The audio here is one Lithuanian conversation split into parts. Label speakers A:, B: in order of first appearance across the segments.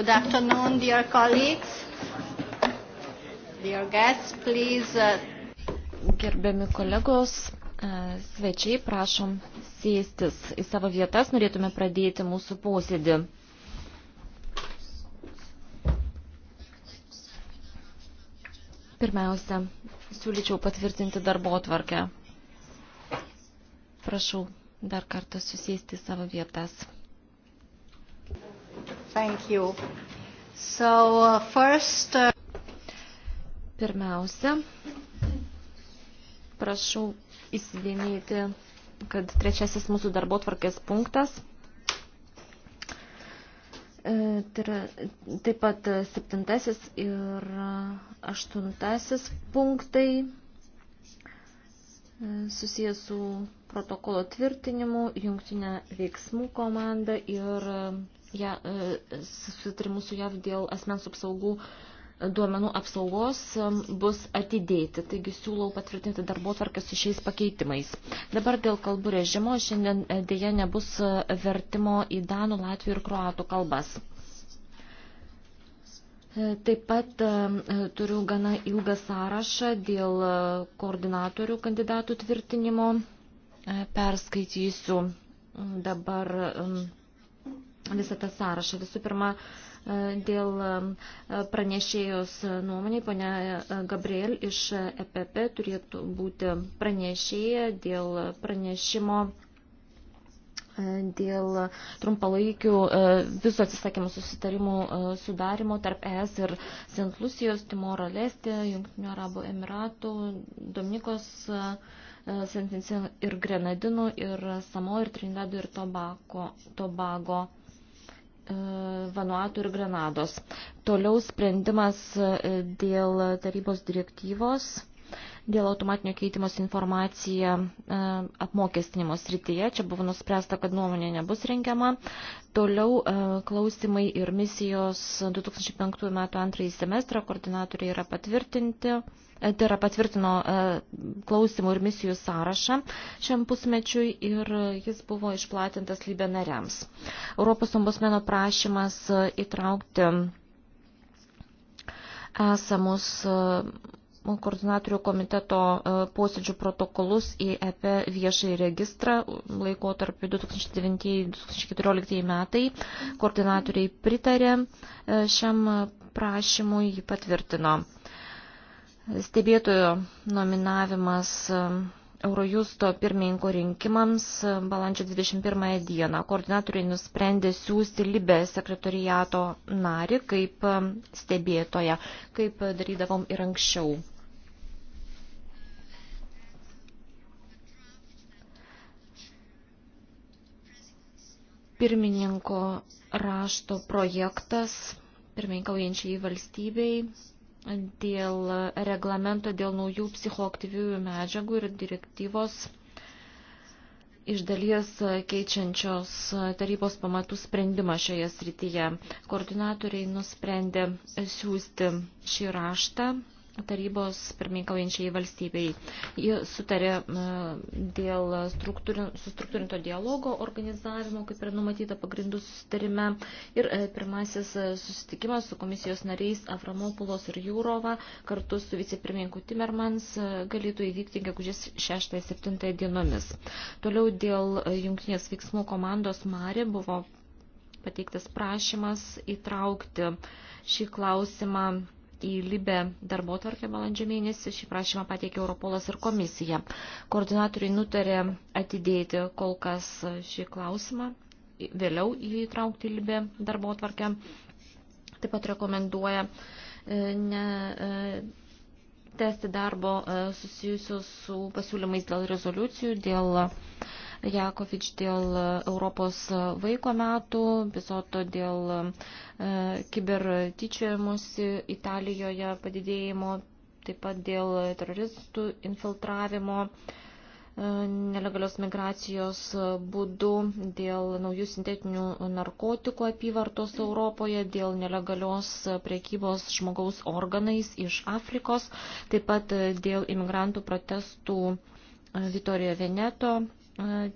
A: Good afternoon, dear colleagues, dear guests,
B: please. Uh, Gerbiami kolegos, uh, svečiai, prašom sėstis į savo vietas, norėtume pradėti mūsų posėdį. Pirmiausia, siūlyčiau patvirtinti darbo tvarkę. Prašau dar kartą susėsti į savo vietas. Thank you. So, uh, first, uh... Pirmiausia, prašau įsidėmėti, kad trečiasis mūsų darbo tvarkės punktas. E, tai taip pat septintasis ir aštuntasis punktai e, susijęs su protokolo tvirtinimu, jungtinė veiksmų komanda ir ja, e, susitarimus su JAV dėl asmens apsaugų e, duomenų apsaugos e, bus atidėti. Taigi siūlau patvirtinti darbo tvarkę su šiais pakeitimais. Dabar dėl kalbų režimo šiandien dėja nebus vertimo į Danų, Latvių ir Kroatų kalbas. Taip pat turiu gana ilgą sąrašą dėl koordinatorių kandidatų tvirtinimo. Perskaitysiu dabar visą tą sąrašą. Visų pirma, e, dėl e, pranešėjos nuomonė, ponia e, Gabriel iš EPP turėtų būti pranešėja dėl pranešimo dėl trumpalaikių viso atsisakymų susitarimų sudarimo tarp ES ir Sint Lucijos, Timoro Lestė, Junktinių Arabų Emiratų, Dominikos, Sint Vincent ir Grenadinų ir Samo ir Trinidado ir Tobago. tobago E, Vanuatų ir Granados. Toliau sprendimas e, dėl tarybos direktyvos dėl automatinio keitimos informacija e, apmokestinimo srityje. Čia buvo nuspręsta, kad nuomonė nebus rengiama. Toliau e, klausimai ir misijos 2005 metų antrąjį semestrą koordinatoriai yra patvirtinti. E, tai yra patvirtino klausimų ir misijų sąrašą šiam pusmečiui ir jis buvo išplatintas lybė nariams. Europos ombudsmeno prašymas įtraukti esamus koordinatorių komiteto e, posėdžių protokolus į EP viešąjį registrą laiko tarp 2009-2014 metai. Koordinatoriai pritarė e, šiam prašymui, jį patvirtino. Stebėtojo nominavimas e, Eurojusto pirmininko rinkimams balandžio 21 dieną. Koordinatoriai nusprendė siūsti Libę sekretoriato narį kaip um, stebėtoją, kaip darydavom ir anksčiau. Pirmininko rašto projektas pirmininkaujančiai valstybei dėl reglamento dėl naujų psichoaktyviųjų medžiagų ir direktyvos iš dalies keičiančios tarybos pamatų sprendimą šioje srityje. Koordinatoriai nusprendė siūsti šį raštą tarybos pirmininkaujančiai valstybei. Ji sutarė dėl sustruktūrinto dialogo organizavimo, kaip ir numatyta pagrindų susitarime. Ir e, pirmasis e, susitikimas su komisijos nariais Avramopulos ir Jūrova kartu su vicepirmininku Timermans e, galėtų įvykti gegužės 6-7 dienomis. Toliau dėl jungtinės veiksmų komandos Mari buvo pateiktas prašymas įtraukti šį klausimą į Libę darbo tvarkę balandžio mėnesį. Šį prašymą pateikė Europolas ir komisija. Koordinatoriai nutarė atidėti kol kas šį klausimą, vėliau įtraukti į Libę darbo tvarkę. Taip pat rekomenduoja e, ne, e, tęsti darbo e, susijusius su pasiūlymais dėl rezoliucijų, dėl Jakovič dėl e, Europos e, vaiko metų, Bisoto dėl e, kibertyčiojimusi Italijoje padidėjimo, taip pat dėl teroristų infiltravimo nelegalios migracijos būdu, dėl naujų sintetinių narkotikų apyvartos Europoje, dėl nelegalios priekybos žmogaus organais iš Afrikos, taip pat dėl imigrantų protestų Vitorijoje Veneto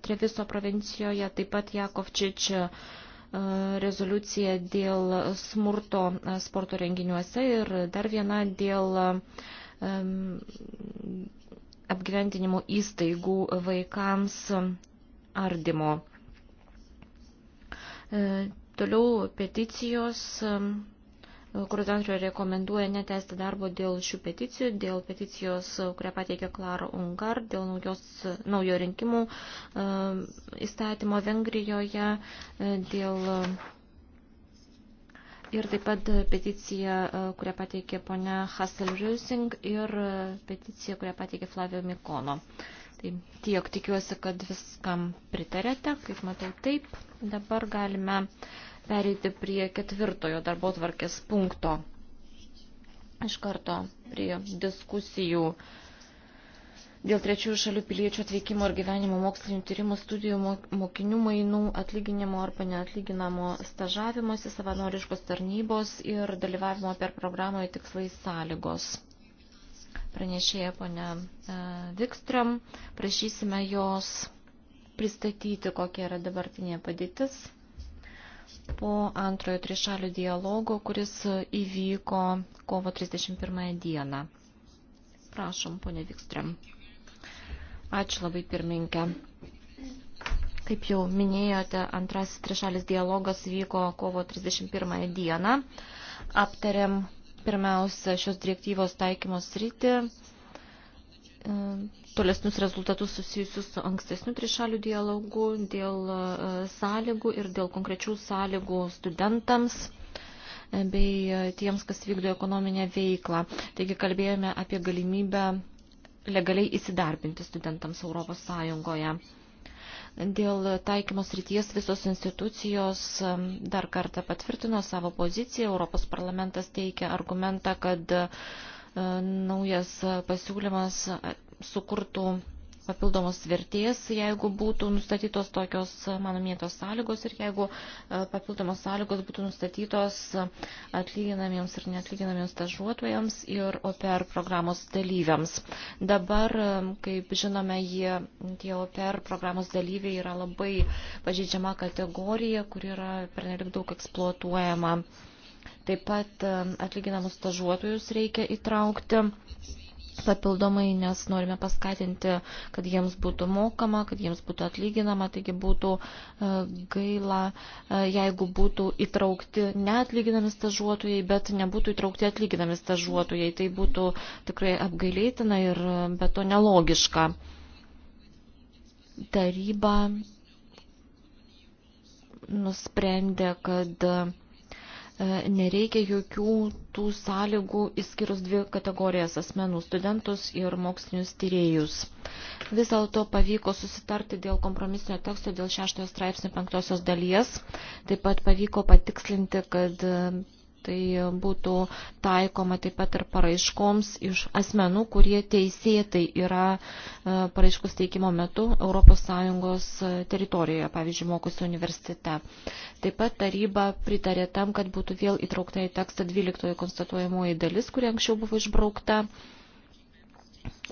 B: Treviso provincijoje, taip pat Jakovčič e, rezoliucija dėl smurto e, sporto renginiuose ir dar viena dėl e, apgyventinimo įstaigų vaikams ardymo. Toliau peticijos Koordinatoriai rekomenduoja netesti darbo dėl šių peticijų, dėl peticijos, kurią pateikė Klara Ungar, dėl naujos, naujo rinkimų e, įstatymo Vengrijoje, e, dėl ir taip pat peticija, e, kurią pateikė ponia Hassel Rüsing ir peticija, kurią pateikė Flavio Mikono. Tai tiek tikiuosi, kad viskam pritarėte, kaip matau taip. Dabar galime uh, pereiti prie ketvirtojo darbo tvarkės punkto. Iš karto prie diskusijų dėl trečiųjų šalių piliečių atvykimo ir gyvenimo mokslinių tyrimų studijų mokinių mainų atlyginimo arba neatlyginamo stažavimosi, savanoriškos tarnybos ir dalyvavimo per programoje tikslai sąlygos. Pranešėja ponia e, Vikstram, prašysime jos pristatyti, kokia yra dabartinė padėtis po antrojo trišalių dialogo, kuris įvyko kovo 31 dieną. Prašom, ponė Vikstrėm. Ačiū labai pirminkė. Kaip jau minėjote, antrasis trišalis dialogas vyko kovo 31 dieną. Aptarėm pirmiausia šios direktyvos taikymos rytį, E, tolesnius rezultatus susijusius su ankstesniu trišaliu dialogu, dėl e, sąlygų ir dėl konkrečių sąlygų studentams e, bei tiems, kas vykdo ekonominę veiklą. Taigi kalbėjome apie galimybę legaliai įsidarbinti studentams Europos Sąjungoje. Dėl taikymos ryties visos institucijos dar kartą patvirtino savo poziciją. Europos parlamentas teikia argumentą, kad E, naujas pasiūlymas sukurtų papildomos vertės, jeigu būtų nustatytos tokios e, mano minėtos sąlygos ir jeigu e, papildomos sąlygos būtų nustatytos atlyginamiems ir neatlyginamiems stažuotojams ir OPR programos dalyviams. Dabar, kaip žinome, jie, tie OPR programos dalyviai yra labai pažeidžiama kategorija, kur yra pernelik daug eksploatuojama. Taip pat atlyginamus stažuotojus reikia įtraukti papildomai, nes norime paskatinti, kad jiems būtų mokama, kad jiems būtų atlyginama, taigi būtų e, gaila, e, jeigu būtų įtraukti neatlyginami stažuotojai, bet nebūtų įtraukti atlyginami stažuotojai. Tai būtų tikrai apgailėtina ir e, be to nelogiška. Taryba nusprendė, kad E, nereikia jokių tų sąlygų išskyrus dvi kategorijas asmenų - studentus ir mokslinius tyrėjus. Vis dėlto pavyko susitarti dėl kompromisinio teksto dėl šeštojo straipsnio penktosios dalies. Taip pat pavyko patikslinti, kad Tai būtų taikoma taip pat ir paraiškoms iš asmenų, kurie teisėtai yra e, paraiškos teikimo metu ES e, teritorijoje, pavyzdžiui, mokusi universitete. Taip pat taryba pritarė tam, kad būtų vėl įtraukta į tekstą 12 konstatuojamoji dalis, kuri anksčiau buvo išbraukta.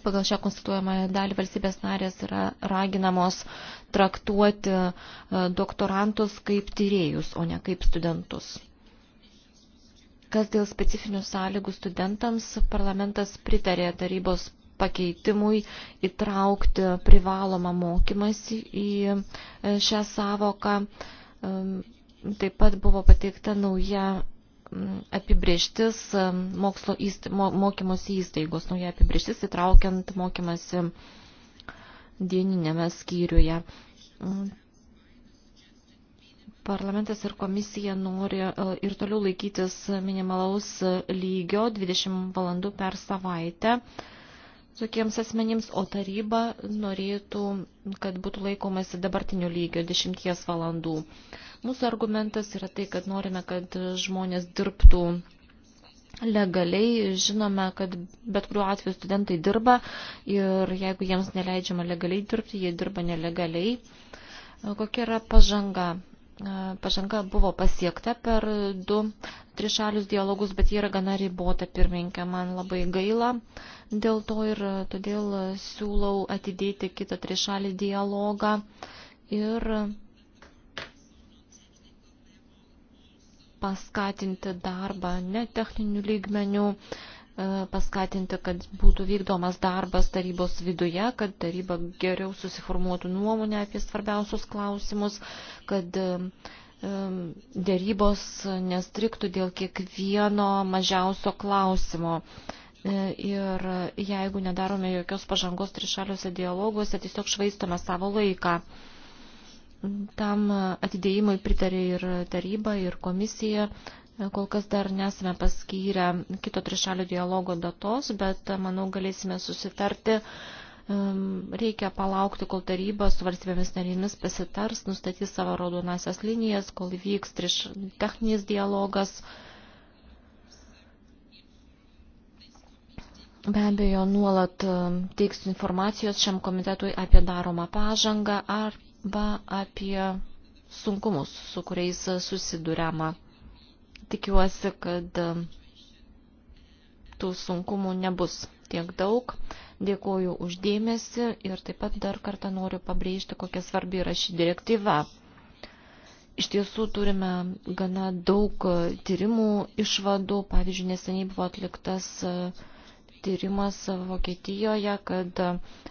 B: Pagal šią konstatuojamąją dalį valstybės narės yra raginamos traktuoti e, doktorantus kaip tyrėjus, o ne kaip studentus. Kas dėl specifinių sąlygų studentams, parlamentas pritarė tarybos pakeitimui įtraukti privalomą mokymasi į e, šią savoką. Taip pat buvo pateikta nauja apibrieštis mokslo įsta, mokymosi įstaigos, nauja apibrieštis įtraukiant mokymasi dieninėme skyriuje. Parlamentas ir komisija nori e, ir toliau laikytis minimalaus e, lygio 20 valandų per savaitę tokiems asmenims, o taryba norėtų, kad būtų laikomasi dabartinio lygio 10 valandų. Mūsų argumentas yra tai, kad norime, kad žmonės dirbtų legaliai. Žinome, kad bet kuriuo atveju studentai dirba ir jeigu jiems neleidžiama legaliai dirbti, jie dirba nelegaliai. Kokia yra pažanga? pažanga buvo pasiekta per du trišalius dialogus, bet jie yra gana ribota pirmininkė. Man labai gaila dėl to ir todėl siūlau atidėti kitą trišalį dialogą ir paskatinti darbą ne techninių lygmenių, E, paskatinti, kad būtų vykdomas darbas tarybos viduje, kad taryba geriau susiformuotų nuomonę apie svarbiausius klausimus, kad e, e, dėrybos nestriktų dėl kiekvieno mažiausio klausimo. Ir jeigu nedarome jokios pažangos trišaliuose dialoguose, tiesiog švaistame savo laiką. Tam atidėjimui pritarė ir taryba, ir komisija. Kol kas dar nesame paskyrę kito trišalio dialogo datos, bet manau galėsime susitarti. Reikia palaukti, kol taryba su valstybėmis narėmis pasitars, nustatys savo raudonasias linijas, kol vyks triš... techninis dialogas. Be abejo, nuolat teiksiu informacijos šiam komitetui apie daromą pažangą arba apie sunkumus, su kuriais susidūrėma. Tikiuosi, kad e, tų sunkumų nebus tiek daug. Dėkuoju uždėmesi ir taip pat dar kartą noriu pabrėžti, kokia svarbi yra ši direktyva. Iš tiesų turime gana daug tyrimų išvadų, pavyzdžiui, neseniai buvo atliktas uh, tyrimas Vokietijoje, kad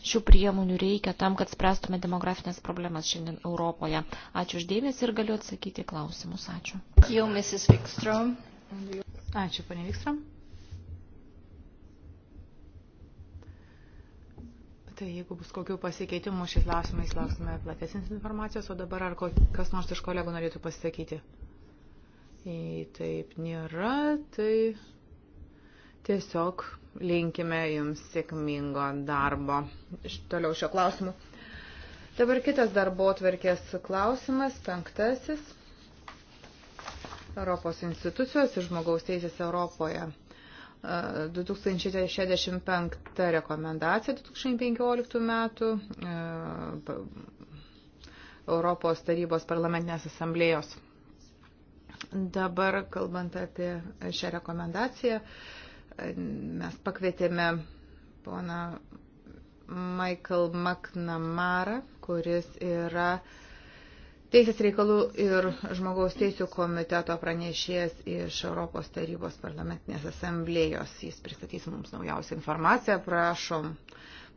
B: šių priemonių reikia tam, kad spręstume demografinės problemas šiandien Europoje. Ačiū uždėmės ir galiu atsakyti klausimus. Ačiū. Jau, Mrs. Vikstrom.
A: Ačiū, panė Vikstrom. Tai jeigu bus kokių pasikeitimų šiais klausimais, lauksime platesnės informacijos, o dabar ar kas nors iš kolegų norėtų pasisakyti? Jei taip nėra, tai tiesiog linkime Jums sėkmingo darbo toliau šio klausimu. Dabar kitas darbo atverkės klausimas, penktasis. Europos institucijos ir žmogaus teisės Europoje. 2065 e, rekomendacija 2015 metų e, Europos tarybos parlamentinės asamblėjos. Dabar, kalbant apie šią rekomendaciją, mes pakvietėme poną Michael McNamara, kuris yra Teisės reikalų ir žmogaus teisų komiteto pranešėjas iš Europos tarybos parlamentinės asamblėjos. Jis pristatys mums naujausią informaciją. Prašom,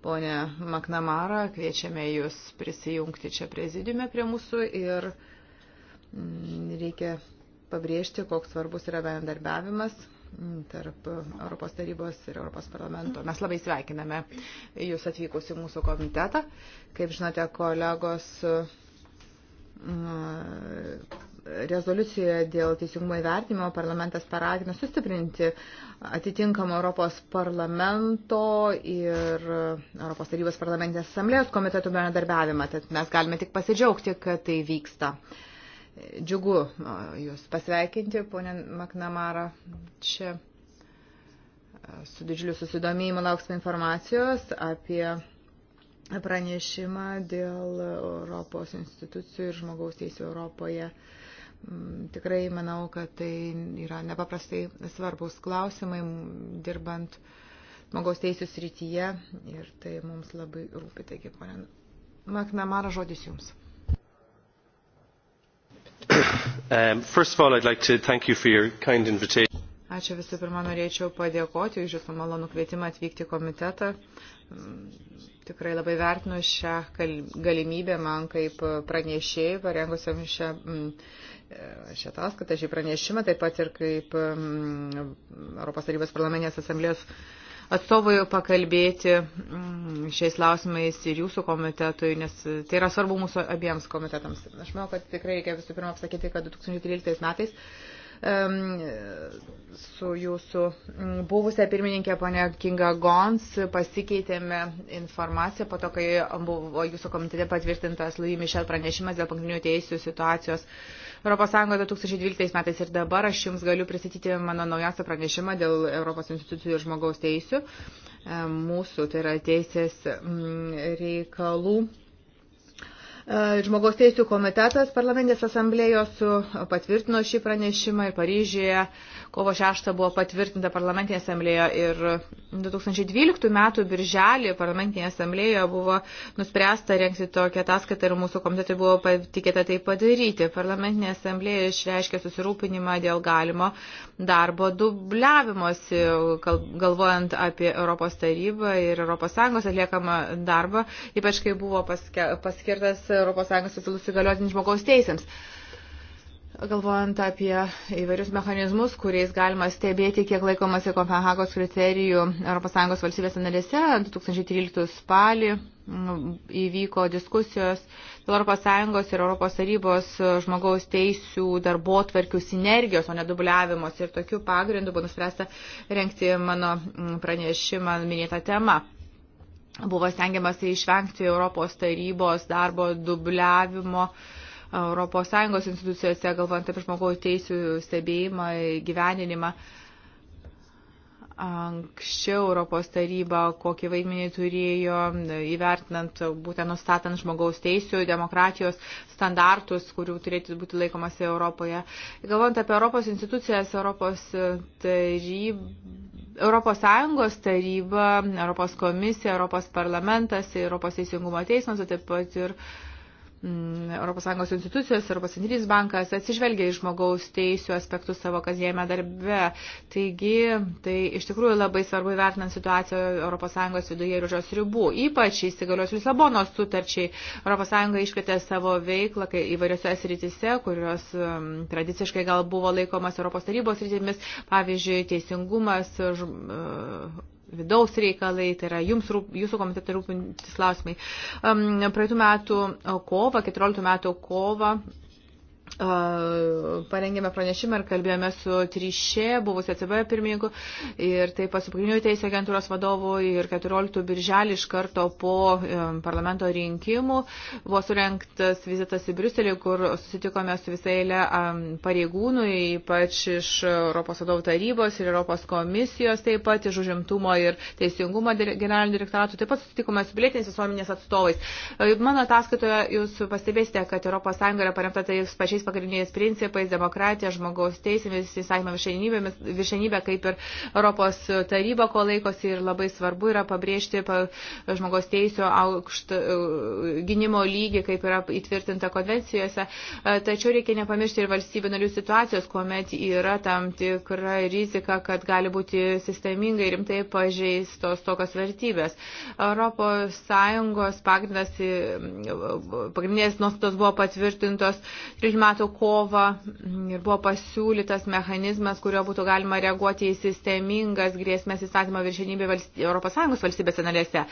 A: ponė Maknamara, kviečiame jūs prisijungti čia prezidiume prie mūsų ir mm, reikia pabrėžti, koks svarbus yra bendarbiavimas tarp Europos tarybos ir Europos parlamento. Mes labai sveikiname Jūs atvykus į mūsų komitetą. Kaip žinote, kolegos mm, rezoliucijoje dėl teisingumo įvertimo parlamentas paragino sustiprinti atitinkamą Europos parlamento ir Europos tarybos parlamentės asamblėjos komitetų bendradarbiavimą. Tad mes galime tik pasidžiaugti, kad tai vyksta. Uh, džiugu Jūs pasveikinti, ponė Maknamara, čia su didžiuliu susidomėjimu lauksime informacijos apie pranešimą dėl Europos institucijų ir žmogaus teisų Europoje. Mm, tikrai manau, kad tai yra nepaprastai svarbus klausimai dirbant žmogaus teisų srityje ir tai mums labai rūpi. Taigi, ponė Maknamara, žodis Jums.
C: Um, first of all, I'd like to thank you for your kind invitation.
A: Ačiū visų pirma, norėčiau padėkoti už Jūsų malonų kvietimą atvykti į komitetą. Mm, tikrai labai vertinu šią galimybę man kaip pranešėjai, parengusiam šią, mm, e, šią ataskaitą, šį pranešimą, taip pat ir kaip mm, Europos tarybos parlamentinės asamblės atstovui pakalbėti mm, šiais klausimais ir jūsų komitetui, nes tai yra svarbu mūsų abiems komitetams. Aš manau, kad tikrai reikia visų pirma pasakyti, kad 2013 metais su jūsų mm, buvusią pirmininkę ponę Kinga Gons pasikeitėme informaciją po to, kai buvo jūsų komitete patvirtintas Louis Michel pranešimas dėl pagrindinių teisų situacijos uh, ES 2012 metais ir dabar aš Jums galiu pristatyti mano naujausią pranešimą dėl Europos institucijų ir žmogaus teisių, e, mūsų, tai yra teisės reikalų e, Žmogaus teisų komitetas parlamentės asamblėjos patvirtino šį pranešimą ir Paryžyje kovo 6 buvo patvirtinta parlamentinė asamblėje ir 2012 metų birželį parlamentinė asamblėje buvo nuspręsta rengti tokią ataskaitą ir mūsų komitetui buvo patikėta tai padaryti. Parlamentinė asamblėje išreiškė susirūpinimą dėl galimo darbo dubliavimosi, galvojant apie Europos tarybą ir Europos Sąjungos atliekamą darbą, ypač kai buvo paskirtas Europos Sąjungos įsigaliotinis žmogaus teisėms galvojant apie įvairius mechanizmus, kuriais galima stebėti, kiek laikomasi Kopenhagos kriterijų ES valstybės narėse. 2013 spalį mm, įvyko diskusijos dėl ES ir ES žmogaus teisų darbo tvarkių sinergijos, o ne dubliavimos. Ir tokiu pagrindu buvo nuspręsta renkti mano mm, pranešimą minėtą temą buvo stengiamasi išvengti Europos tarybos darbo dubliavimo uh, ES institucijose, galvant apie žmogaus teisų stebėjimą, gyveninimą. Anksčiau Europos taryba kokį vaidmenį turėjo įvertinant, būtent nustatant žmogaus teisų, demokratijos standartus, kurių turėtų būti laikomasi Europoje. Galvant apie Europos institucijas, Europos taryba Europos Sąjungos taryba, Europos komisija, Europos parlamentas, Europos teisingumo teismas, taip pat ir uh, Mm, ES institucijos, ES centrinis bankas atsižvelgia į žmogaus teisų aspektus savo kasdienėme darbe. Taigi, tai iš tikrųjų labai svarbu įvertinant situaciją ES viduje ir už jos ribų. Ypač įsigalios Lisabonos sutarčiai ES išplėtė savo veiklą įvairiose sritise, kurios um, tradiciškai gal buvo laikomas Europos tarybos sritimis, pavyzdžiui, teisingumas, ž, uh, vidaus reikalai, tai yra jums, rūp, jūsų komitetai rūpintis klausimai. Um, praeitų metų uh, kovą, 14 metų kovą parengėme pranešimą ir kalbėjome su Trišė, buvusiu ECB pirmininku ir taip pat su pagrindiniu teisė agentūros vadovu ir 14 birželį iš karto po e, parlamento rinkimų buvo surinktas vizitas į Briuselį, kur susitikome su visai eilė pareigūnų, ypač iš Europos vadovų tarybos ir Europos komisijos, taip pat iš užimtumo ir teisingumo generalinių direktoratų, taip pat susitikome su pilietinės visuomenės atstovais. E, mano ataskaitoje jūs pastebėsite, kad ES yra paremta tais pačiais keturiais pagrindiniais principais - demokratija, žmogaus teisėmis, įsakymo viršenybė, kaip ir Europos taryba, ko laikosi ir labai svarbu yra pabrėžti žmogaus teisų aukštą e, gynimo lygį, kaip yra įtvirtinta konvencijose. E, tačiau reikia nepamiršti ir valstybių narių situacijos, kuomet yra tam tikra rizika, kad gali būti sistemingai rimtai pažeistos tokios vertybės. Europos Sąjungos pagrindas, e, pagrindinės nuostatos buvo patvirtintos 13 metų kovą ir buvo pasiūlytas mechanizmas, kurio būtų galima reaguoti į sistemingas grėsmės įstatymo viršenybė valstybė, ES valstybėse narėse.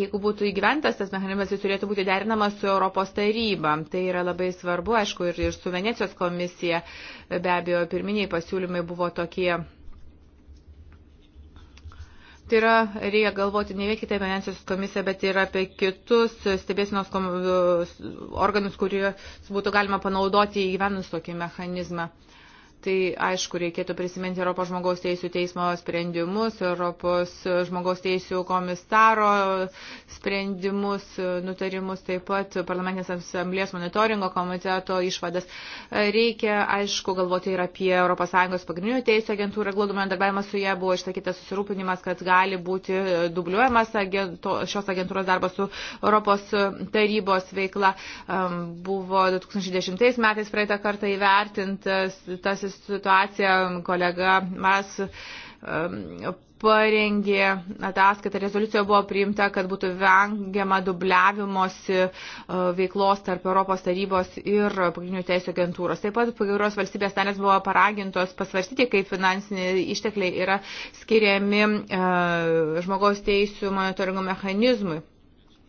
A: Jeigu būtų įgyventas tas mechanizmas, jis turėtų būti derinamas su Europos taryba. Tai yra labai svarbu, aišku, ir, ir su Venecijos komisija. Be abejo, pirminiai pasiūlymai buvo tokie Tai yra, reikia galvoti ne vien tik apie Venecijos komisiją, bet ir apie kitus stebėsinos organus, kuriuos būtų galima panaudoti įgyvenus tokį mechanizmą. Tai aišku, reikėtų prisiminti Europos žmogaus teisų teismo sprendimus, Europos žmogaus teisų komisaro sprendimus, nutarimus, taip pat parlamentinės asamblės monitoringo komiteto išvadas. Reikia, aišku, galvoti ir apie ES pagrindinių teisų agentūrą. Glaudumą darbavimą su jie buvo išsakytas susirūpinimas, kad gali būti dubliuojamas agento, šios agentūros darbas su Europos tarybos veikla. Buvo 2010 metais praeitą kartą įvertintas tas situaciją, kolega Mas parengė ataskaitą, rezoliucija buvo priimta, kad būtų vengiama dubliavimosi e, veiklos tarp Europos tarybos ir pagrindinių teisų agentūros. Taip pat pagairos valstybės narės buvo paragintos pasvarstyti, kaip finansiniai ištekliai yra skiriami e, žmogaus teisų monitoringo mechanizmui.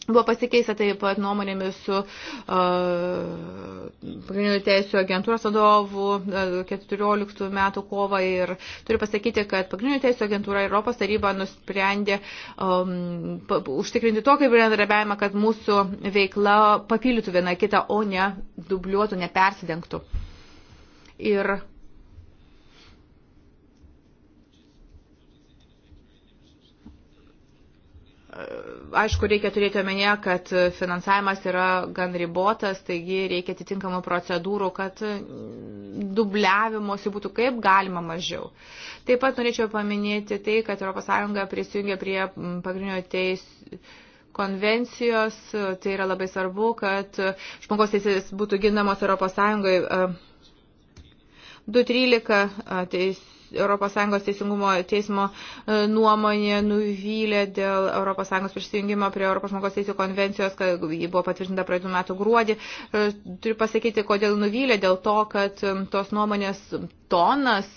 A: Buvo pasikeista taip pat nuomonėmis su pagrindinių uh, teisų agentūros vadovu uh, 14 metų kovą ir turiu pasakyti, kad pagrindinių teisų agentūra ir Europos taryba nusprendė um, pa, užtikrinti tokį bendradarbiavimą, kad mūsų veikla papildytų viena kitą, o ne dubliuotų, nepersidengtų. Ir aišku, reikia turėti omenyje, kad finansavimas yra gan ribotas, taigi reikia atitinkamų procedūrų, kad dubliavimuose būtų kaip galima mažiau. Taip pat norėčiau paminėti tai, kad ES prisijungia prie pagrindinio teisų konvencijos, tai yra labai svarbu, kad žmogaus teisės būtų ginamos ES 213 teisės ES teisingumo teismo e, nuomonė nuvylė dėl ES prisijungimo prie ES teisų konvencijos, kad ji buvo patvirtinta praeitų metų gruodį. E, turiu pasakyti, kodėl nuvylė, dėl to, kad e, tos nuomonės tonas,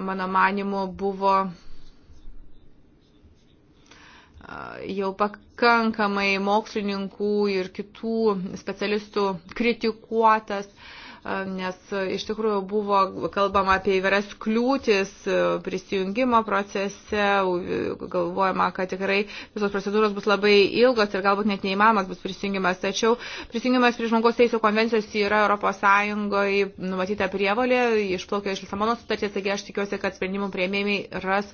A: mano manimu, buvo jau pakankamai mokslininkų ir kitų specialistų kritikuotas. Uh, nes iš tikrųjų buvo kalbama apie įvairias kliūtis e, prisijungimo procese, galvojama, kad tikrai visos procedūros bus labai ilgos ir galbūt net neįmanomas bus prisijungimas, tačiau prisijungimas prie žmogaus teisų konvencijos yra ES numatyta prievalė, išplaukia iš Lisabono sutarties, taigi aš tikiuosi, kad sprendimų prieimėjai ras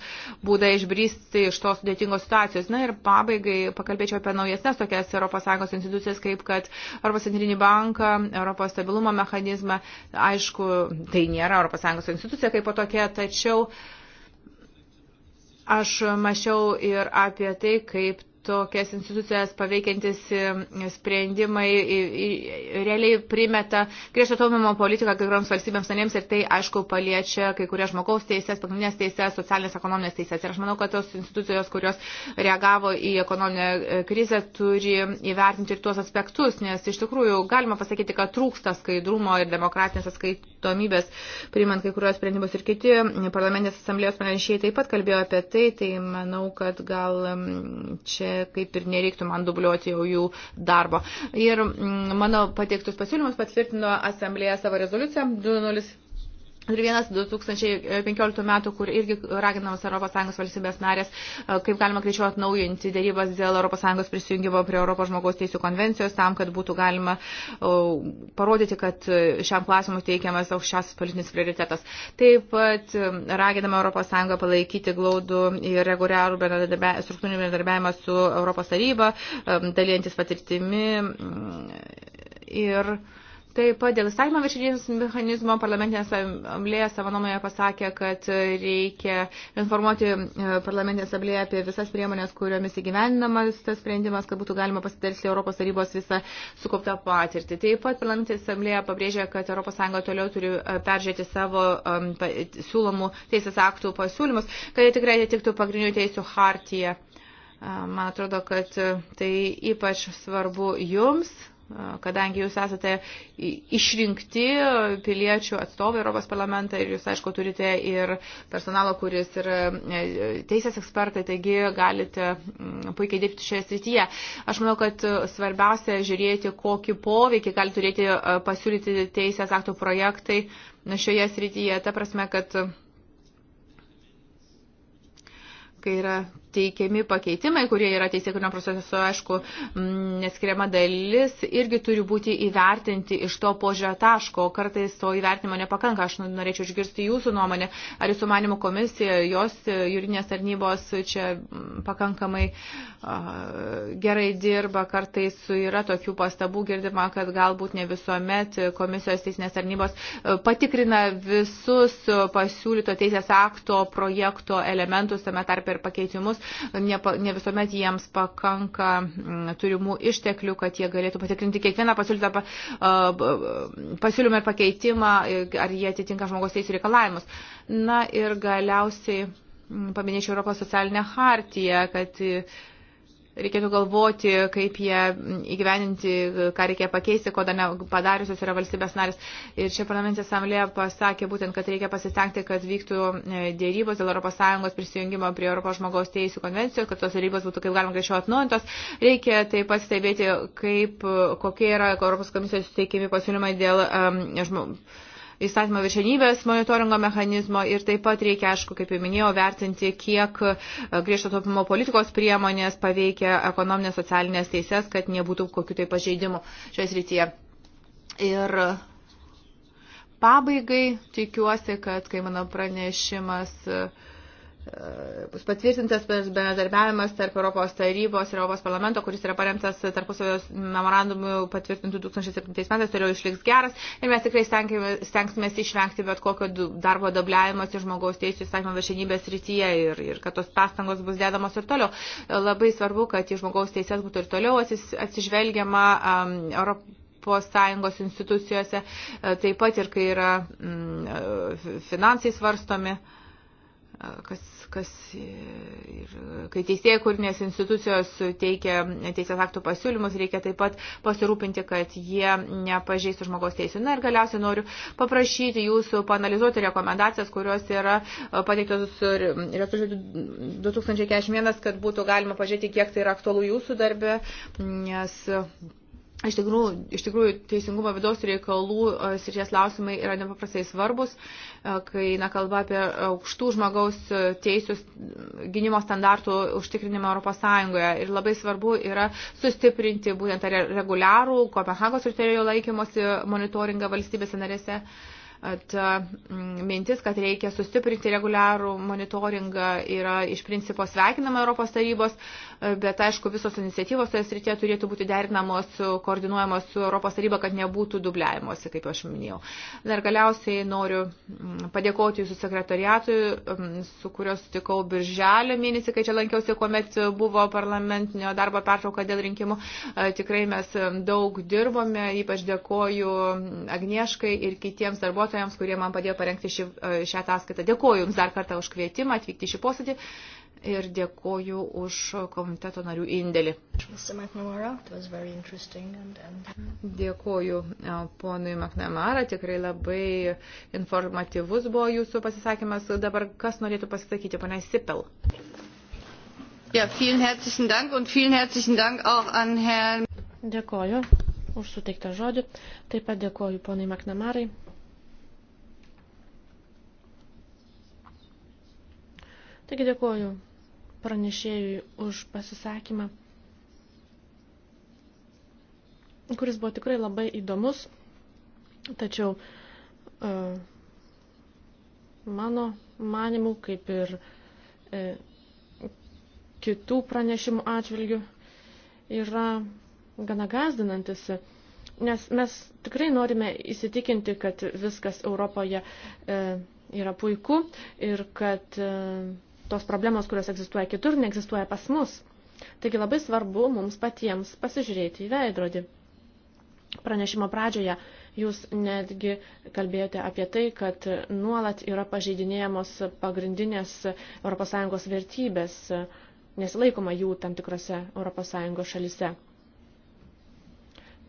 A: būdą išbristi iš tos sudėtingos situacijos. Na ir pabaigai pakalbėčiau apie naujesnes tokias ES institucijas, kaip kad ES banką, ES stabilumo mechanizmą, mechanizmą. Aišku, tai nėra ES institucija kaip po tokia, tačiau aš mačiau ir apie tai, kaip tokias institucijas paveikiantis sprendimai realiai primeta griežtą taupimo politiką kai kurioms valstybėms narėms ir tai, aišku, paliečia kai kurie žmogaus teisės, pagrindinės teisės, socialinės, ekonominės teisės. Ir aš manau, kad tos institucijos, kurios reagavo į ekonominę e, krizę, turi įvertinti ir tuos aspektus, nes iš tikrųjų galima pasakyti, kad trūksta skaidrumo ir demokratinės atskaitomybės, priimant kai kurios sprendimus ir kiti parlamentės asamblėjos pranešėjai taip pat kalbėjo apie tai, tai manau, kad gal čia kaip ir nereiktų man dubliuoti jau jų darbo. Ir mm, mano pateiktus pasiūlymus patvirtino asamblėje savo rezoliuciją 20. Ir vienas 2015 metų, kur irgi raginamas ES valstybės narės, e, kaip galima greičiau atnaujinti dėrybas dėl ES prisijungimo prie Europos žmogaus teisų konvencijos, tam, kad būtų galima e, parodyti, kad šiam klausimui teikiamas aukščiausias politinis prioritetas. Taip pat e, raginama ES palaikyti glaudų ir reguliarų struktūrinį bendradarbiavimą su Europos taryba, dalyjantis patirtimi mm, ir Taip pat dėl įstatymo viršydėjams mechanizmo parlamentinė asamblėja savo nuomonėje pasakė, kad reikia informuoti e, parlamentinę asamblėją apie visas priemonės, kuriomis įgyvendinamas tas sprendimas, kad būtų galima pasitelkti Europos tarybos visą sukauptą patirtį. Taip pat parlamentinė asamblėja pabrėžė, kad ES toliau turi e, peržiūrėti savo um, pa, siūlomų teisės aktų pasiūlymus, kad jie tikrai atitiktų pagrindinių teisų hartiją. Man atrodo, kad tai ypač svarbu jums, kadangi jūs esate išrinkti piliečių atstovai Europos parlamentą ir jūs, aišku, turite ir personalą, kuris yra e, teisės ekspertai, taigi galite mm, puikiai dirbti šioje srityje. Aš manau, kad svarbiausia žiūrėti, kokį poveikį gali turėti e, pasiūlyti teisės aktų projektai šioje srityje. Ta prasme, kad kai yra teikiami pakeitimai, kurie yra teisėkurinio proceso, aišku, neskiriama dalis, irgi turi būti įvertinti iš to požiūrio taško. Kartais to įvertinimo nepakanka. Aš norėčiau išgirsti jūsų nuomonę. Ar jūsų manimų komisija, jos jūrinės tarnybos čia pakankamai gerai dirba. Kartais yra tokių pastabų girdima, kad galbūt ne visuomet komisijos teisinės tarnybos e, patikrina visus pasiūlyto teisės akto projekto elementus, tame tarp ir pakeitimus ne, ne visuomet jiems pakanka mm, turimų išteklių, kad jie galėtų patikrinti kiekvieną pasiūlytą pasiūlymą ir pakeitimą, ar jie atitinka žmogaus teisų reikalavimus. Na ir galiausiai mm, paminėčiau Europos socialinę hartiją, kad reikėtų galvoti, kaip jie įgyveninti, ką reikia pakeisti, ko dar padariusios yra valstybės narės. Ir čia parlamentė asamblėje pasakė būtent, kad reikia pasistengti, kad vyktų e, dėrybos dėl ES prisijungimo prie ES žmogaus teisų konvencijos, kad tos dėrybos būtų kaip galima greičiau atnuojantos. Reikia taip pat stebėti, kaip, kokie yra ES komisijos suteikiami pasiūlymai dėl um, žmogaus įstatymo viršenybės monitoringo mechanizmo ir taip pat reikia, aišku, kaip jau minėjau, vertinti, kiek e, griežto taupimo politikos priemonės paveikia ekonominės socialinės teises, kad nebūtų kokių tai pažeidimų šioje srityje. Ir pabaigai tikiuosi, kad kai mano pranešimas uh, E, bus patvirtintas bendradarbiavimas tarp Europos tarybos ir Europos parlamento, kuris yra paremtas tarpusavio memorandumų patvirtintų 2007 metais, toliau išliks geras ir mes tikrai stengsime išvengti bet kokio darbo dubliavimas ir žmogaus teisų įstatymo viršinybės rytyje ir, ir kad tos pastangos bus dedamos ir toliau. Labai svarbu, kad į žmogaus teisės būtų ir toliau atsižvelgiama um, Europos Europos Sąjungos institucijose, e, taip pat ir kai yra mm, e, finansai svarstomi, kas kas, ir, kai teisėjai kūrinės institucijos teikia teisės aktų pasiūlymus, reikia taip pat pasirūpinti, kad jie nepažeistų žmogaus teisų. Na ir galiausiai noriu paprašyti jūsų panalizuoti rekomendacijas, kurios yra pateiktos 2041, kad būtų galima pažiūrėti, kiek tai yra aktualu jūsų darbe, nes Iš tikrųjų, iš tikrųjų, teisingumo vidaus reikalų e, srities klausimai yra nepaprastai svarbus, e, kai na, kalba apie aukštų žmogaus e, teisų gynimo standartų užtikrinimą ES. Ir labai svarbu yra sustiprinti būtent reguliarų Kopenhagos kriterijų laikymosi monitoringą valstybėse narėse. Uh, ta mm, mintis, kad reikia sustiprinti reguliarų monitoringą, yra iš principo sveikinama Europos tarybos, bet aišku, visos iniciatyvos toje srityje turėtų būti derinamos, koordinuojamos su Europos taryba, kad nebūtų dubliavimuose, kaip aš minėjau. Dar galiausiai noriu mm, padėkoti jūsų sekretariatui, mm, su kuriuo sutikau birželio mėnesį, kai čia lankiausi, kuomet buvo parlamentinio darbo pertrauka dėl rinkimų. E, tikrai mes daug dirbome, ypač dėkoju Agnieškai ir kitiems darbuotojams darbuotojams, kurie man padėjo parengti šį, e, šią ataskaitą. Dėkoju Jums dar kartą už kvietimą atvykti šį posėdį ir dėkoju už komiteto narių indėlį. Dėkoju e, ponui McNamara, tikrai labai informatyvus buvo jūsų pasisakymas. Dabar kas norėtų pasisakyti, ponai Sipel? Ja, vielen herzlichen Dank und
D: vielen herzlichen Dank auch an Herrn. Dėkoju už suteiktą žodį. Taip pat dėkoju ponai McNamarai Taigi dėkoju pranešėjui už pasisakymą, kuris buvo tikrai labai įdomus, tačiau uh, mano manimų, kaip ir uh, kitų pranešimų atžvilgių yra gana gazdinantis, nes mes tikrai norime įsitikinti, kad viskas Europoje e, yra puiku ir kad e, tos problemos, kurios egzistuoja kitur, neegzistuoja pas mus. Taigi labai svarbu mums patiems pasižiūrėti į veidrodį. Pranešimo pradžioje jūs netgi kalbėjote apie tai, kad nuolat yra pažeidinėjamos pagrindinės ES vertybės, nesilaikoma jų tam tikrose ES šalise.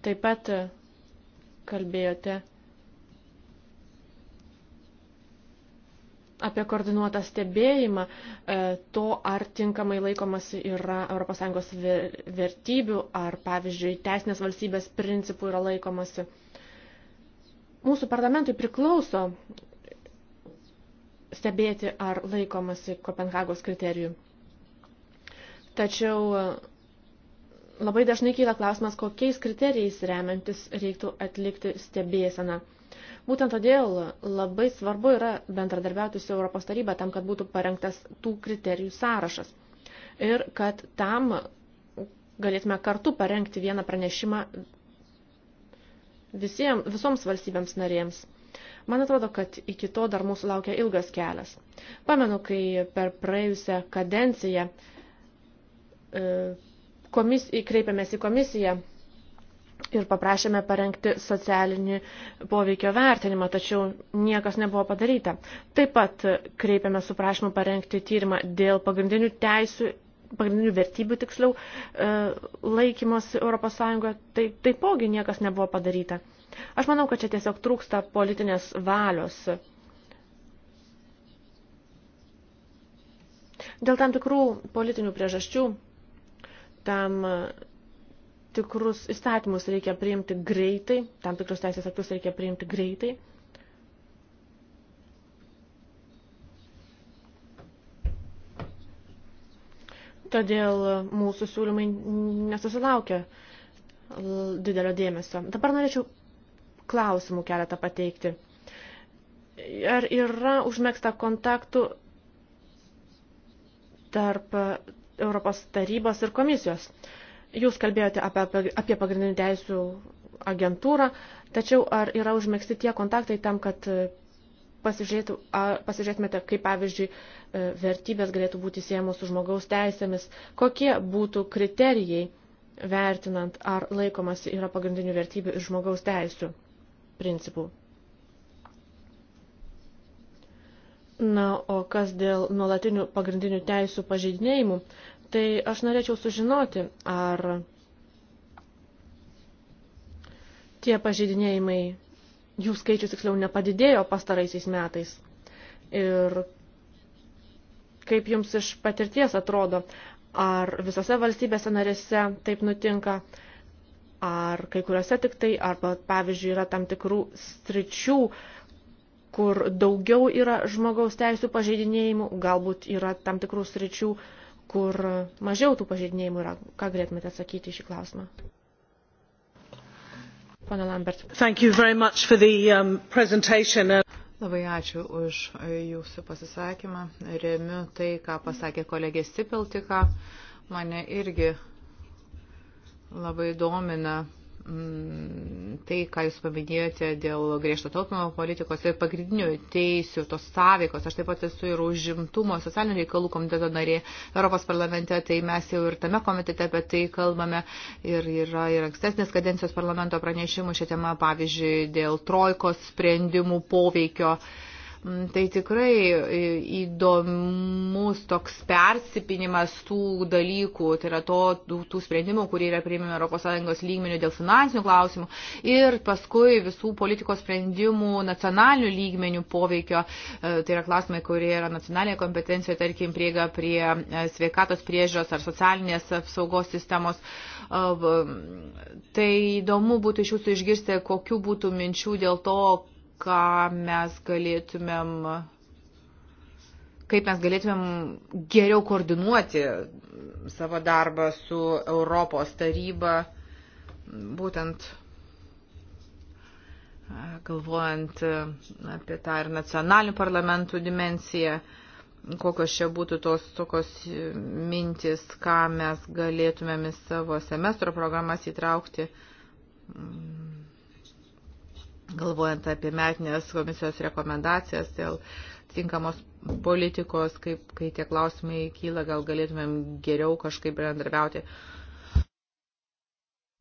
D: Taip pat kalbėjote apie koordinuotą stebėjimą e, to, ar tinkamai laikomasi yra ES vertybių, ar, pavyzdžiui, teisinės valstybės principų yra laikomasi. Mūsų parlamentui priklauso stebėti, ar laikomasi Kopenhagos kriterijų. Tačiau e, labai dažnai kyla klausimas, kokiais kriterijais remiantis reiktų atlikti stebėseną. Būtent todėl labai svarbu yra bendradarbiauti su Europos taryba tam, kad būtų parengtas tų kriterijų sąrašas. Ir kad tam galėtume kartu parengti vieną pranešimą visiems, visoms valstybėms narėms. Man atrodo, kad iki to dar mūsų laukia ilgas kelias. Pamenu, kai per praėjusią kadenciją e, komis, kreipėmės į komisiją ir paprašėme parengti socialinį poveikio vertinimą, tačiau niekas nebuvo padaryta. Taip pat kreipėme su prašymu parengti tyrimą dėl pagrindinių teisių pagrindinių vertybių tiksliau e, laikymosi ES, tai taipogi niekas nebuvo padaryta. Aš manau, kad čia tiesiog trūksta politinės valios. Dėl tam tikrų politinių priežasčių tam tikrus įstatymus reikia priimti greitai, tam tikrus teisės aktus reikia priimti greitai. Todėl mūsų siūlymai nesusilaukia didelio dėmesio. Dabar norėčiau klausimų keletą pateikti. Ar yra užmėgsta kontaktų tarp Europos tarybos ir komisijos? Jūs kalbėjote apie, apie pagrindinių teisų agentūrą, tačiau ar yra užmėgsti tie kontaktai tam, kad pasižiūrėtumėte, kaip pavyzdžiui e, vertybės galėtų būti siejamos su žmogaus teisėmis, kokie būtų kriterijai vertinant, ar laikomasi yra pagrindinių vertybių ir žmogaus teisų principų. Na, o kas dėl nuolatinių pagrindinių teisų pažeidinėjimų, Tai aš norėčiau sužinoti, ar tie pažeidinėjimai, jų skaičius tiksliau nepadidėjo pastaraisiais metais. Ir kaip jums iš patirties atrodo, ar visose valstybėse narėse taip nutinka, ar kai kuriuose tik tai, arba pavyzdžiui yra tam tikrų stričių, kur daugiau yra žmogaus teisų pažeidinėjimų, galbūt yra tam tikrų stričių, uh, kur mažiau tų pažeidinėjimų yra. Ką galėtumėte atsakyti į šį klausimą? Pone Lambert. Thank you
A: very much
C: for the um, presentation.
A: Labai ačiū už jūsų pasisakymą. Remiu tai, ką pasakė kolegė Sipiltika. Mane irgi labai domina Mm, tai, ką Jūs paminėjote dėl griežto taupimo politikos ir pagrindinių teisių, tos sąveikos. Aš taip pat esu ir užimtumo socialinių reikalų komiteto narė Europos parlamente, tai mes jau ir tame komitete apie tai kalbame ir yra ir ankstesnės kadencijos parlamento pranešimų šią temą, pavyzdžiui, dėl trojkos sprendimų poveikio. Uh, Mm, tai tikrai e, įdomus toks persipinimas tų dalykų, tai yra to, tų sprendimų, kurie yra priimami ES lygmenių dėl finansinių klausimų ir paskui visų politikos sprendimų nacionalinių lygmenių poveikio, e, tai yra klausimai, kurie yra nacionalinėje kompetencijoje, tarkim, prieiga prie e, sveikatos priežios ar socialinės apsaugos sistemos. Tai įdomu būtų iš jūsų išgirsti, kokiu būtų minčių dėl to, ką mes galėtumėm kaip mes galėtumėm geriau koordinuoti savo darbą su Europos taryba, būtent galvojant apie tą ir nacionalinių parlamentų dimenciją, kokios čia būtų tos tokios mintis, ką mes galėtumėm į savo semestro programas įtraukti. Mm galvojant apie metinės komisijos rekomendacijas dėl tinkamos politikos, kaip, kai tie klausimai kyla, gal galėtumėm geriau kažkaip bendradarbiauti. Uh,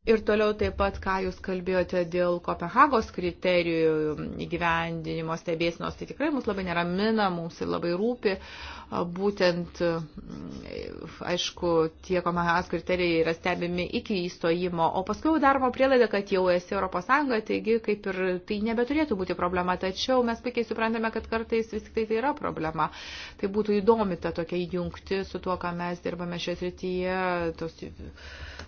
A: Ir toliau taip pat, ką Jūs kalbėjote dėl Kopenhagos kriterijų įgyvendinimo stebėsinos, tai tikrai mus labai neramina, mums ir labai rūpi. Būtent, mm, aišku, tie Kopenhagos kriterijai yra stebimi iki įstojimo, o paskui jau daroma prielaida, kad jau esi ES, taigi kaip ir tai nebeturėtų būti problema. Tačiau mes puikiai suprantame, kad kartais vis tik tai, tai yra problema. Tai būtų įdomi ta tokia jungti su tuo, ką mes dirbame šioje srityje. Tos,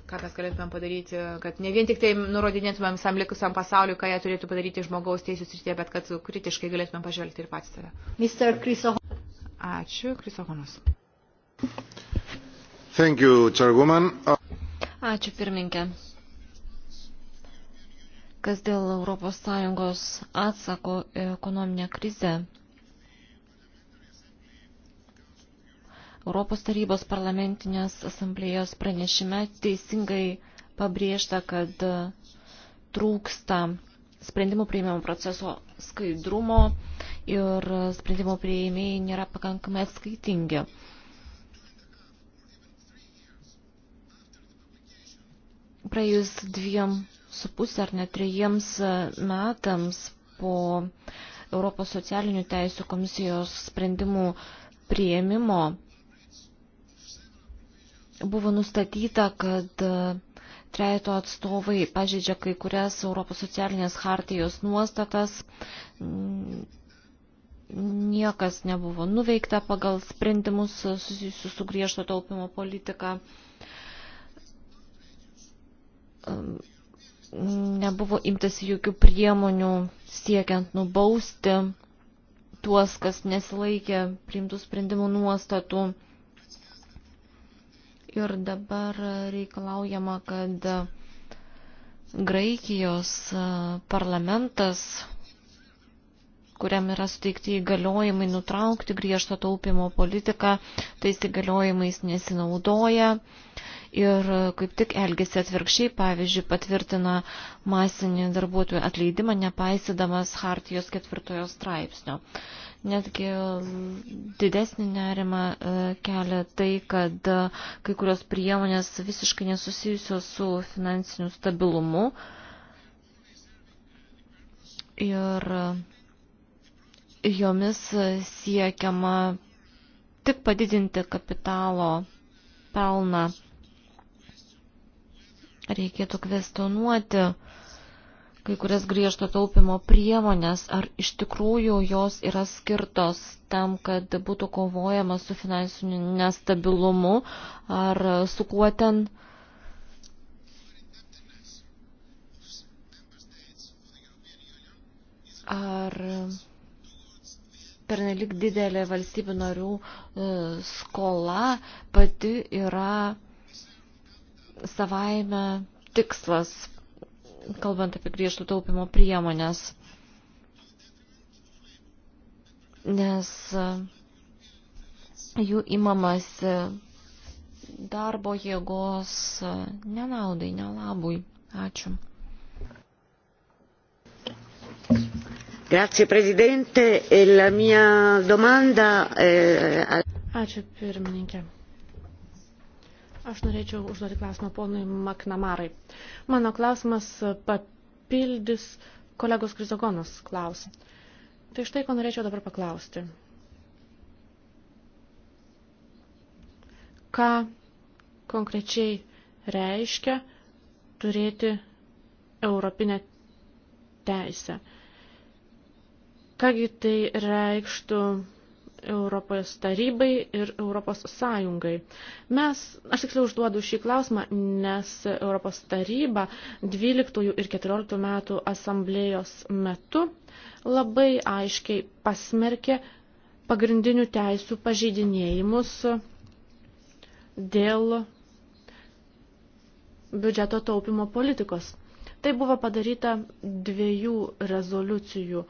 A: ką mes galėtumėm padaryti, kad ne vien tik tai nurodinėtumėm visam likusiam pasauliu, ką jie turėtų padaryti žmogaus teisų srityje, bet kad kritiškai galėtumėm pažvelgti ir patys save. Mr. Krisohonas. Ačiū, Krisohonas.
C: Thank you, Chairwoman.
B: Ačiū, pirminkė. Kas dėl ES atsako ekonominę krizę, Europos tarybos parlamentinės asamblėjos pranešime teisingai pabrėžta, kad e, trūksta sprendimų prieimimo proceso skaidrumo ir sprendimų prieimėjai nėra pakankamai atskaitingi. Praėjus dviem su pusė ar net trejiems e, metams po Europos socialinių teisų komisijos sprendimų prieimimo buvo nustatyta, kad e, trejato atstovai pažeidžia kai kurias Europos socialinės hartijos nuostatas. Niekas nebuvo nuveikta pagal sprendimus susijusius su griežto taupimo politika. Nebuvo imtas jokių priemonių siekiant nubausti tuos, kas nesilaikė priimtų sprendimų nuostatų ir dabar reikalaujama, kad Graikijos parlamentas, kuriam yra suteikti įgaliojimai nutraukti griežtą taupimo politiką, tais įgaliojimais nesinaudoja ir kaip tik elgesi atvirkščiai, pavyzdžiui, patvirtina masinį darbuotojų atleidimą, nepaisydamas Hartijos ketvirtojo straipsnio. Netgi didesnį nerimą e, kelia tai, kad e, kai kurios priemonės visiškai nesusijusios su finansiniu stabilumu. Ir e, jomis siekiama tik padidinti kapitalo pelną. Reikėtų kvestionuoti kai kurias griežto taupimo priemonės, ar iš tikrųjų jos yra skirtos tam, kad būtų kovojama su finansiniu nestabilumu, ar su kuo ten. Ar pernelik didelė valstybių narių e, skola pati yra savaime tikslas kalbant apie griežtų taupimo priemonės. Nes e, jų imamasi darbo jėgos e, nenaudai, nelabui. Ačiū.
D: Grazie Presidente e la mia domanda. Eh, a... Ačiū pirmininkė. Aš norėčiau užduoti klausimą ponui Maknamarai. Mano klausimas papildys kolegos Krizogonas klausimą. Tai štai, ko norėčiau dabar paklausti. Ką konkrečiai reiškia turėti europinę teisę? Kągi tai reikštų Europos tarybai ir Europos sąjungai. Mes, aš tiksliau užduodu šį klausimą, nes Europos taryba 12 ir 14 metų asamblėjos metu labai aiškiai pasmerkė pagrindinių teisų pažeidinėjimus dėl biudžeto taupimo politikos. Tai buvo padaryta dviejų rezoliucijų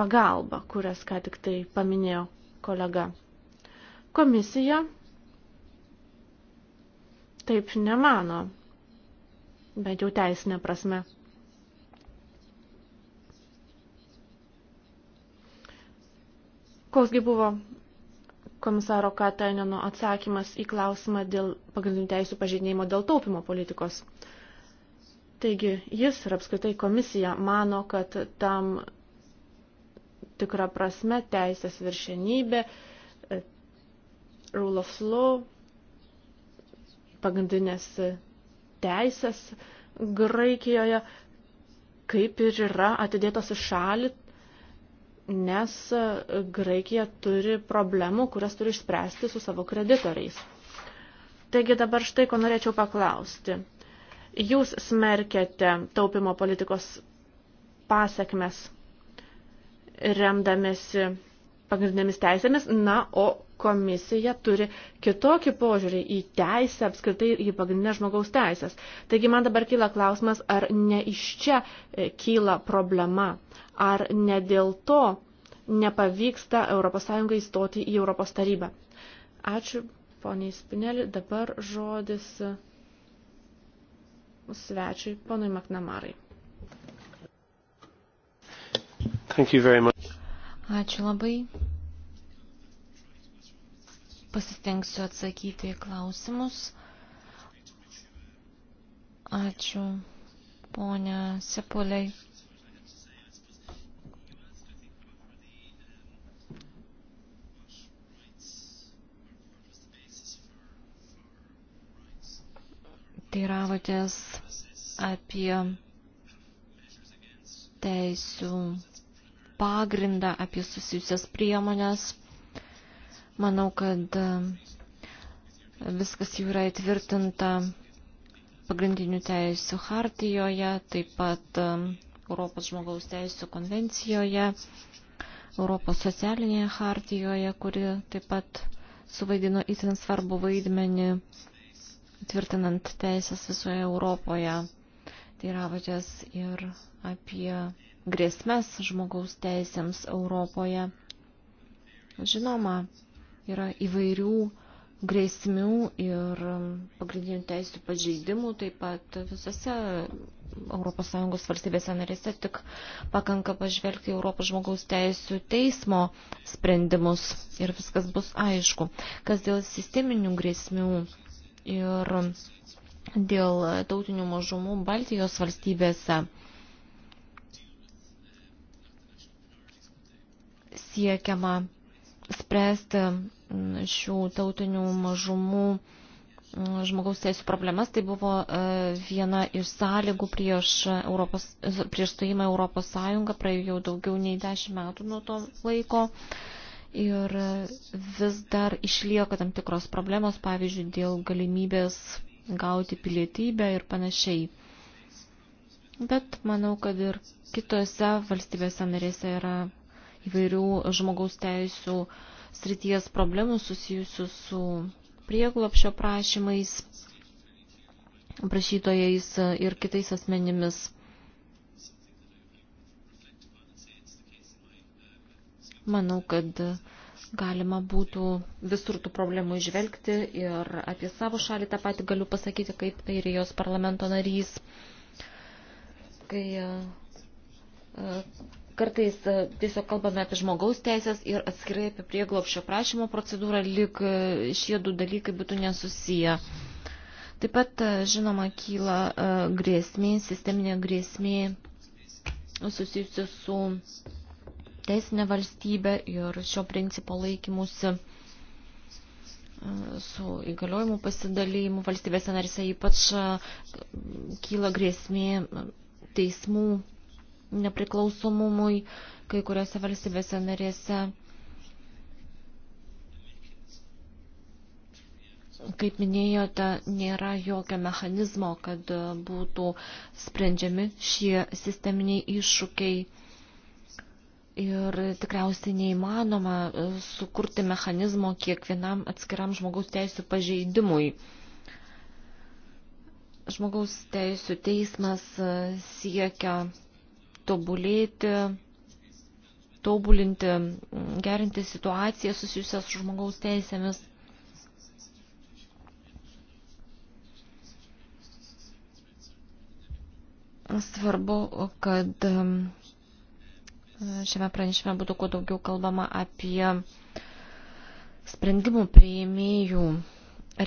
D: pagalba, kurias ką tik tai paminėjo kolega. Komisija taip nemano, bent jau teisinė prasme. Koksgi buvo komisaro Katainino atsakymas į klausimą dėl pagrindinių teisų pažeidinėjimo dėl taupimo politikos. Taigi jis ir apskritai komisija mano, kad tam tikrą prasme teisės viršenybė, e, rule of law, pagrindinės teisės Graikijoje, kaip ir yra atidėtos į šalį, nes Graikija turi problemų, kurias turi išspręsti su savo kreditoriais. Taigi dabar štai ko norėčiau paklausti. Jūs smerkėte taupimo politikos pasiekmes remdamėsi pagrindinėmis teisėmis, na, o komisija turi kitokį požiūrį į teisę, apskritai į pagrindinę žmogaus teisės. Taigi man dabar kyla klausimas, ar ne iš čia e, kyla problema, ar ne dėl to nepavyksta ES įstoti į Europos tarybą. Ačiū, poniai Spinelį. Dabar žodis svečiui, ponui Maknamarai.
C: Ačiū
D: labai.
B: Pasistengsiu atsakyti į klausimus. Ačiū, ponia Sepuliai. Teiravotės apie teisų pagrindą, apie susijusias priemonės. Manau, kad e, viskas jau yra įtvirtinta pagrindinių teisų hartijoje, taip pat e, Europos žmogaus teisų konvencijoje, Europos socialinėje hartijoje, kuri taip pat suvaidino itin svarbu vaidmenį tvirtinant teisės visoje Europoje. Tai ravotės ir apie grėsmės žmogaus teisėms Europoje. Žinoma, yra įvairių grėsmių ir pagrindinių teisų pažeidimų, taip pat visose ES valstybėse narėse tik pakanka pažvelgti Europos žmogaus teisų teismo sprendimus ir viskas bus aišku. Kas dėl sisteminių grėsmių ir dėl tautinių mažumų Baltijos valstybėse siekiama spręsti mm, šių tautinių mažumų mm, žmogaus teisų problemas. Tai buvo e, viena iš sąlygų prieš, e, Europos, prieš stojimą Europos Sąjungą, praėjo jau daugiau nei dešimt metų nuo to laiko. Ir e, vis dar išlieka tam tikros problemos, pavyzdžiui, dėl galimybės gauti pilietybę ir panašiai. Bet manau, kad ir kitose valstybėse narėse yra įvairių žmogaus teisų srities problemų susijusių su prieglopšio prašymais, prašytojais ir kitais asmenimis. Manau, kad galima būtų visur tų problemų išvelgti ir apie savo šalį tą patį galiu pasakyti kaip airijos parlamento narys. Kai e, Kartais e, tiesiog kalbame apie žmogaus teisės ir atskirai apie prieglopščio prašymo procedūrą, lyg e, šie du dalykai būtų nesusiję. Taip pat, e, žinoma, kyla grėsmė, sisteminė grėsmė susijusi su teisinė valstybė ir šio principo laikymusi su įgaliojimų pasidalymu valstybėse narise ypač kyla grėsmė teismų nepriklausomumui kai kuriuose valstybėse narėse. Kaip minėjote, nėra jokio mechanizmo, kad būtų sprendžiami šie sisteminiai iššūkiai. Ir tikriausiai neįmanoma sukurti mechanizmo kiekvienam atskiram žmogaus teisų pažeidimui. Žmogaus teisų teismas siekia tobulėti, tobulinti, gerinti situaciją susijusią su žmogaus teisėmis. Svarbu, kad um, šiame pranešime būtų kuo daugiau kalbama apie sprendimų prieimėjų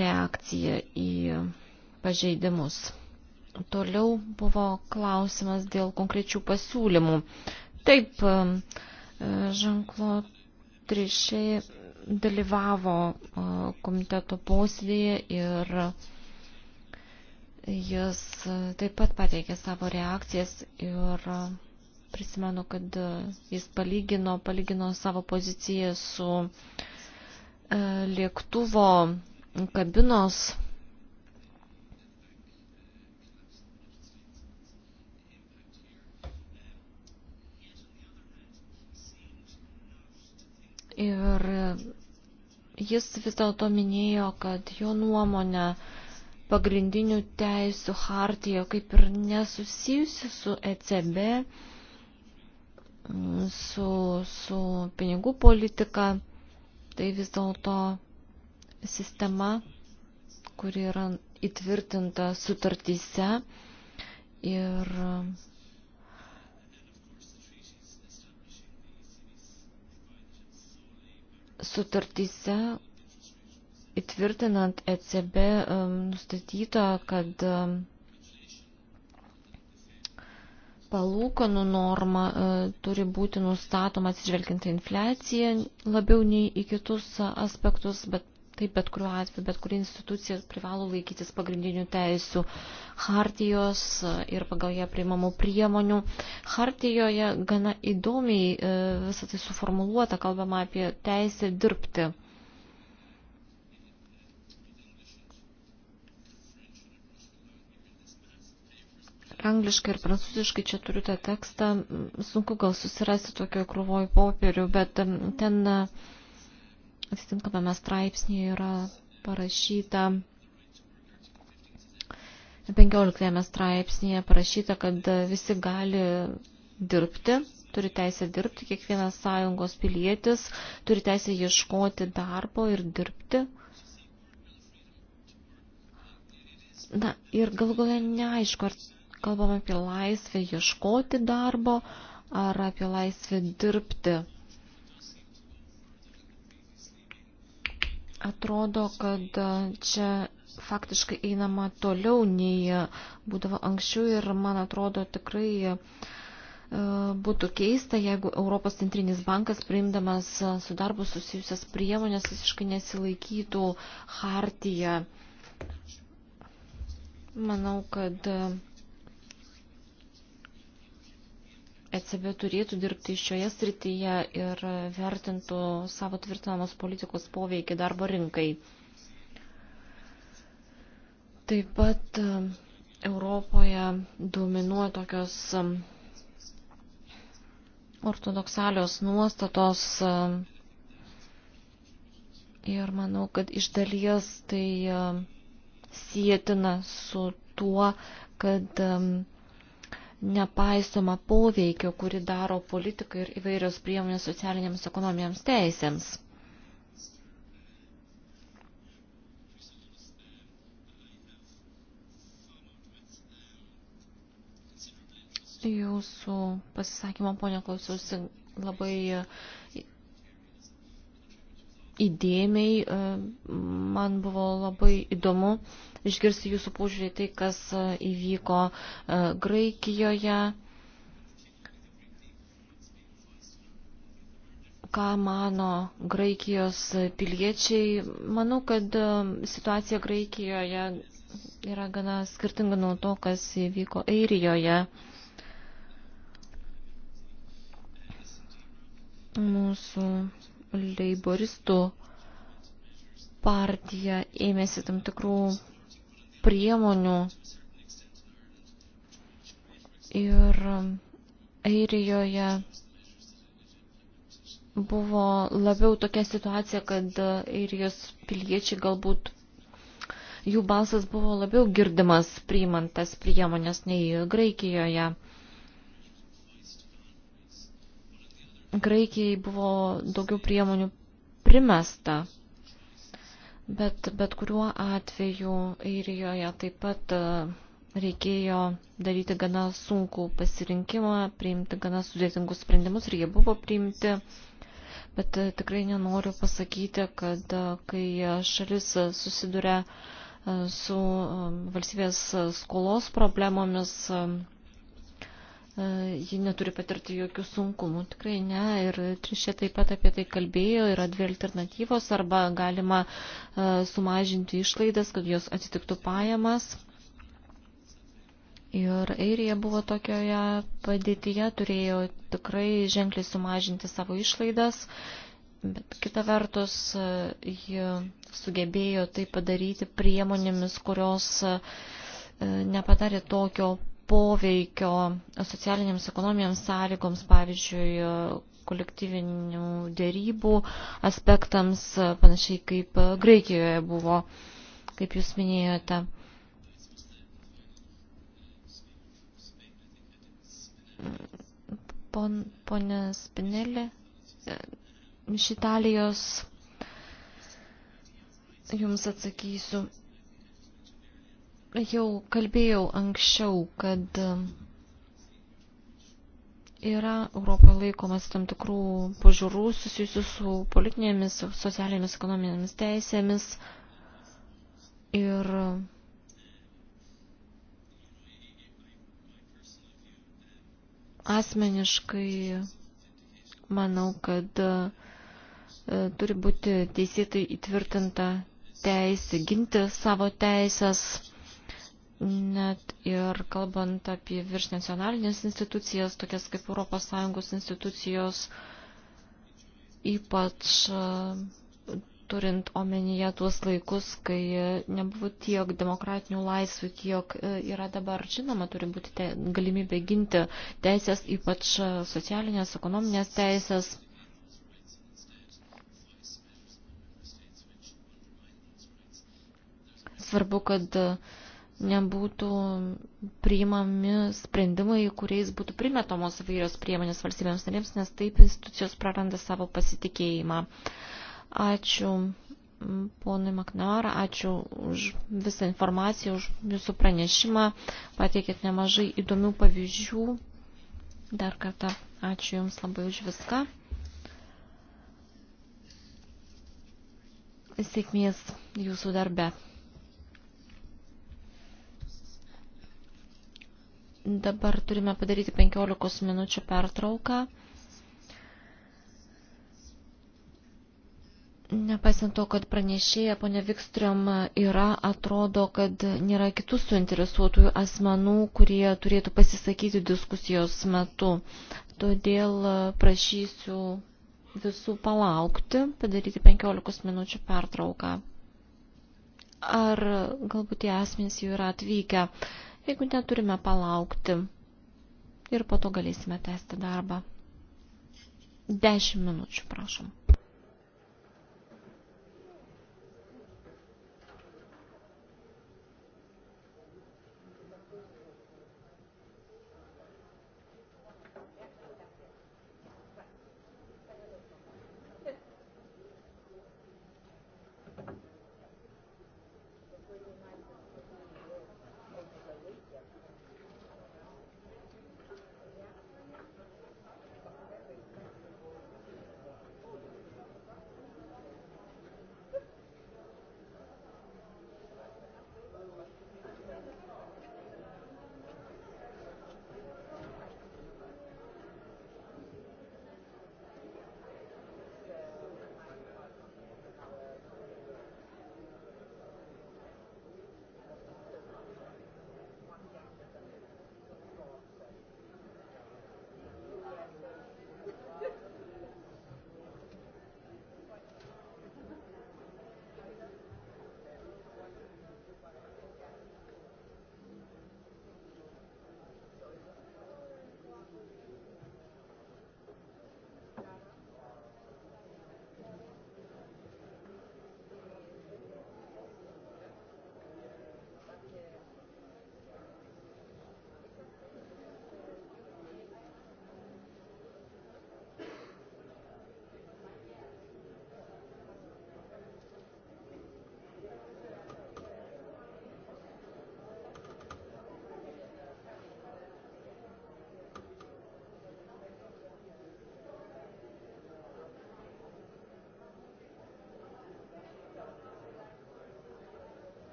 B: reakciją į pažeidimus. Toliau buvo klausimas dėl konkrečių pasiūlymų. Taip, Žanklo Trišiai dalyvavo e, komiteto posėdėje ir jis e, taip pat pateikė savo reakcijas ir e, prisimenu, kad jis palygino, palygino savo poziciją su lėktuvo kabinos Ir jis vis dėlto minėjo, kad jo nuomonė pagrindinių teisų hartija kaip ir nesusijusi su ECB, su, su pinigų politika, tai vis dėlto sistema, kuri yra įtvirtinta sutartyse ir sutartyse įtvirtinant ECB um, nustatyta, kad um, palūkanų norma uh, turi būti nustatoma atsižvelgiant į infliaciją labiau nei į kitus aspektus, bet Taip, bet kuriuo atveju, bet kuri institucija privalo laikytis pagrindinių teisų hartijos ir pagal ją priimamų priemonių. Hartijoje gana įdomiai e, visą tai suformuluota, kalbama apie teisę dirbti. angliškai ir prancūziškai čia turiu tą tekstą, sunku gal susirasti tokio krūvoj popierių, bet ten atitinkamame straipsnėje yra parašyta 15 straipsnėje parašyta, kad visi gali dirbti, turi teisę dirbti, kiekvienas sąjungos pilietis turi teisę ieškoti darbo ir dirbti. Na ir gal galia neaišku, ar kalbam apie laisvę ieškoti darbo, ar apie laisvę dirbti. Atrodo, kad čia faktiškai einama toliau nei būdavo anksčiau ir man atrodo tikrai e, būtų keista, jeigu Europos centrinis bankas, priimdamas su darbu susijusias priemonės, visiškai nesilaikytų hartiją. Manau, kad ECB turėtų dirbti šioje srityje ir vertintų savo tvirtinamos politikos poveikį darbo rinkai. Taip pat e, Europoje dominuoja tokios e, ortodoksalios nuostatos e, ir manau, kad iš dalies tai sėtina su tuo, kad um, nepaisoma poveikio, kuri daro politika ir įvairios priemonės socialiniams ekonomijams teisėms. Jūsų pasisakymo, ponia, klausiausi labai įdėmiai. E, man buvo labai įdomu išgirsti jūsų požiūrį tai, kas e, įvyko e, Graikijoje, ką mano Graikijos piliečiai. Manau, kad situacija Graikijoje yra gana skirtinga nuo to, kas įvyko Airijoje. Mūsų leiboristų partija ėmėsi tam tikrų priemonių ir Airijoje buvo labiau tokia situacija, kad Airijos piliečiai galbūt jų balsas buvo labiau girdimas priimant tas priemonės nei Graikijoje. Graikijai buvo daugiau priemonių primesta, bet bet kuriuo atveju Airijoje taip pat e, reikėjo daryti gana sunkų pasirinkimą, priimti gana sudėtingus sprendimus ir jie buvo priimti. Bet e, tikrai nenoriu pasakyti, kad e, kai šalis susiduria su valstybės skolos problemomis, E, ji neturi patirti jokių sunkumų, tikrai ne. Ir Trišė taip pat apie tai kalbėjo, yra dvi alternatyvos, arba galima e, sumažinti išlaidas, kad jos atitiktų pajamas. Ir Airija buvo tokioje padėtyje, turėjo tikrai ženkliai sumažinti savo išlaidas, bet kita vertus e, ji sugebėjo tai padaryti priemonėmis, kurios nepadarė tokio poveikio socialiniams ekonomijams sąlygoms, pavyzdžiui, kolektyvinių dėrybų aspektams, panašiai kaip Graikijoje buvo, kaip jūs minėjote. Pon, ponė Spinelė iš Italijos, jums atsakysiu. Jau kalbėjau anksčiau, kad yra Europoje laikomas tam tikrų požiūrų susijusių su politinėmis, socialinėmis, ekonominėmis teisėmis ir asmeniškai manau, kad e, turi būti teisėtai įtvirtinta teisė ginti savo teisės net ir kalbant apie virš nacionalinės institucijas, tokias kaip ES institucijos, ypač e, turint omenyje tuos laikus, kai nebuvo tiek demokratinių laisvių, kiek e, yra dabar. Žinoma, turi būti te, galimybė ginti teisės, ypač e, socialinės, ekonominės teisės. Svarbu, kad uh, nebūtų priimami sprendimai, kuriais būtų primetamos vairios priemonės valstybėms narėms, nes taip institucijos praranda savo pasitikėjimą. Ačiū ponui Maknavara, ačiū už visą informaciją, už jūsų pranešimą, pateikėt nemažai įdomių pavyzdžių. Dar kartą ačiū Jums labai už viską. Sėkmės Jūsų darbe. Dabar turime padaryti 15 minučių pertrauką. Nepaisant to, kad pranešėja ponia Vikstriom yra, atrodo, kad nėra kitų suinteresuotųjų asmenų, kurie turėtų pasisakyti diskusijos metu. Todėl prašysiu visų palaukti, padaryti 15 minučių pertrauką. Ar galbūt tie asmenys jau yra atvykę? Jeigu neturime palaukti ir po to galėsime tęsti darbą. Dešimt minučių, prašom.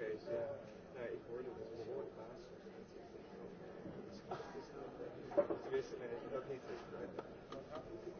C: case, ja. Nou, ik hoorde dat is behoorlijk baas. Tenminste, nee, dat niet.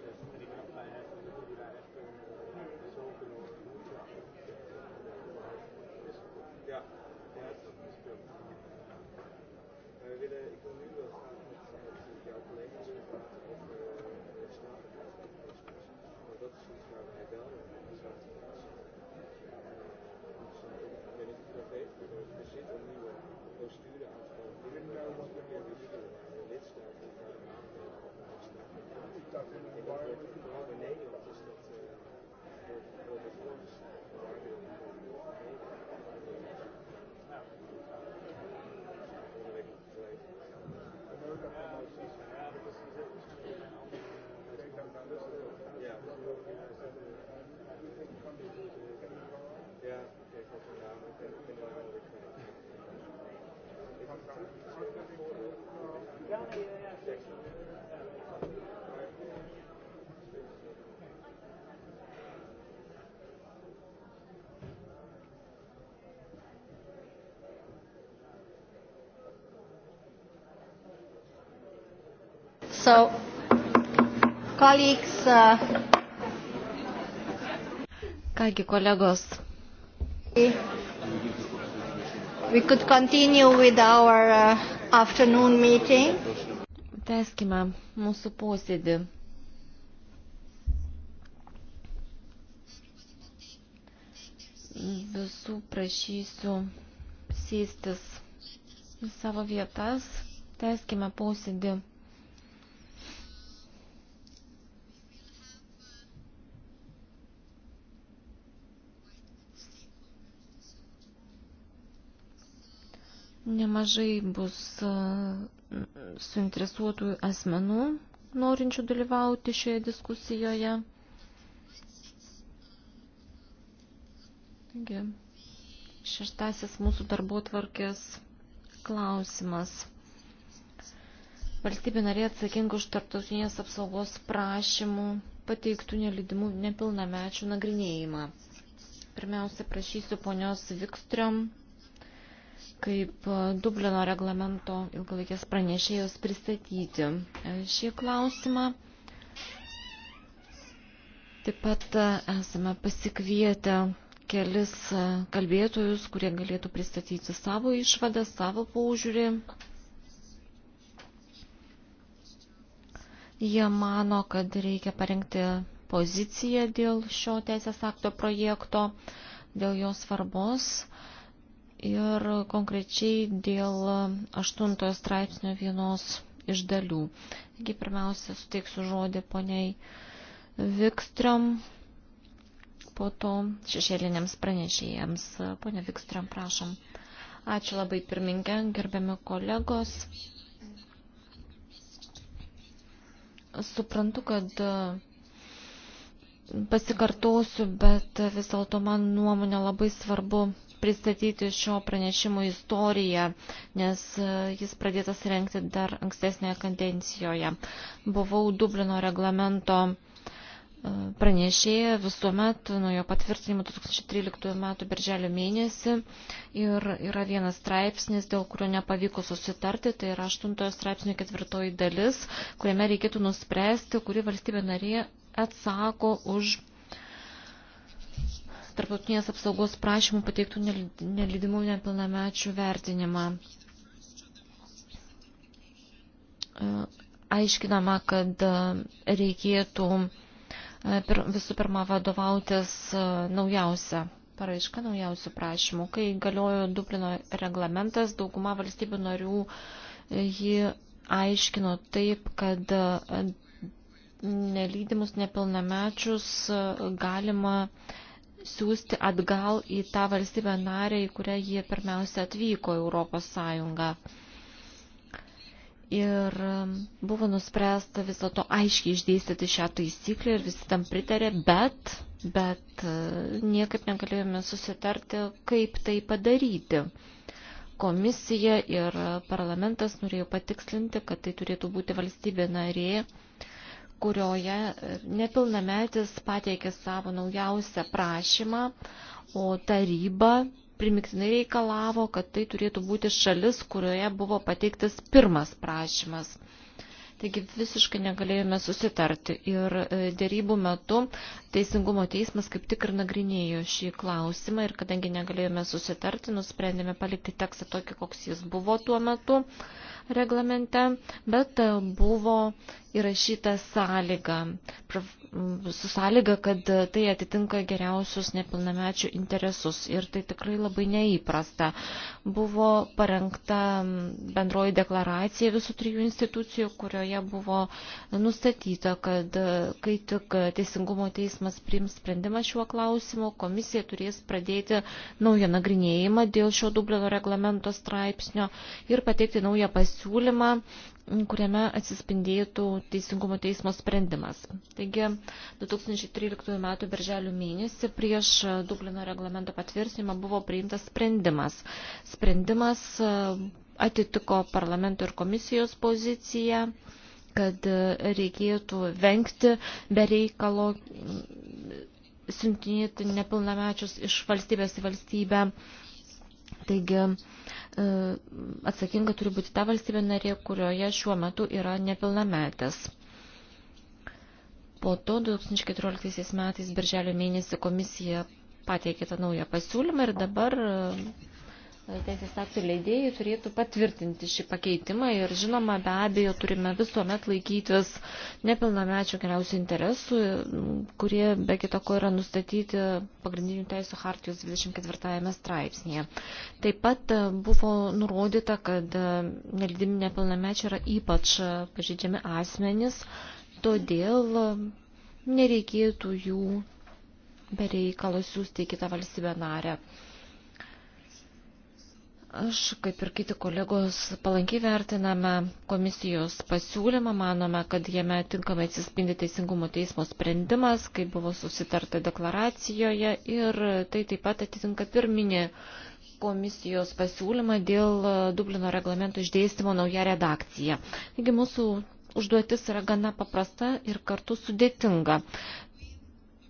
C: Thank you. So, colleagues, uh,
B: Kągi kolegos. We could continue with our uh, afternoon meeting. Teskime mūsų posėdį. Visų prašysiu sėstis į savo vietas. Teskime posėdį. Nemažai bus e, suinteresuotų asmenų, norinčių dalyvauti šioje diskusijoje. Taigi, šeštasis mūsų darbo tvarkės klausimas. Valstybė narė atsakinga už tarptautinės apsaugos prašymų pateiktų nelidimų nepilnamečių nagrinėjimą. Pirmiausia, prašysiu ponios Vikstriom kaip e, Dublino reglamento ilgalaikės pranešėjos pristatyti e, šį klausimą. Taip pat e, esame pasikvietę kelis kalbėtojus, kurie galėtų pristatyti savo išvadą, savo paužiūrį. Jie mano, kad reikia parengti poziciją dėl šio teisės akto projekto, dėl jos svarbos. Uh, ir konkrečiai dėl 8 straipsnio vienos iš dalių. Taigi pirmiausia, suteiksiu žodį poniai Vikstrom, po to šešėliniams pranešėjams. Pone Vikstrom, prašom. Ačiū labai pirmininkė, gerbiami kolegos. Suprantu, kad pasikartosiu, bet vis dėlto man nuomonė labai svarbu pristatyti šio pranešimo istoriją, nes e, jis pradėtas renkti dar ankstesnėje kadencijoje. Buvau Dublino reglamento e, pranešėja visuomet nuo jo patvirtinimo 2013 m. birželio mėnesį ir yra vienas straipsnis, dėl kurio nepavyko susitarti, tai yra 8 straipsnio ketvirtoji dalis, kuriame reikėtų nuspręsti, kuri valstybė narė atsako už tarptautinės apsaugos prašymų pateiktų nelydimų nepilnamečių vertinimą. E, aiškinama, kad e, reikėtų e, visų pirma vadovautis naujausia paraiška naujausių prašymų. Kai galiojo Dublino reglamentas, dauguma valstybių narių jį aiškino taip, kad nelydimus nepilnamečius galima uh, siūsti atgal į tą valstybę narę, į kurią jie pirmiausia atvyko Europos Sąjungą. Ir um, buvo nuspręsta vis dėlto aiškiai išdėstyti šią taisyklę ir visi tam pritarė, bet, bet uh, niekaip negalėjome susitarti, kaip tai padaryti. Komisija ir uh, parlamentas norėjo patikslinti, kad tai turėtų būti valstybė narė, kurioje e, nepilnametis pateikė savo naujausią prašymą, o taryba primiktinai reikalavo, kad tai turėtų būti šalis, kurioje buvo pateiktas pirmas prašymas. Taigi visiškai negalėjome susitarti ir e, dėrybų metu Teisingumo teismas kaip tik ir nagrinėjo šį klausimą ir kadangi negalėjome susitarti, nusprendėme palikti tekstą tokį, koks jis buvo tuo metu reglamente, bet buvo įrašyta sąlyga, su sąlyga, kad tai atitinka geriausius nepilnamečių interesus ir tai tikrai labai neįprasta. Buvo parengta bendroji deklaracija visų trijų institucijų, kurioje buvo nustatyta, kad kai tik Teisingumo teismas priims sprendimą šiuo klausimu, komisija turės pradėti naują nagrinėjimą dėl šio Dublino reglamento straipsnio ir pateikti naują pasiūlymą pasiūlymą, kuriame atsispindėtų Teisingumo teismo sprendimas. Taigi 2013 m. birželio mėnesį prieš Dublino reglamento patvirtinimą buvo priimtas sprendimas. Sprendimas e, atitiko parlamento ir komisijos poziciją kad e, reikėtų vengti bereikalo siuntinėti nepilnamečius iš valstybės į valstybę. Uh, Taigi e, atsakinga turi būti ta valstybė narė, kurioje šiuo metu yra nepilnametės. Po to 2014 metais birželio mėnesį komisija pateikė tą naują pasiūlymą ir dabar Tai teisės aktų leidėjai turėtų patvirtinti šį pakeitimą ir žinoma be abejo turime visuomet laikytis nepilnamečio geriausių interesų, kurie be kita ko yra nustatyti pagrindinių teisų hartijos 24 straipsnėje. Taip pat e, buvo nurodyta, kad e, nelydimi nepilnamečio yra ypač pažydžiami asmenys, todėl e, nereikėtų jų bereikalos siūsti į kitą valstybę narę. Aš, kaip ir kiti kolegos, palankiai vertiname komisijos pasiūlymą, manome, kad jame tinkamai atsispindi Teisingumo teismo sprendimas, kaip buvo susitarta deklaracijoje ir tai taip pat atitinka pirminį komisijos pasiūlymą dėl Dublino reglamento išdėstymo nauja redakcija. Taigi mūsų užduotis yra gana paprasta ir kartu sudėtinga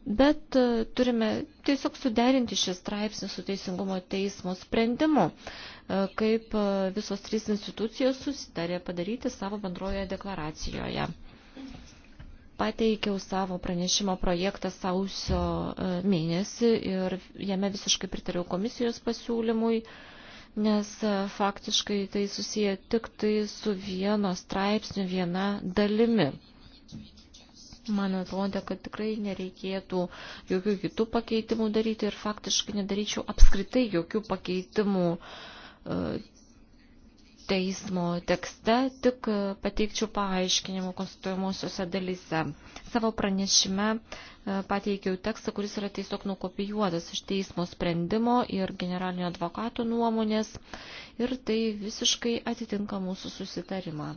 B: bet e, turime tiesiog suderinti šį straipsnį su Teisingumo teismo sprendimu, e, kaip e, visos trys institucijos susitarė padaryti savo bendrojoje deklaracijoje. Pateikiau savo pranešimo projektą sausio mėnesį ir jame visiškai pritariau komisijos pasiūlymui nes faktiškai tai susiję tik tai su vieno straipsniu viena dalimi. Man atrodo, kad tikrai nereikėtų jokių kitų pakeitimų daryti ir faktiškai nedaryčiau apskritai jokių pakeitimų e, teismo tekste, tik pateikčiau paaiškinimų konstituojamosiose dalyse. Savo pranešime e, pateikiau tekstą, kuris yra tiesiog nukopijuotas iš teismo sprendimo ir generalinio advokato nuomonės ir tai visiškai atitinka mūsų susitarimą.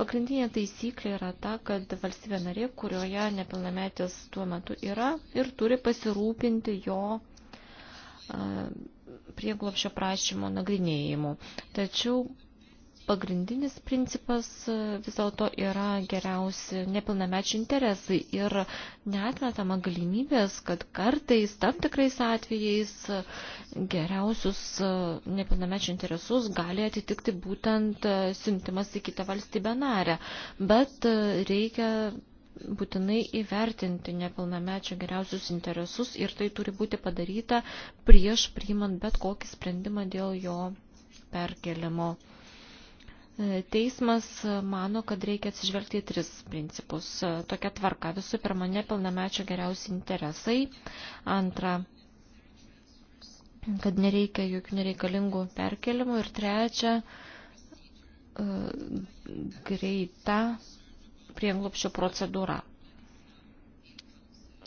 B: Pagrindinė taisyklė yra ta, kad valstybė narė, kurioje nepilnametis tuo metu yra ir turi pasirūpinti jo prieglopšio prašymo nagrinėjimu. Tačiau pagrindinis principas e, vis dėlto yra geriausi nepilnamečių interesai ir neatmetama galimybės, kad kartais tam tikrais atvejais e, geriausius e, nepilnamečių interesus gali atitikti būtent siuntimas į kitą valstybę narę. Bet reikia būtinai įvertinti nepilnamečio geriausius interesus ir tai turi būti padaryta prieš priimant bet kokį sprendimą dėl jo perkelimo. Teismas mano, kad reikia atsižvelgti į tris principus. Tokia tvarka. Visų pirma, nepilnamečio geriausi interesai. Antra, kad nereikia jokių nereikalingų perkelimų. Ir trečia, e, greita prieglopščio procedūra.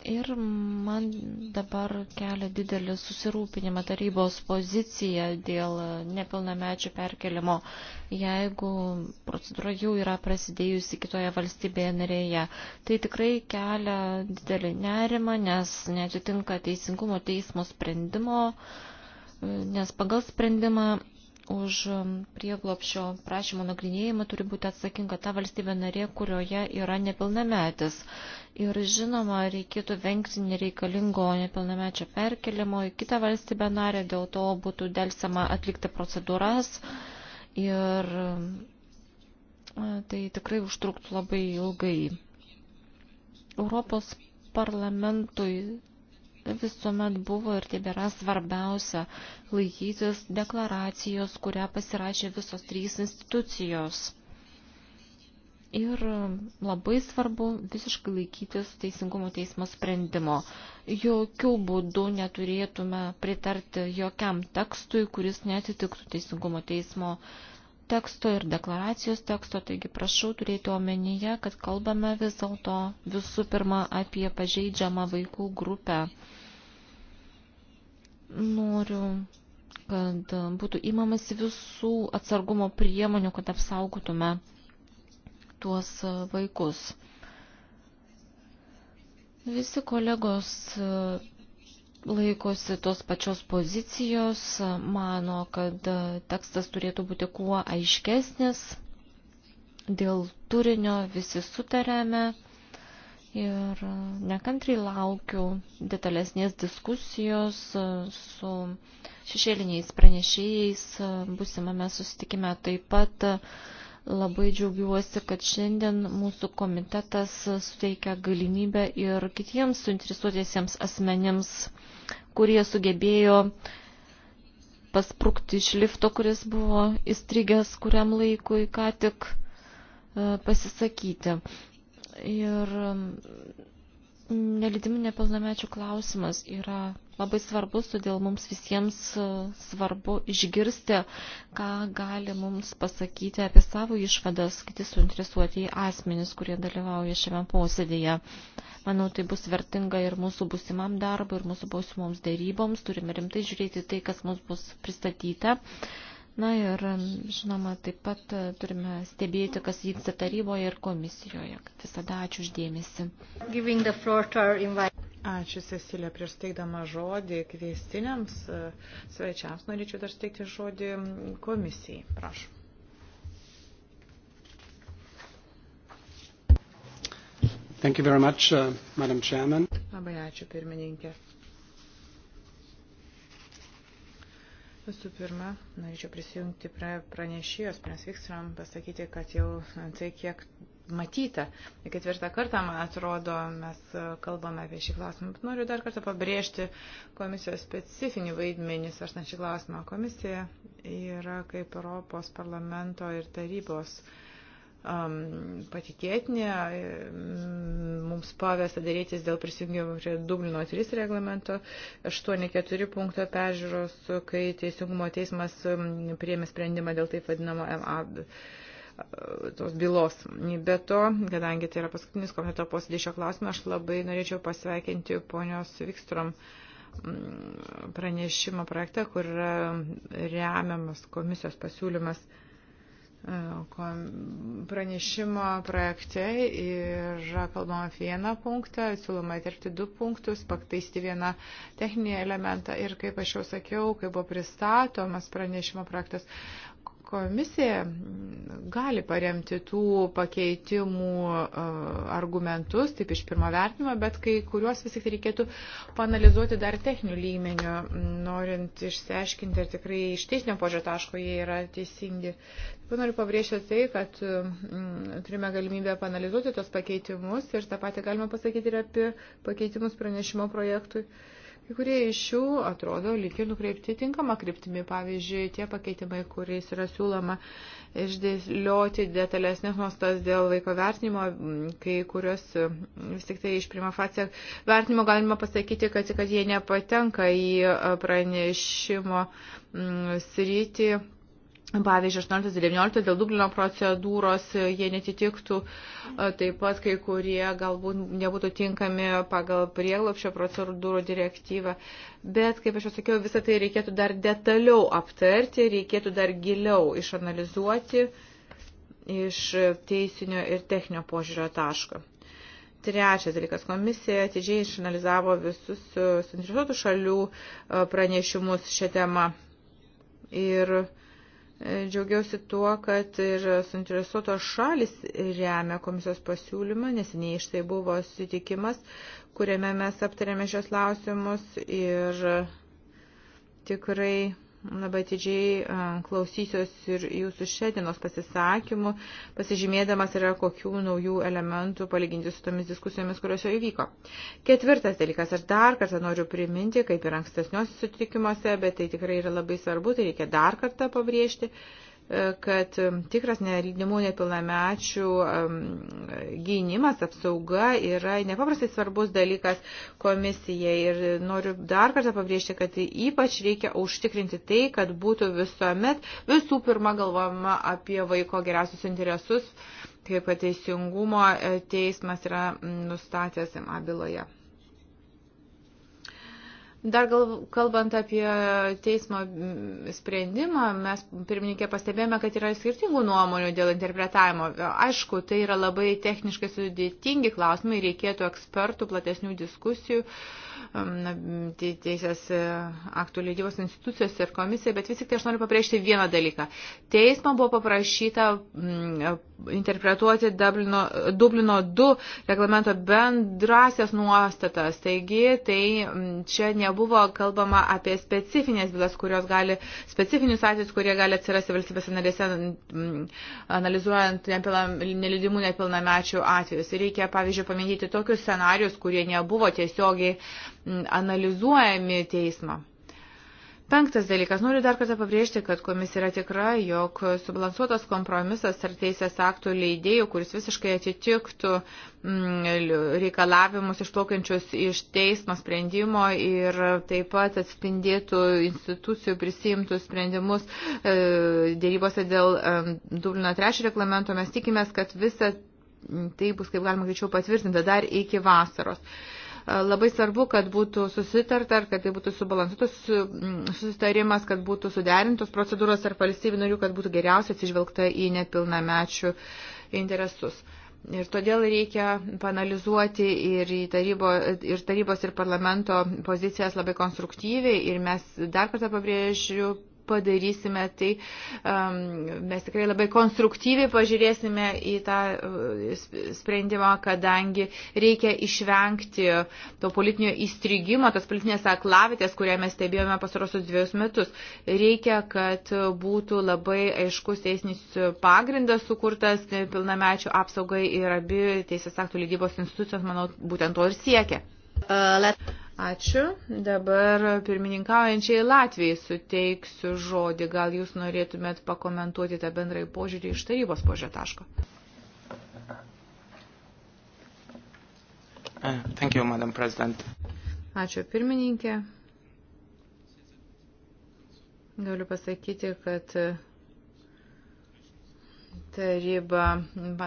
B: Ir man dabar kelia didelį susirūpinimą tarybos pozicija dėl nepilnamečių perkelimo, jeigu procedūra jau yra prasidėjusi kitoje valstybėje narėje. Tai tikrai kelia didelį nerimą, nes netitinka teisingumo teismo sprendimo, nes pagal sprendimą už um, prieglopšio prašymo nagrinėjimą turi būti atsakinga ta valstybė narė, kurioje yra nepilnametis. Ir žinoma, reikėtų vengti nereikalingo nepilnamečio perkelimo į kitą valstybę narę, dėl to būtų dėlsama atlikti procedūras ir um, tai tikrai užtruktų labai ilgai. Europos parlamentui visuomet buvo ir tebėra svarbiausia laikytis deklaracijos, kurią pasirašė visos trys institucijos. Ir labai svarbu visiškai laikytis Teisingumo teismo sprendimo. Jokių būdų neturėtume pritarti jokiam tekstui, kuris netitiktų Teisingumo teismo sprendimo teksto ir deklaracijos teksto, taigi prašau turėti omenyje, kad kalbame vis dėlto visų pirma apie pažeidžiamą vaikų grupę. Noriu, kad būtų įmamasi visų atsargumo priemonių, kad apsaugotume tuos vaikus. Visi kolegos laikosi tos pačios pozicijos, mano, kad e, tekstas turėtų būti kuo aiškesnis, dėl turinio visi sutarėme ir nekantriai laukiu detalesnės diskusijos e, su šešėliniais pranešėjais, e, busimame susitikime taip pat Labai džiaugiuosi, kad šiandien mūsų komitetas suteikia galimybę ir kitiems suinteresuotiesiems asmenėms, kurie sugebėjo pasprūkti iš lifto, kuris buvo įstrigęs kuriam laikui, ką tik e, pasisakyti. Ir Nelidimi nepilnamečių klausimas yra labai svarbus, todėl mums visiems e, svarbu išgirsti, ką gali mums pasakyti apie savo išvadas kiti suinteresuoti į asmenis, kurie dalyvauja šiame posėdėje. Manau, tai bus vertinga ir mūsų busimam darbui, ir mūsų būsimoms dėryboms. Turime rimtai žiūrėti tai, kas mums bus pristatyta. Na ir, žinoma, taip pat turime stebėti, kas vyksta taryboje ir komisijoje. Visada ačiū uždėmesi.
A: Ačiū, Cecilė, prieš teikdama žodį kviestiniams e, svečiams norėčiau dar steikti žodį komisijai. Prašau.
C: Thank you very much, uh, Madam Chairman.
A: Labai ačiū, pirmininkė. Visų pirma, norėčiau prisijungti prie pranešėjos, prie Svikstram, pasakyti, kad jau tai kiek matyta. Ketvirtą kartą, man atrodo, mes e, kalbame apie šį klausimą. Bet noriu dar kartą pabrėžti komisijos specifinį vaidmenį svarstant šį klausimą. Komisija yra kaip Europos parlamento ir tarybos uh, um, patikėtinė, mums pavesta darytis dėl prisijungimo prie Dublino 3 reglamento 8.4 punkto peržiūros, kai Teisingumo teismas priėmė sprendimą dėl taip vadinamo MA tos bylos. Be to, kadangi tai yra paskutinis komiteto posėdėšio klausimas, aš labai norėčiau pasveikinti ponios Vikstrom pranešimo projektą, kur yra remiamas komisijos pasiūlymas uh, E, pranešimo projekte yra kalbama apie vieną punktą, siūloma įterpti du punktus, pakeisti vieną techninį elementą ir kaip aš jau sakiau, kaip buvo pristatomas pranešimo projektas, Komisija gali paremti tų pakeitimų e, argumentus, taip iš pirmo vertinimo, bet kai kuriuos vis tik tai reikėtų panalizuoti dar techninių lygmenių, norint išsiaiškinti, ar tikrai iš teisinio požiūrio taško jie yra teisingi. Taip noriu pabrėžti tai, kad mm, turime galimybę panalizuoti tos pakeitimus ir tą patį galima pasakyti ir apie pakeitimus pranešimo projektui. Uh, Kai kurie iš jų atrodo lyg ir nukreipti tinkamą kryptimį, pavyzdžiui, tie pakeitimai, kuriais yra siūloma išdėlioti detalesnės nuostas dėl vaiko vertinimo, kai kurios e, vis tik tai iš prima facija vertinimo galima pasakyti, kad, kad jie nepatenka į e, pranešimo sritį Pavyzdžiui, 18-19 dėl Dublino procedūros jie netitiktų, taip pat kai kurie galbūt nebūtų tinkami pagal prieglopšio procedūrų direktyvą. Bet, kaip aš jau sakiau, visą tai reikėtų dar detaliau aptarti, reikėtų dar giliau išanalizuoti iš teisinio ir techninio požiūrio taško. Trečias dalykas, komisija atidžiai išanalizavo visus uh, suinteresuotų šalių uh, pranešimus šią temą. Ir Džiaugiausi tuo, kad ir suinteresuotos šalis remia komisijos pasiūlymą, nesiniai iš tai buvo sutikimas, kuriame mes aptarėme šios lausimus ir tikrai labai atidžiai klausysios ir jūsų šiandienos pasisakymų, pasižymėdamas yra kokių naujų elementų palyginti su tomis diskusijomis, kurios jau įvyko. Ketvirtas dalykas, aš dar kartą noriu priminti, kaip ir ankstesniuose sutikimuose, bet tai tikrai yra labai svarbu, tai reikia dar kartą pabrėžti. Uh, kad um, tikras nelydimų nepilnamečių um, gynimas, apsauga yra nepaprastai svarbus dalykas komisijai. Ir noriu dar kartą pabrėžti, kad ypač reikia užtikrinti tai, kad būtų visuomet visų pirma galvojama apie vaiko geriausius interesus, kaip teisingumo e, teismas yra mm, nustatęs abiloje. E, Dar gal, kalbant apie teismo sprendimą, mes pirmininkė pastebėjome, kad yra skirtingų nuomonių dėl interpretavimo. Aišku, tai yra labai techniškai sudėtingi klausimai, reikėtų ekspertų, platesnių diskusijų. Uh, Um, teisės uh, aktų leidybos institucijos ir komisija, bet vis tik tai aš noriu pabrėžti vieną dalyką. Teismo buvo paprašyta mm, uh, interpretuoti Dublino, Dublino 2 reglamento bendrasias nuostatas, taigi tai mm, čia nebuvo kalbama apie specifinės bylas, kurios gali, specifinius atvejus, kurie gali atsirasti valstybės narėse mm, analizuojant nepilnam, nelidimų nepilnamečių atvejus. Reikia, pavyzdžiui, paminėti tokius scenarius, kurie nebuvo tiesiogiai uh, analizuojami teismo. Penktas dalykas. Noriu dar kartą pabrėžti, kad komisija yra tikra, jog subalansuotas kompromisas ar teisės aktų leidėjų, kuris visiškai atitiktų reikalavimus išplaukiančius iš teismo sprendimo ir taip pat atspindėtų institucijų prisimtus sprendimus e, dėrybose dėl e, Dublino 3 reglamento, mes tikimės, kad visa tai bus kaip galima greičiau patvirtinta dar iki vasaros. Labai svarbu, kad būtų susitarta, kad tai būtų subalansuotas mm, susitarimas, kad būtų suderintos procedūros ar valstybių narių, kad būtų geriausiai atsižvelgta į nepilnamečių interesus. Ir todėl reikia panalizuoti ir, tarybo, ir tarybos ir parlamento pozicijas labai konstruktyviai. Ir mes dar kartą pabrėžiu, padarysime, tai um, mes tikrai labai konstruktyviai pažiūrėsime į tą uh, sprendimą, kadangi reikia išvengti to politinio įstrigimo, tas politinės aklavitės, kurią mes stebėjome pasarosius dviejus metus. Reikia, kad būtų labai aiškus teisinis pagrindas sukurtas pilnamečių apsaugai ir abi teisės aktų lygybos institucijos, manau, būtent to ir siekia. Ačiū. Dabar pirmininkaujančiai Latvijai suteiksiu žodį. Gal jūs norėtumėt pakomentuoti tą bendrąjį požiūrį iš tarybos požiūrį taško? Uh, thank you, Madam President. Ačiū pirmininkė. Galiu pasakyti, kad taryba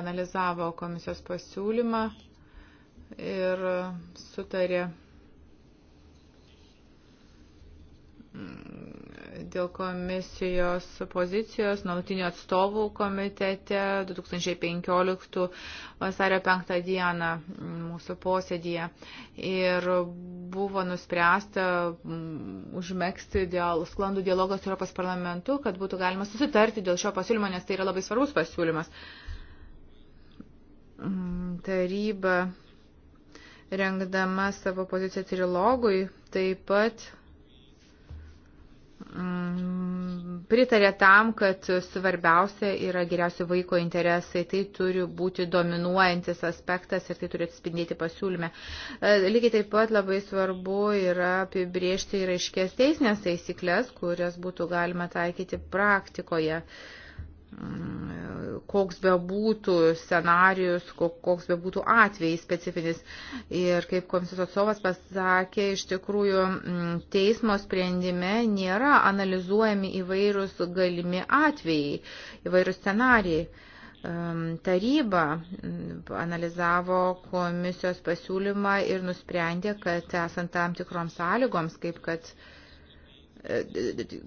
A: analizavo komisijos pasiūlymą ir sutarė
C: mm,
A: dėl komisijos pozicijos nautinio atstovų komitete 2015 vasario 5 dieną mūsų posėdėje ir buvo nuspręsta mm, užmėgsti dėl sklandų dialogą su Europos parlamentu, kad būtų galima susitarti dėl šio pasiūlymo, nes tai yra labai svarbus pasiūlymas. Mm, taryba rengdama savo poziciją trilogui, taip pat mm, pritarė tam, kad svarbiausia yra geriausi vaiko interesai, tai turi būti dominuojantis aspektas ir tai turi atspindėti pasiūlyme. E, lygiai taip pat labai svarbu yra apibriežti ir aiškės teisinės taisyklės, kurias būtų galima taikyti praktikoje. Uh, Mm, koks bebūtų scenarius, koks bebūtų atvejis specifinis. Ir kaip komisijos atstovas pasakė, iš tikrųjų mm, teismo sprendime nėra analizuojami įvairūs galimi atvejai, įvairūs scenarijai. Mm, taryba analizavo komisijos pasiūlymą ir nusprendė, kad esant tam tikroms sąlygoms, kaip kad uh,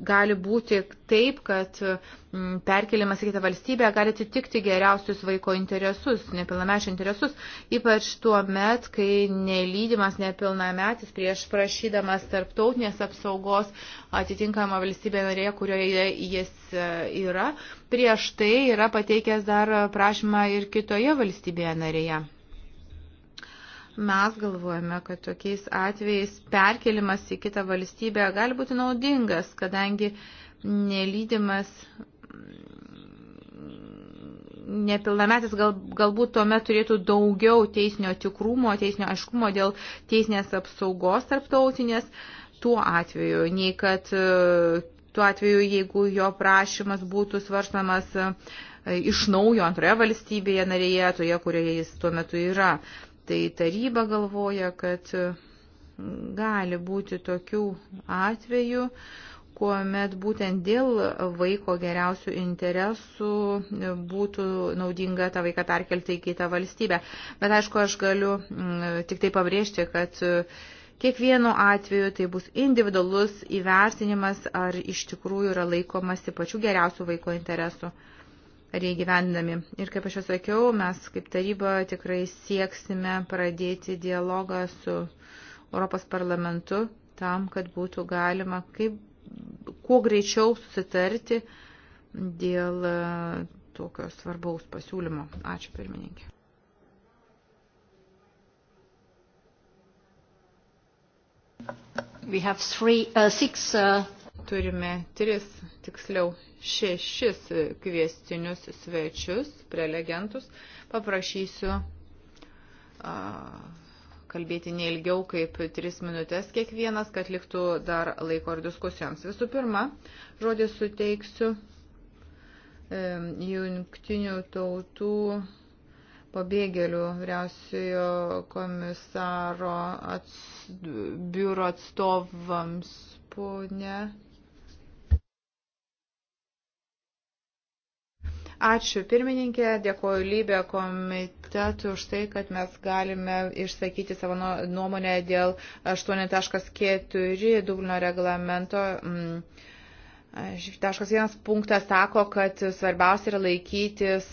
A: gali būti taip, kad mm, perkelimas į kitą valstybę gali atitikti geriausius vaiko interesus, nepilnamečio interesus, ypač tuo met, kai nelydimas nepilnametis prieš prašydamas tarptautinės apsaugos atitinkamą valstybę narėje, kurioje jis e, yra, prieš tai yra pateikęs dar prašymą ir kitoje valstybėje narėje. Mes galvojame, kad tokiais atvejais perkelimas į kitą valstybę gali būti naudingas, kadangi nelydimas nepilnametis gal, galbūt tuomet turėtų daugiau teisinio tikrumo, teisinio aiškumo dėl teisinės apsaugos tarptautinės tuo atveju, nei kad e, tuo atveju, jeigu jo prašymas būtų svarstamas e, iš naujo antroje valstybėje narėje, toje, kurioje jis tuo metu yra tai taryba galvoja, kad gali būti tokių atvejų, kuomet būtent dėl vaiko geriausių interesų būtų naudinga tą vaiką perkelti į kitą valstybę. Bet aišku, aš galiu mm, tik tai pabrėžti, kad kiekvienu atveju tai bus individualus įvertinimas, ar iš tikrųjų yra laikomasi pačių geriausių vaiko interesų ar jie gyvendami. Ir kaip aš jau sakiau, mes kaip taryba tikrai sieksime pradėti dialogą su Europos parlamentu tam, kad būtų galima kaip, kuo greičiau susitarti dėl e, tokio svarbaus pasiūlymo. Ačiū pirmininkė. We have three, uh, six uh, turime tris, tiksliau šešis kviestinius svečius, prelegentus. Paprašysiu a, kalbėti neilgiau kaip tris minutės kiekvienas, kad liktų dar laiko ir diskusijoms. Visų pirma, žodį suteiksiu e, jungtinių tautų pabėgėlių vyriausiojo komisaro ats, biuro atstovams, ponė. Ačiū pirmininkė, dėkoju Lybė komitetui už tai, kad mes galime išsakyti savo nuomonę dėl 8.4 Dublino reglamento. Mm, 1.1 punktas sako, kad svarbiausia yra laikytis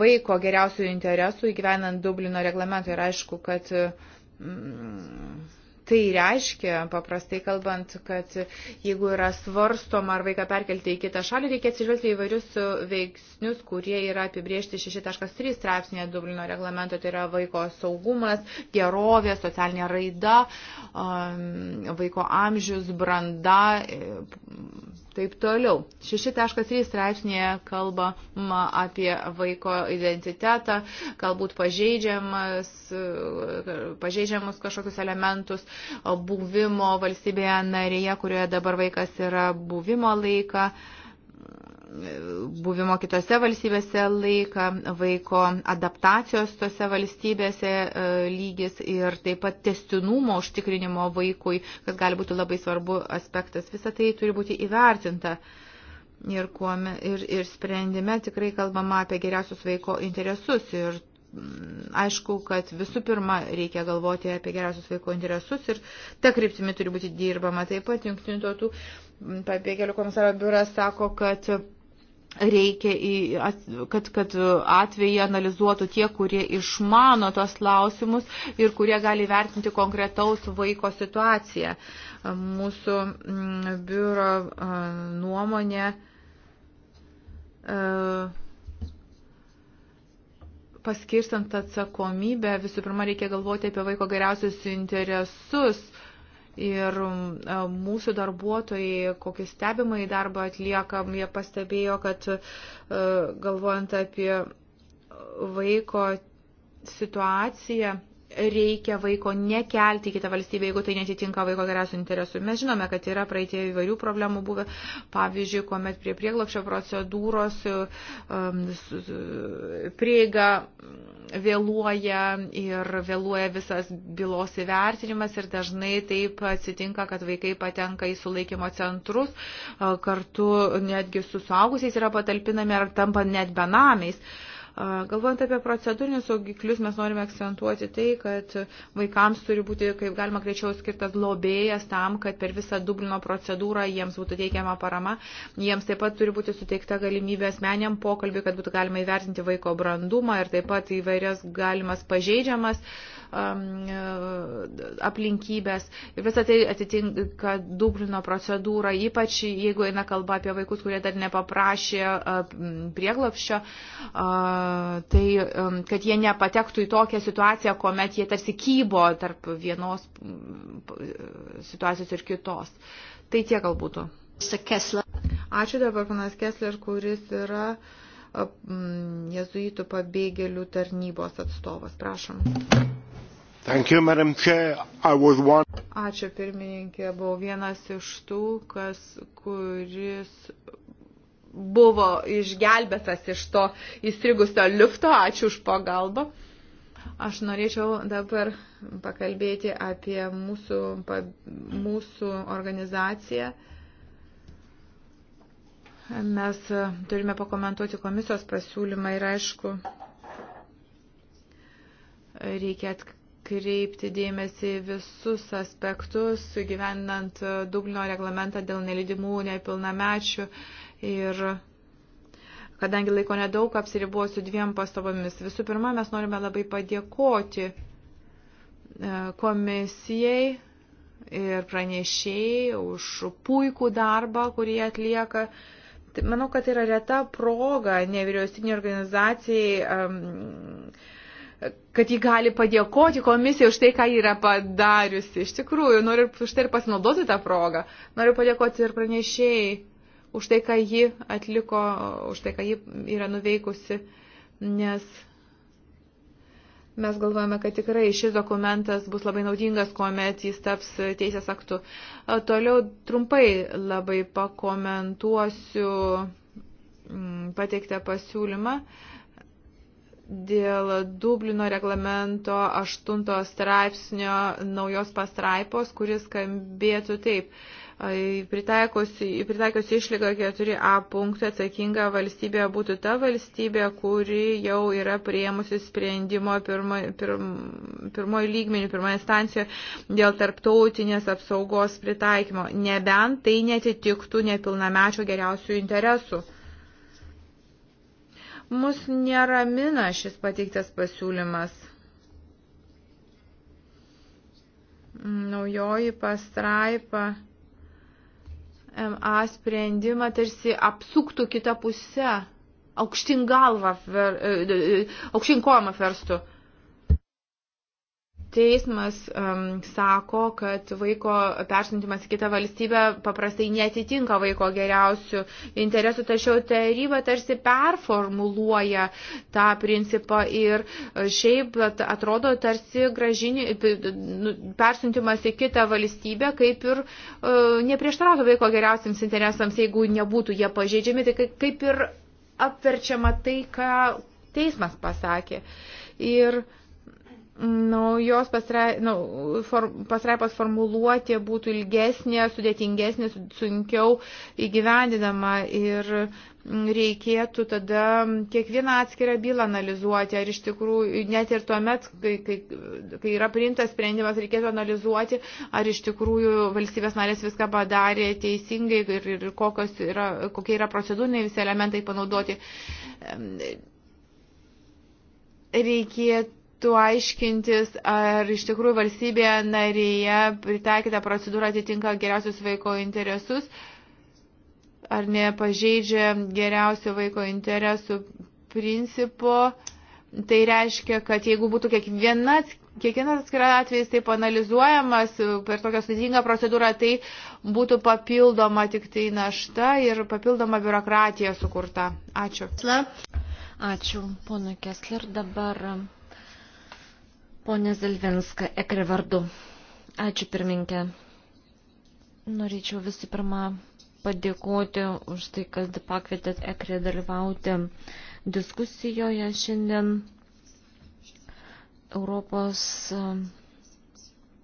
A: vaiko geriausių interesų įgyvenant Dublino reglamentą ir aišku, kad mm, tai reiškia, paprastai kalbant, kad jeigu yra svarstoma ar vaiką perkelti į kitą šalį, reikia atsižvelgti įvairius veiksnius, kurie yra apibriežti 6.3 straipsnėje Dublino reglamento, tai yra vaiko saugumas, gerovė, socialinė raida, um, vaiko amžius, branda, taip toliau. 6.3 straipsnėje kalbama apie vaiko identitetą, galbūt pažeidžiamas, pažeidžiamus kažkokius elementus buvimo valstybėje narėje, kurioje dabar vaikas yra buvimo laiką. Uh, buvimo kitose valstybėse laiką, vaiko adaptacijos tose valstybėse e, lygis ir taip pat testinumo užtikrinimo vaikui, kas gali būti labai svarbu aspektas. Visą tai turi būti įvertinta. Ir, kuome, ir, ir sprendime tikrai kalbama apie geriausius vaiko interesus ir mm, aišku, kad visų pirma reikia galvoti apie geriausius vaiko interesus ir ta kryptimi turi būti dirbama. Taip pat jungtinių tautų mm, pabėgėlių komisaro biuras sako, kad reikia, kad, kad atvejį analizuotų tie, kurie išmano tos klausimus ir kurie gali vertinti konkretaus vaiko situaciją. Mūsų mm, biuro nuomonė paskirstant atsakomybę, visų pirma, reikia galvoti apie vaiko geriausius interesus Ir mūsų darbuotojai, kokį stebimą į darbą atliekam, jie pastebėjo, kad galvojant apie vaiko situaciją, reikia vaiko nekelti į kitą valstybę, jeigu tai netitinka vaiko geriausių interesų. Mes žinome, kad yra praeitie įvairių problemų buvę, pavyzdžiui, kuomet prie prieglapšio procedūros um, prieiga vėluoja ir vėluoja visas bylos įvertinimas ir dažnai taip atsitinka, kad vaikai patenka į sulaikymo centrus, kartu netgi su suaugusiais yra patalpinami ar tampa net benamiais. Uh, Galvojant apie procedūrinius saugiklius, mes norime akcentuoti tai, kad vaikams turi būti kaip galima greičiau skirtas globėjas tam, kad per visą Dublino procedūrą jiems būtų teikiama parama. Jiems taip pat turi būti suteikta galimybė asmeniam pokalbį, kad būtų galima įvertinti vaiko brandumą ir taip pat įvairias galimas pažeidžiamas e, aplinkybės. Ir visą tai atitinka Dublino procedūrą, ypač jeigu eina kalba apie vaikus, kurie dar nepaprašė prieglopščio. Uh, tai, kad jie nepatektų į tokią situaciją, kuomet jie tarsi kybo tarp vienos mm, situacijos ir kitos. Tai tiek gal būtų. Ačiū dabar panas Kesler, kuris yra jezuitų pabėgėlių tarnybos atstovas. Prašom. You, one... Ačiū pirmininkė, buvau vienas iš tų, kas, kuris buvo išgelbėtas iš to įstrigusio lifto. Ačiū už pagalbą. Aš norėčiau dabar pakalbėti apie mūsų, pa, mūsų organizaciją. Mes turime pakomentuoti komisijos pasiūlymą ir aišku, reikia atkreipti dėmesį visus aspektus, gyvenant Dublino reglamentą dėl nelydimų nepilnamečių Ir kadangi laiko nedaug, apsiribuosiu dviem pastabomis. Visų pirma, mes norime labai padėkoti e, komisijai ir pranešėjai už puikų darbą, kurį atlieka. Tai manau, kad tai yra reta proga nevyriausybinė organizacijai. Um, kad ji gali padėkoti komisijai už tai, ką yra padariusi. Iš tikrųjų, noriu už tai ir pasinaudoti tą progą. Noriu padėkoti ir pranešėjai už tai, ką ji atliko, už tai, ką ji yra nuveikusi, nes mes galvojame, kad tikrai šis dokumentas bus labai naudingas, kuomet jis taps teisės aktu. Toliau trumpai labai pakomentuosiu mm, pateiktą pasiūlymą dėl Dublino reglamento 8 straipsnio naujos pastraipos, kuris skambėtų taip Pritaikius išlygą 4a punktą atsakinga valstybė būtų ta valstybė, kuri jau yra prieimusi sprendimo pirmo, pirm, pirmoji lygmenį, pirmoje instancijoje dėl tarptautinės apsaugos pritaikymo, nebent tai netitiktų nepilnamečio geriausių interesų. Mus neramina šis pateiktas pasiūlymas. Naujoji pastraipa MA sprendimą tarsi apsuktų kitą pusę, aukštin galvą, e, e, e, aukštin kojamą verstų teismas um, sako, kad vaiko persintimas į kitą valstybę paprastai netitinka vaiko geriausių interesų, tačiau taryba tarsi performuluoja tą principą ir e, šiaip atrodo tarsi gražini, nu, persintimas į kitą valstybę kaip ir uh, neprieštarautų vaiko geriausiams interesams, jeigu nebūtų jie pažeidžiami, tai kaip ir apverčiama tai, ką teismas pasakė. Ir uh, naujos pasrai, na, form, pasraipos formuluotė būtų ilgesnė, sudėtingesnė, sunkiau įgyvendinama ir reikėtų tada kiekvieną atskirą bylą analizuoti, ar iš tikrųjų, net ir tuo met, kai, kai, kai yra priimtas sprendimas, reikėtų analizuoti, ar iš tikrųjų valstybės narės viską padarė teisingai ir, ir yra, kokie yra procedūriniai visi elementai panaudoti. Reikėtų reikėtų aiškintis, ar iš tikrųjų valstybėje narėje pritaikyta procedūra atitinka geriausius vaiko interesus, ar nepažeidžia geriausių vaiko interesų principo. Tai reiškia, kad jeigu būtų kiekviena, kiekvienas atskiras atvejis taip analizuojamas per tokią sudėtingą procedūrą, tai būtų papildoma tik tai našta ir papildoma biurokratija sukurta. Ačiū. Ačiū,
B: ponui Kessler. Dabar Pone Zelvinska, ekre vardu. Ačiū pirminkė. Norėčiau visų pirma padėkoti už tai, kad pakvietėt ekre dalyvauti diskusijoje šiandien Europos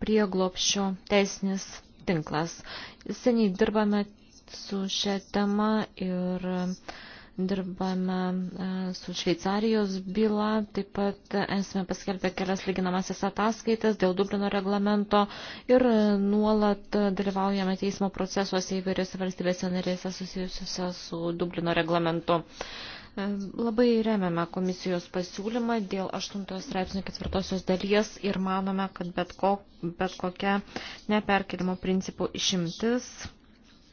B: prieglopščio teisinis tinklas. Seniai dirbame su šia tema ir uh, dirbame e, su Šveicarijos byla, taip pat esame paskelbę kelias lyginamasias ataskaitas dėl Dublino reglamento ir e, nuolat dalyvaujame teismo procesuose įvairiose valstybėse narėse susijusiuose su Dublino reglamentu. E, labai remiame komisijos pasiūlymą dėl 8 straipsnio 4 dalies ir manome, kad bet, ko, bet kokia neperkelimo principų išimtis,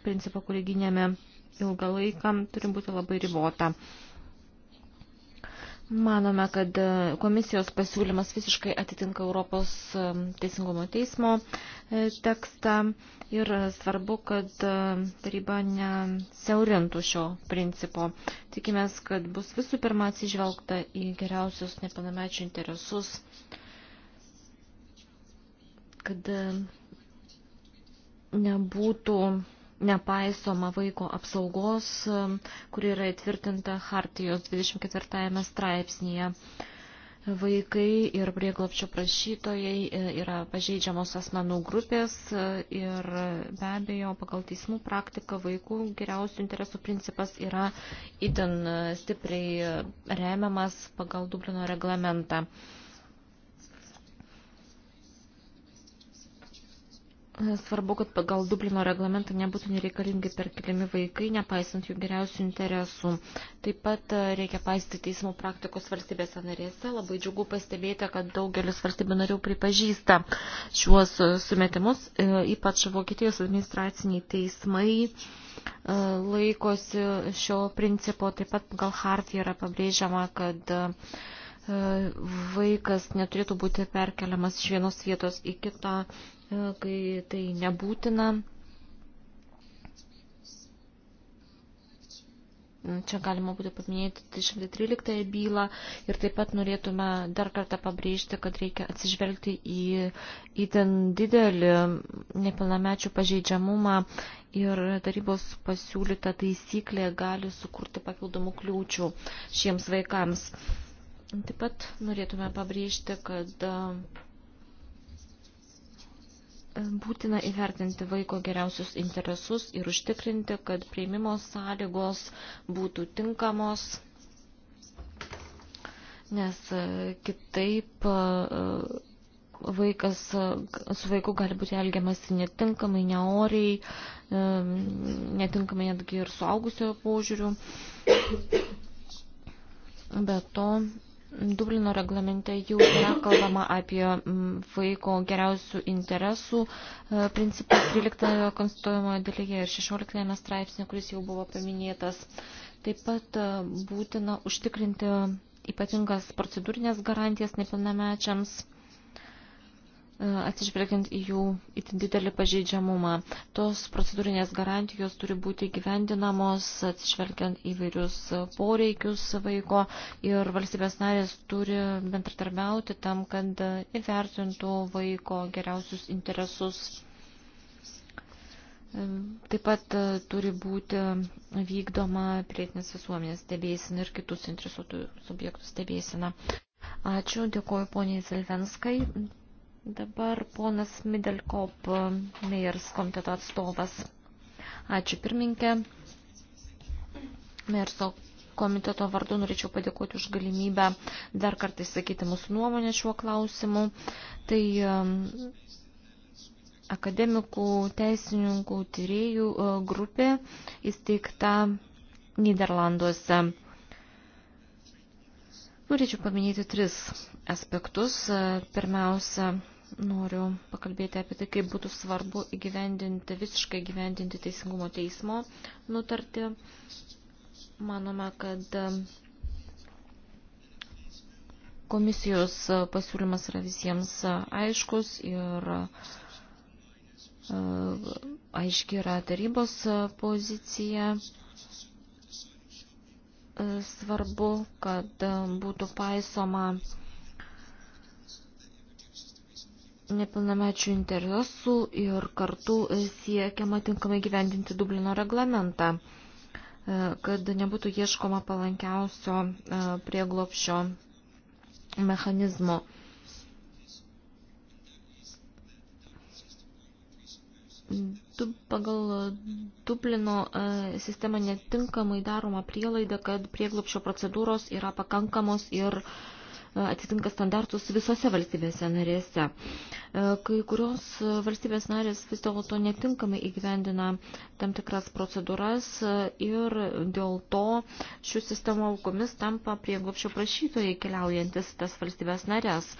B: principą, kurį gynėme ilgą laiką turi būti labai ribota. Manome, kad e, komisijos pasiūlymas visiškai atitinka Europos e, teisingumo teismo e, tekstą ir svarbu, kad taryba nesiaurintų šio principo. Tikimės, kad bus visų pirma atsižvelgta į geriausius nepilnamečių interesus, kad nebūtų nepaisoma vaiko apsaugos, kuri yra įtvirtinta Hartijos 24 straipsnėje. Vaikai ir prieglopčio prašytojai e, yra pažeidžiamos asmenų grupės e, ir be abejo pagal teismų praktiką vaikų geriausių interesų principas yra itin stipriai remiamas pagal Dublino reglamentą. Svarbu, kad pagal Dublino reglamentą nebūtų nereikalingi perkeliami vaikai, nepaisant jų geriausių interesų. Taip pat e, reikia paisyti teismų praktikos valstybėse narėse. Labai džiugu pastebėti, kad daugelis valstybių narių pripažįsta šiuos e, sumetimus, e, ypač Vokietijos administraciniai teismai laikosi šio principo. Taip pat pagal Hartiją yra pabrėžiama, kad vaikas neturėtų būti perkeliamas iš vienos vietos į kitą kai tai nebūtina. Čia galima būtų paminėti 313 bylą ir taip pat norėtume dar kartą pabrėžti, kad reikia atsižvelgti į įten didelį nepilnamečių pažeidžiamumą ir tarybos pasiūlyta taisyklė gali sukurti papildomų kliūčių šiems vaikams. Taip pat norėtume pabrėžti, kad būtina įvertinti vaiko geriausius interesus ir užtikrinti, kad prieimimo sąlygos būtų tinkamos, nes e, kitaip e, vaikas e, su vaiku gali būti elgiamasi netinkamai, neoriai, netinkamai netgi ir suaugusiojo požiūriu. Be to, Dublino reglamente jau yra kalbama apie mm, vaiko geriausių interesų e, principą 13 konstituojamoje dalyje ir 16 straipsnė, kuris jau buvo paminėtas. Taip pat e, būtina užtikrinti ypatingas procedūrinės garantijas nepilnamečiams E, atsižvelgiant į jų itin didelį pažeidžiamumą. Tos procedūrinės garantijos turi būti gyvendinamos, atsižvelgiant į vairius poreikius vaiko ir valstybės narės turi bentratarbiauti tam, kad įvertintų vaiko geriausius interesus. E, taip pat e, turi būti vykdoma pilietinės visuomenės stebėsina ir kitus interesuotų subjektų stebėsina. Ačiū, dėkoju poniai Zelvenskai. Dabar ponas Midelkop, Mejers komiteto atstovas. Ačiū pirminkė. Mejerso komiteto vardu norėčiau padėkoti už galimybę dar kartą įsakyti mūsų nuomonę šiuo klausimu. Tai um, akademikų, teisininkų, tyriejų uh, grupė įsteigta Niderlanduose. Norėčiau paminėti tris aspektus. Pirmiausia, noriu pakalbėti apie tai, kaip būtų svarbu įgyvendinti, visiškai įgyvendinti Teisingumo teismo nutartį. Manome, kad e, komisijos pasiūlymas yra visiems aiškus ir e, aiški yra tarybos pozicija. E, svarbu, kad būtų paisoma nepilnamečių interesų ir kartu siekiama tinkamai gyvendinti Dublino reglamentą, e, kad nebūtų ieškoma palankiausio e, prieglopšio mechanizmo. pagal Dublino e, sistemą netinkamai daroma prielaida, kad prieglopšio procedūros yra pakankamos ir uh, E, atitinka standartus visose valstybėse narėse. E, kai kurios valstybės narės vis dėlto netinkamai įgyvendina tam tikras procedūras e, ir dėl to šių sistemų aukomis tampa prieglopščio prašytojai keliaujantis tas valstybės narės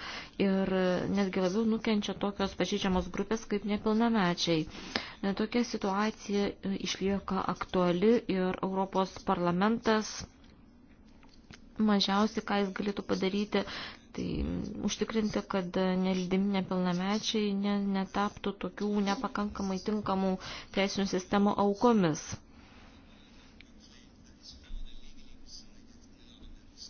B: ir netgi labiau nukenčia tokios pažydžiamos grupės kaip nepilnamečiai. Tokia situacija išlieka aktuali ir Europos parlamentas mažiausiai, ką jis galėtų padaryti, tai užtikrinti, kad nelydimi nepilnamečiai netaptų tokių nepakankamai tinkamų teisinių sistemų aukomis.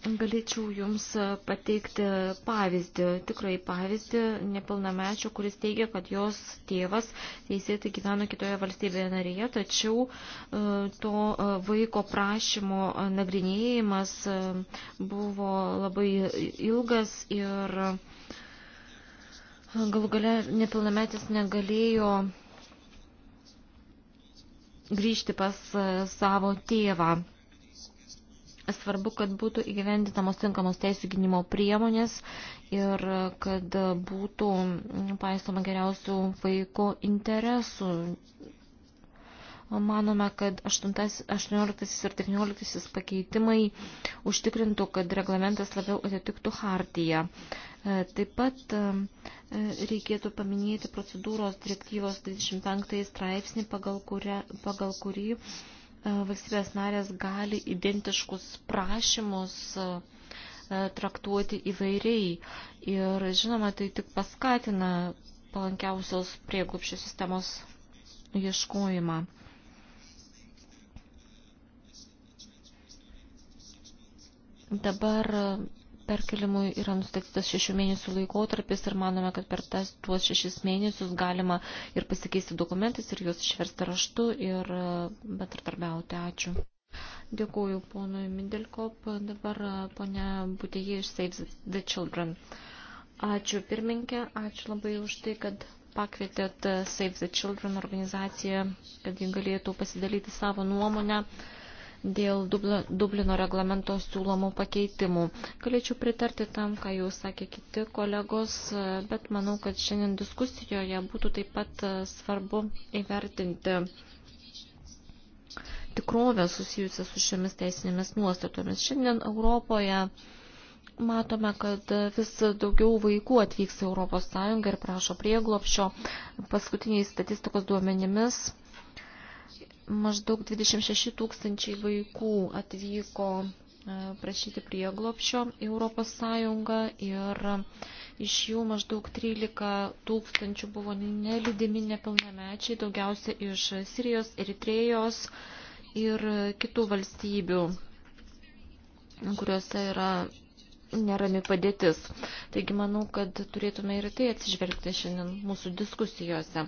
D: Galėčiau Jums
B: e, pateikti pavyzdį, tikrai pavyzdį nepilnamečio, kuris teigia, kad jos tėvas teisėtai gyveno kitoje valstybėje narėje, tačiau e, to e, vaiko prašymo nagrinėjimas buvo labai ilgas ir galų gale nepilnametis negalėjo grįžti pas savo tėvą. Svarbu, kad būtų įgyvendinamos tinkamos teisų gynimo priemonės ir kad būtų paisoma geriausių vaiko interesų. Manome, kad 8, 18 ir 19 pakeitimai užtikrintų, kad reglamentas labiau atitiktų hartiją. E, taip pat e, reikėtų paminėti procedūros direktyvos 25 straipsnį, pagal, kuria, pagal kurį E, valstybės narės gali identiškus prašymus e, traktuoti įvairiai. Ir žinoma, tai tik paskatina palankiausios prieglupščių sistemos ieškojimą. Dabar perkelimui yra nustatytas šešių mėnesių laikotarpis ir manome, kad per tas, tuos šešis mėnesius galima ir pasikeisti dokumentais ir juos išversti raštu ir e, bendradarbiauti. Ačiū. Dėkuoju ponui Mindelkop, dabar e, ponia Būtėje iš Saves the Children. Ačiū pirminkė, ačiū labai už tai, kad pakvietėt e, Save the Children organizaciją, kad ji galėtų pasidalyti savo nuomonę. Uh, dėl Dublino reglamento siūlomų pakeitimų. Galėčiau pritarti tam, ką jau sakė kiti kolegos, bet manau, kad šiandien diskusijoje būtų taip pat e, svarbu įvertinti tikrovę susijusią su šiomis teisinėmis nuostatomis. Šiandien Europoje matome, kad vis daugiau vaikų atvyks į Europos Sąjungą ir prašo prieglopšio. Paskutiniais statistikos duomenimis Maždaug 26 tūkstančiai vaikų atvyko e, prašyti prieglopšio į Europos Sąjungą ir e, iš jų maždaug 13 tūkstančių buvo nelydimi nepilnamečiai, daugiausia iš Sirijos, Eritrėjos ir kitų valstybių, kuriuose yra nerami padėtis. Taigi manau, kad turėtume ir tai atsižvelgti šiandien mūsų diskusijose.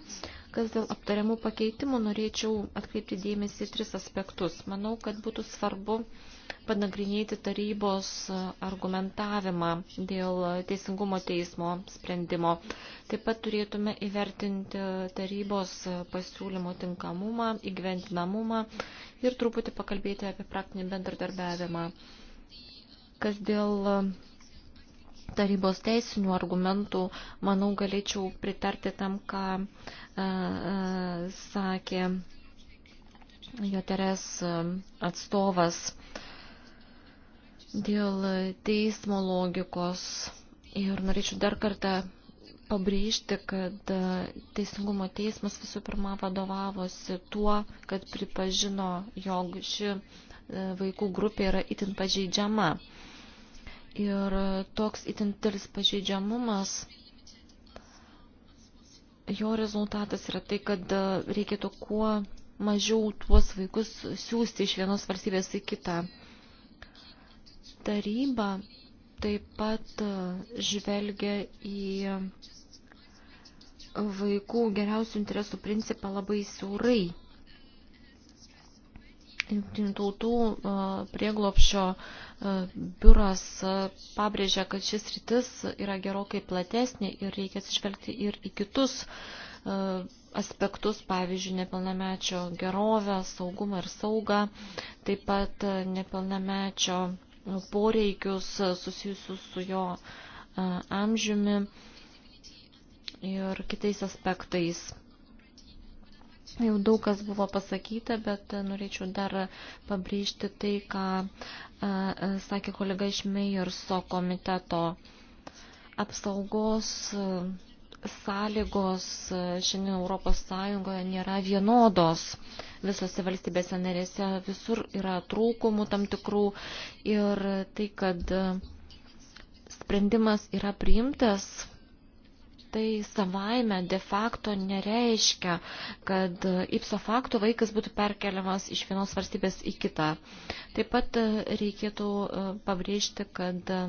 B: Kas dėl aptariamų pakeitimų, norėčiau atkreipti dėmesį tris aspektus. Manau, kad būtų svarbu panagrinėti tarybos argumentavimą dėl teisingumo teismo sprendimo. Taip pat turėtume įvertinti tarybos pasiūlymo tinkamumą, įgyventinamumą ir truputį pakalbėti apie praktinį bendradarbiavimą. Kas dėl tarybos teisinių argumentų, manau, galėčiau pritarti tam, ką a, e, a, e, sakė Joteres e, atstovas dėl teismo logikos. Ir norėčiau dar kartą pabrėžti, kad Teisingumo teismas visų pirma vadovavosi tuo, kad pripažino, jog ši vaikų grupė yra itin pažeidžiama. Ir toks itin didelis pažeidžiamumas, jo rezultatas yra tai, kad e, reikėtų kuo mažiau tuos vaikus siūsti iš vienos valstybės į kitą. Taryba taip pat e, žvelgia į vaikų geriausių interesų principą labai siaurai. Jungtinių tautų e, prieglopšio biuras e, pabrėžia, kad šis rytis yra gerokai platesnė ir reikia atsižvelgti ir į kitus e, aspektus, pavyzdžiui, nepilnamečio gerovę, saugumą ir saugą, taip pat e, nepilnamečio poreikius susijusius su jo amžiumi ir kitais aspektais. Jau daug kas buvo pasakyta, bet norėčiau dar pabrėžti tai, ką sakė kolega iš Mejurso komiteto. Apsaugos sąlygos šiandien Europos Sąjungoje nėra vienodos. Visose valstybėse narėse visur yra trūkumų tam tikrų ir tai, kad sprendimas yra priimtas tai savaime de facto nereiškia, kad ipso facto vaikas būtų perkeliamas iš vienos valstybės į kitą. Taip pat e, reikėtų e, pabrėžti, kad e,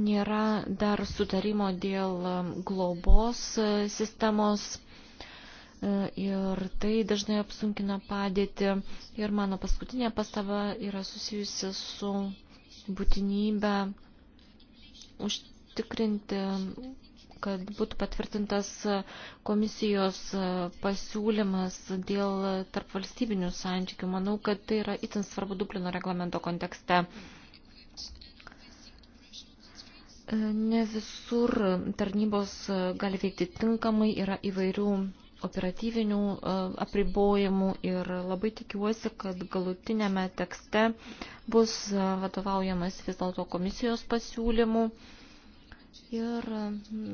B: nėra dar sutarimo dėl globos sistemos ir tai dažnai apsunkina padėtį. Ir mano paskutinė pastaba yra susijusi su būtinybė užtikrinti, kad būtų patvirtintas komisijos pasiūlymas dėl tarpvalstybinių santykių. Manau, kad tai yra itin svarbu Dublino reglamento kontekste. Ne visur tarnybos gali veikti tinkamai, yra įvairių operatyvinių e, apribojimų ir labai tikiuosi, kad galutinėme tekste bus e, vadovaujamas vis dėlto komisijos pasiūlymų. Ir e,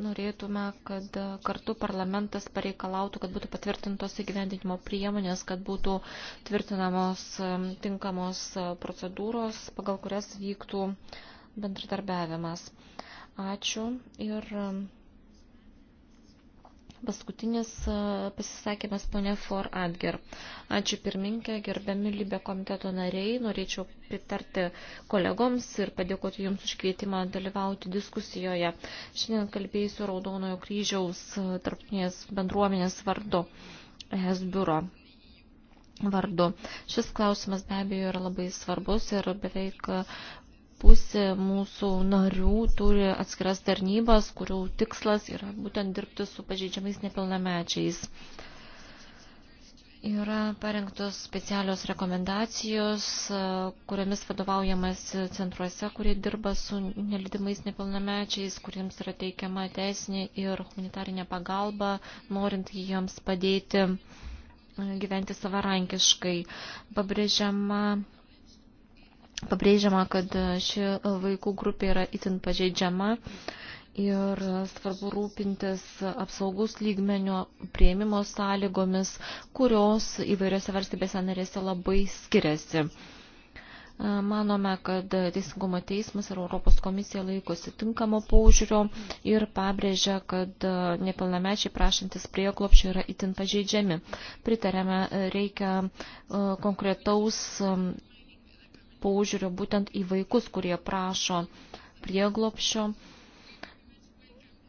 B: norėtume, kad kartu parlamentas pareikalautų, kad būtų patvirtintos įgyvendinimo priemonės, kad būtų tvirtinamos tinkamos procedūros, pagal kurias vyktų bendradarbiavimas. Ačiū ir Paskutinis e, pasisakymas ponė For Adger. Ačiū pirminkė, gerbiami Libė komiteto nariai. Norėčiau pritarti kolegoms ir padėkoti Jums už kvietimą dalyvauti diskusijoje. Šiandien kalbėsiu Raudonojo kryžiaus e, tarptinės bendruomenės vardu. ES biuro vardu. Šis klausimas be abejo yra labai svarbus ir beveik pusė mūsų narių turi atskiras tarnybas, kurių tikslas yra būtent dirbti su pažeidžiamais nepilnamečiais. Yra parengtos specialios rekomendacijos, kuriamis vadovaujamas centruose, kurie dirba su nelidimais nepilnamečiais, kuriems yra teikiama teisinė ir humanitarinė pagalba, norint jiems padėti gyventi savarankiškai. Pabrėžiama Pabrėžiama, kad e, ši vaikų grupė yra itin pažeidžiama ir svarbu rūpintis apsaugos lygmenio prieimimo sąlygomis, kurios įvairiose valstybėse narėse labai skiriasi. E, manome, kad Teisingumo teismas ir Europos komisija laikosi tinkamo paužiūrio ir pabrėžia, kad e, nepilnamečiai prašantis prieklopšio yra itin pažeidžiami. Pritarėme, reikia konkretaus paužiūrio būtent į vaikus, kurie prašo prieglopšio.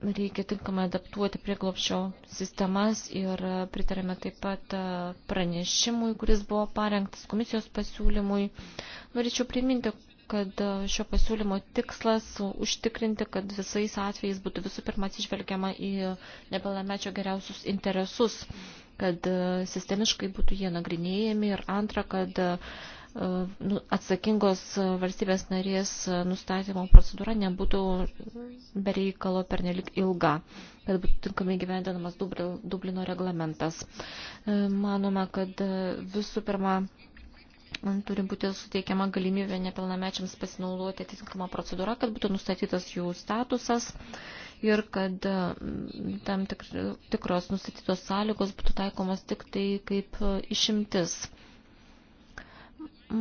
B: Reikia tinkamai adaptuoti prieglopšio sistemas ir pritarėme taip pat e, pranešimui, kuris buvo parengtas komisijos pasiūlymui. Norėčiau priminti, kad e, šio pasiūlymo tikslas užtikrinti, kad visais atvejais būtų visų pirma atsižvelgiama į nepilnamečio geriausius interesus, kad e, sistemiškai būtų jie nagrinėjami ir antra, kad E, nu, atsakingos valstybės narės nustatymo procedūra nebūtų bereikalo pernelik ilga, kad būtų tinkamai gyvendinamas Dublino reglamentas. E, manoma, kad e, visų pirma turi būti suteikiama galimybė nepilnamečiams pasinaudoti atitinkamą procedūrą, kad būtų nustatytas jų statusas ir kad tam tikros nustatytos sąlygos būtų taikomos tik tai kaip išimtis.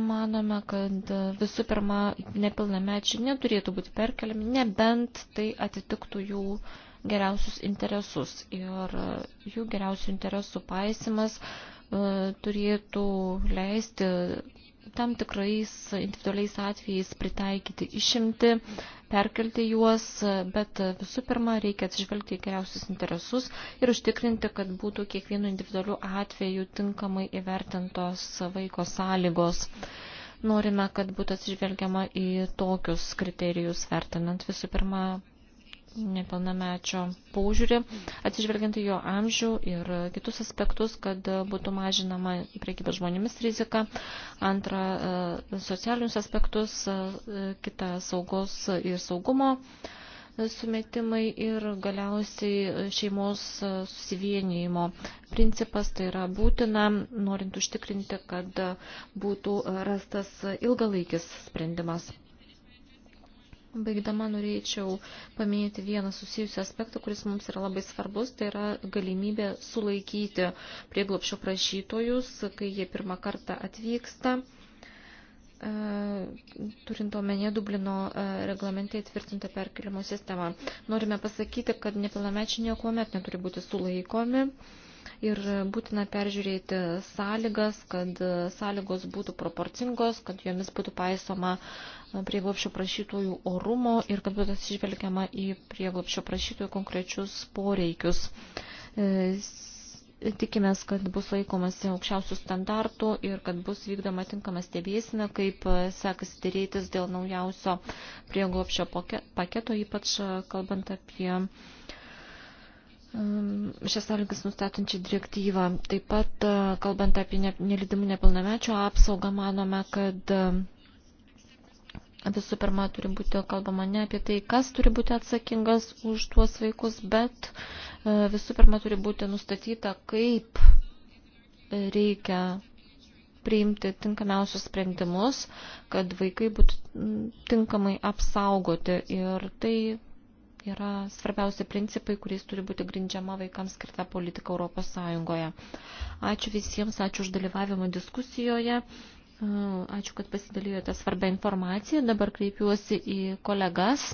B: Manome, kad visų pirma, nepilnamečiai neturėtų būti perkeliami, nebent tai atitiktų jų geriausius interesus. Ir jų geriausių interesų paisimas e, turėtų leisti tam tikrais individualiais atvejais pritaikyti išimti, perkelti juos, bet visų pirma reikia atsižvelgti į geriausius interesus ir užtikrinti, kad būtų kiekvienu individualiu atveju tinkamai įvertintos vaiko sąlygos. Norime, kad būtų atsižvelgiama į tokius kriterijus vertinant visų pirma nepilnamečio paužiūrį, atsižvelgiant į jo amžių ir kitus aspektus, kad būtų mažinama priekybės žmonėmis rizika. Antra, e, socialinius aspektus, e, kita saugos ir saugumo sumetimai ir galiausiai šeimos susivienijimo principas tai yra būtina, norint užtikrinti, kad būtų rastas ilgalaikis sprendimas. Baigdama norėčiau paminėti vieną susijusią aspektą, kuris mums yra labai svarbus, tai yra galimybė sulaikyti prieglopšio prašytojus, kai jie pirmą kartą atvyksta. E, turint omenyje Dublino e, reglamentai įtvirtintą perkelimo sistemą. Norime pasakyti, kad nepilnamečiai niekuomet neturi būti sulaikomi ir būtina peržiūrėti sąlygas, kad sąlygos būtų proporcingos, kad jomis būtų paisoma prieglopščio prašytojų orumo ir kad būtų atsižvelgiama į prieglopščio prašytojų konkrečius poreikius. E, tikimės, kad bus laikomasi aukščiausių standartų ir kad bus vykdoma tinkama stebėsina, kaip sekasi dėrėtis dėl naujausio prieglopščio paketo, ypač kalbant apie uh, Ehm, šias sąlygas nustatančią direktyvą. Taip pat, e, kalbant apie nelidimų nepilnamečio apsaugą, manome, kad e, visų pirma turi būti kalbama ne apie tai, kas turi būti atsakingas už tuos vaikus, bet e, visų pirma turi būti nustatyta, kaip reikia priimti tinkamiausius sprendimus, kad vaikai būtų tinkamai apsaugoti. Ir tai yra svarbiausi principai, kuriais turi būti grindžiama vaikams skirta politika Europos Sąjungoje. Ačiū visiems, ačiū už dalyvavimą diskusijoje. Ačiū, kad pasidalijote svarbę informaciją. Dabar kreipiuosi į kolegas.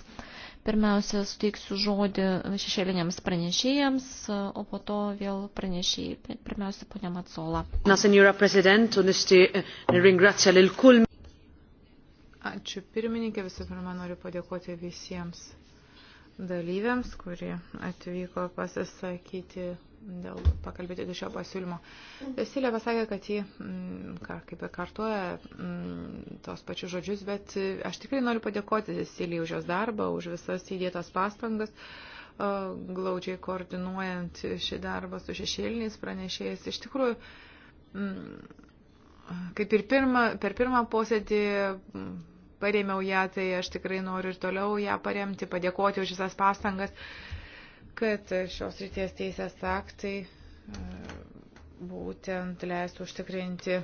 B: Pirmiausia, suteiksiu žodį šešėliniams pranešėjams, o po to vėl pranešėjai. Pirmiausia, ponia
D: Matsola. Eh,
A: ačiū pirmininkė, visų pirma noriu padėkoti visiems dalyviams, kurie atvyko pasisakyti dėl pakalbėti dėl šio pasiūlymo. Silė pasakė, kad ji, mm, ką, kaip ir kartuoja, mm, tos pačius žodžius, bet aš tikrai noriu padėkoti Silijai už jos darbą, už visas įdėtas pastangas glaudžiai koordinuojant šį darbą su šešėliniais pranešėjais. Iš tikrųjų, mm, kaip ir pirma, per pirmą posėdį paremiau ją, tai aš tikrai noriu ir toliau ją paremti, padėkoti už visas pastangas, kad šios ryties teisės aktai e, būtent leistų užtikrinti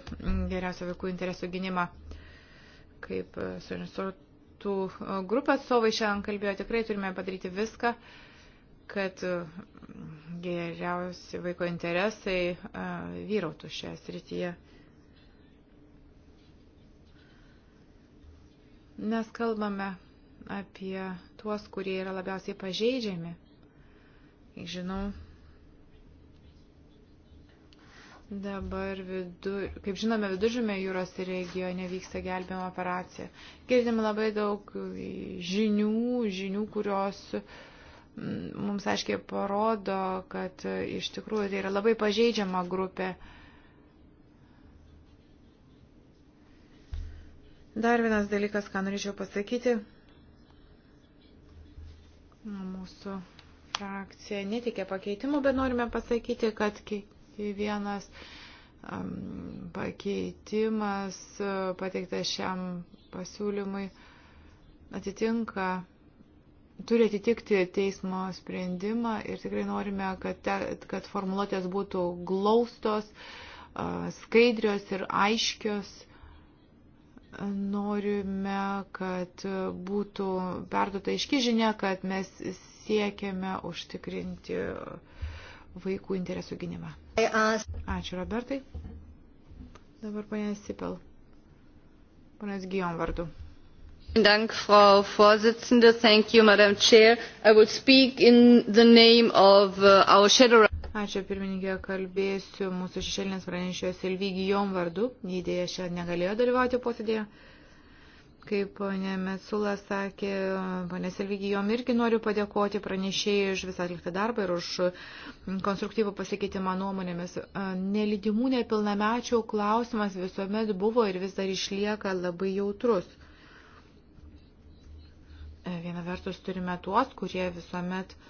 A: geriausio vaikų interesų gynimą. Kaip suinstruotų grupės sovai šiandien kalbėjo, tikrai turime padaryti viską, kad geriausi vaiko interesai e, vyrautų šioje srityje. Mes kalbame apie tuos, kurie yra labiausiai pažeidžiami. Žinau, Dabar, vidu, kaip žinome, viduržėme jūros regione vyksta gelbėjimo operacija. Girdim labai daug žinių, žinių, kurios mm, mums aiškiai parodo, kad iš tikrųjų tai yra labai pažeidžiama grupė. Uh, Dar vienas dalykas, ką norėčiau pasakyti. Mūsų frakcija netikė pakeitimų, bet norime pasakyti, kad kiekvienas pakeitimas e, pateiktas šiam pasiūlymui atitinka turi atitikti teismo sprendimą ir tikrai norime, kad, te, kad formuluotės būtų glaustos, e, skaidrios ir aiškios norime, kad būtų perduota aiški žinia, kad mes siekiame užtikrinti vaikų interesų gynimą.
C: Ačiū,
A: Robertai. Dabar ponė Sipel. Ponas Gijom vardu. Dank, Frau Vorsitzende. Thank you, Madam Chair. I will speak in the name of uh, our shadow Ačiū pirmininkė, kalbėsiu mūsų šešėlinės pranešėjos Silvygijom vardu. Įdėja šią negalėjo dalyvauti posėdėje. Kaip ponė Mesula sakė, ponė Silvygijom irgi noriu padėkoti pranešėjai už visą atliktą darbą ir už konstruktyvų pasikeitimą nuomonėmis. Nelidimų nepilnamečių klausimas visuomet buvo ir vis dar išlieka labai jautrus. E, viena vertus turime tuos, kurie visuomet uh,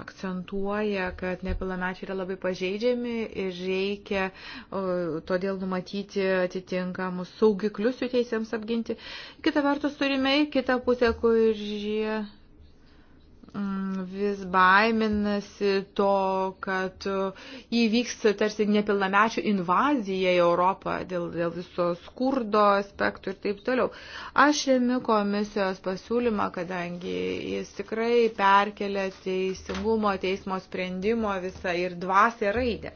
A: akcentuoja, kad nepilnamečiai yra labai pažeidžiami ir reikia todėl numatyti atitinkamus saugiklius jų teisėms apginti. Kita vertus turime ir kitą pusę, kurie Mm, vis baiminasi to, kad uh, įvyks tarsi nepilnamečių invazija į Europą dėl, dėl viso skurdo aspektų ir taip toliau. Aš remiu komisijos pasiūlymą, kadangi jis tikrai perkelia teisingumo teismo sprendimo visą ir dvasę raidę.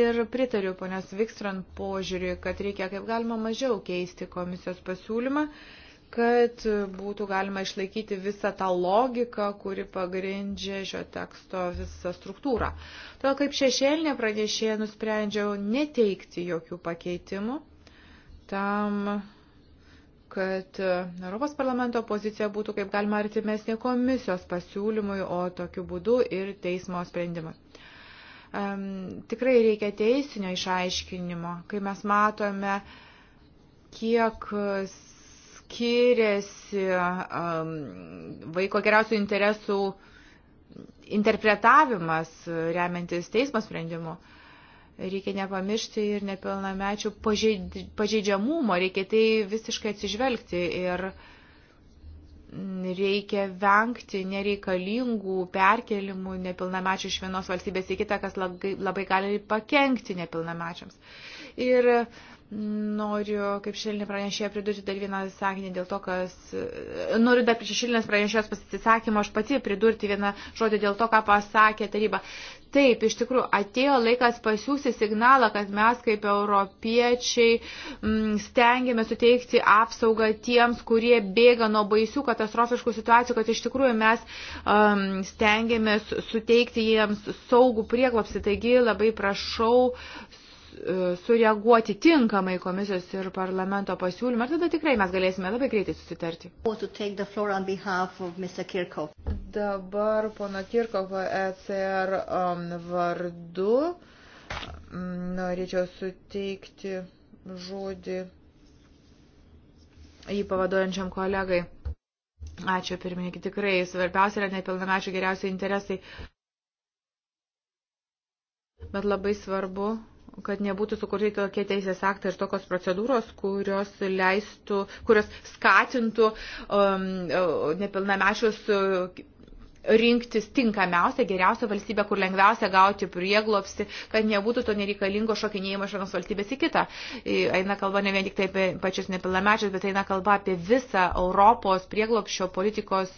A: Ir pritariu ponios Vikstrand požiūriui, kad reikia kaip galima mažiau keisti komisijos pasiūlymą. Uh, kad būtų galima išlaikyti visą tą logiką, kuri pagrindžia šio teksto visą struktūrą. Todėl kaip šešėlinė pranešėja nusprendžiau neteikti jokių pakeitimų tam, kad Europos parlamento pozicija būtų kaip galima artimesnė komisijos pasiūlymui, o tokiu būdu ir teismo sprendimui um, tikrai reikia teisinio išaiškinimo, kai mes matome, kiek skiriasi um, vaiko geriausių interesų interpretavimas remiantis teismo sprendimu. Reikia nepamiršti ir nepilnamečių pažeidžiamumo, reikia tai visiškai atsižvelgti ir reikia vengti nereikalingų perkelimų nepilnamečių iš vienos valstybės į kitą, kas labai, labai gali pakenkti nepilnamečiams. Ir uh, Noriu, kaip šilinė pranešėja, pridurti dar vieną sakinį dėl to, kas... Noriu dar prie šilinės pranešėjos pasisakymo aš pati pridurti vieną žodį dėl to, ką pasakė taryba. Taip, iš tikrųjų, atėjo laikas pasiūsti signalą, kad mes kaip europiečiai m, mm, stengiame suteikti apsaugą tiems, kurie bėga nuo baisių katastrofiškų situacijų, kad iš tikrųjų mes um, stengiamės suteikti jiems saugų prieglopsį. Taigi labai prašau E, sureaguoti tinkamai komisijos ir parlamento pasiūlymą, ir tada tikrai mes galėsime labai greitai susitarti. Dabar pono Kirkovo ECR um, vardu mm, norėčiau suteikti žodį jį pavaduojančiam kolegai. Ačiū pirmininkai, tikrai svarbiausia yra nepilnamečių geriausiai interesai. Bet labai svarbu kad nebūtų sukurti tokie teisės aktai ir tokios procedūros, kurios leistų, kurios skatintų um, nepilnamešius rinktis tinkamiausią, geriausią valstybę, kur lengviausia gauti prieglopsti, kad nebūtų to nereikalingo šokinėjimo iš vienos valstybės į kitą. Eina kalba ne vien tik tai apie pačius nepilnamečius, bet eina kalba apie visą Europos prieglopščio politikos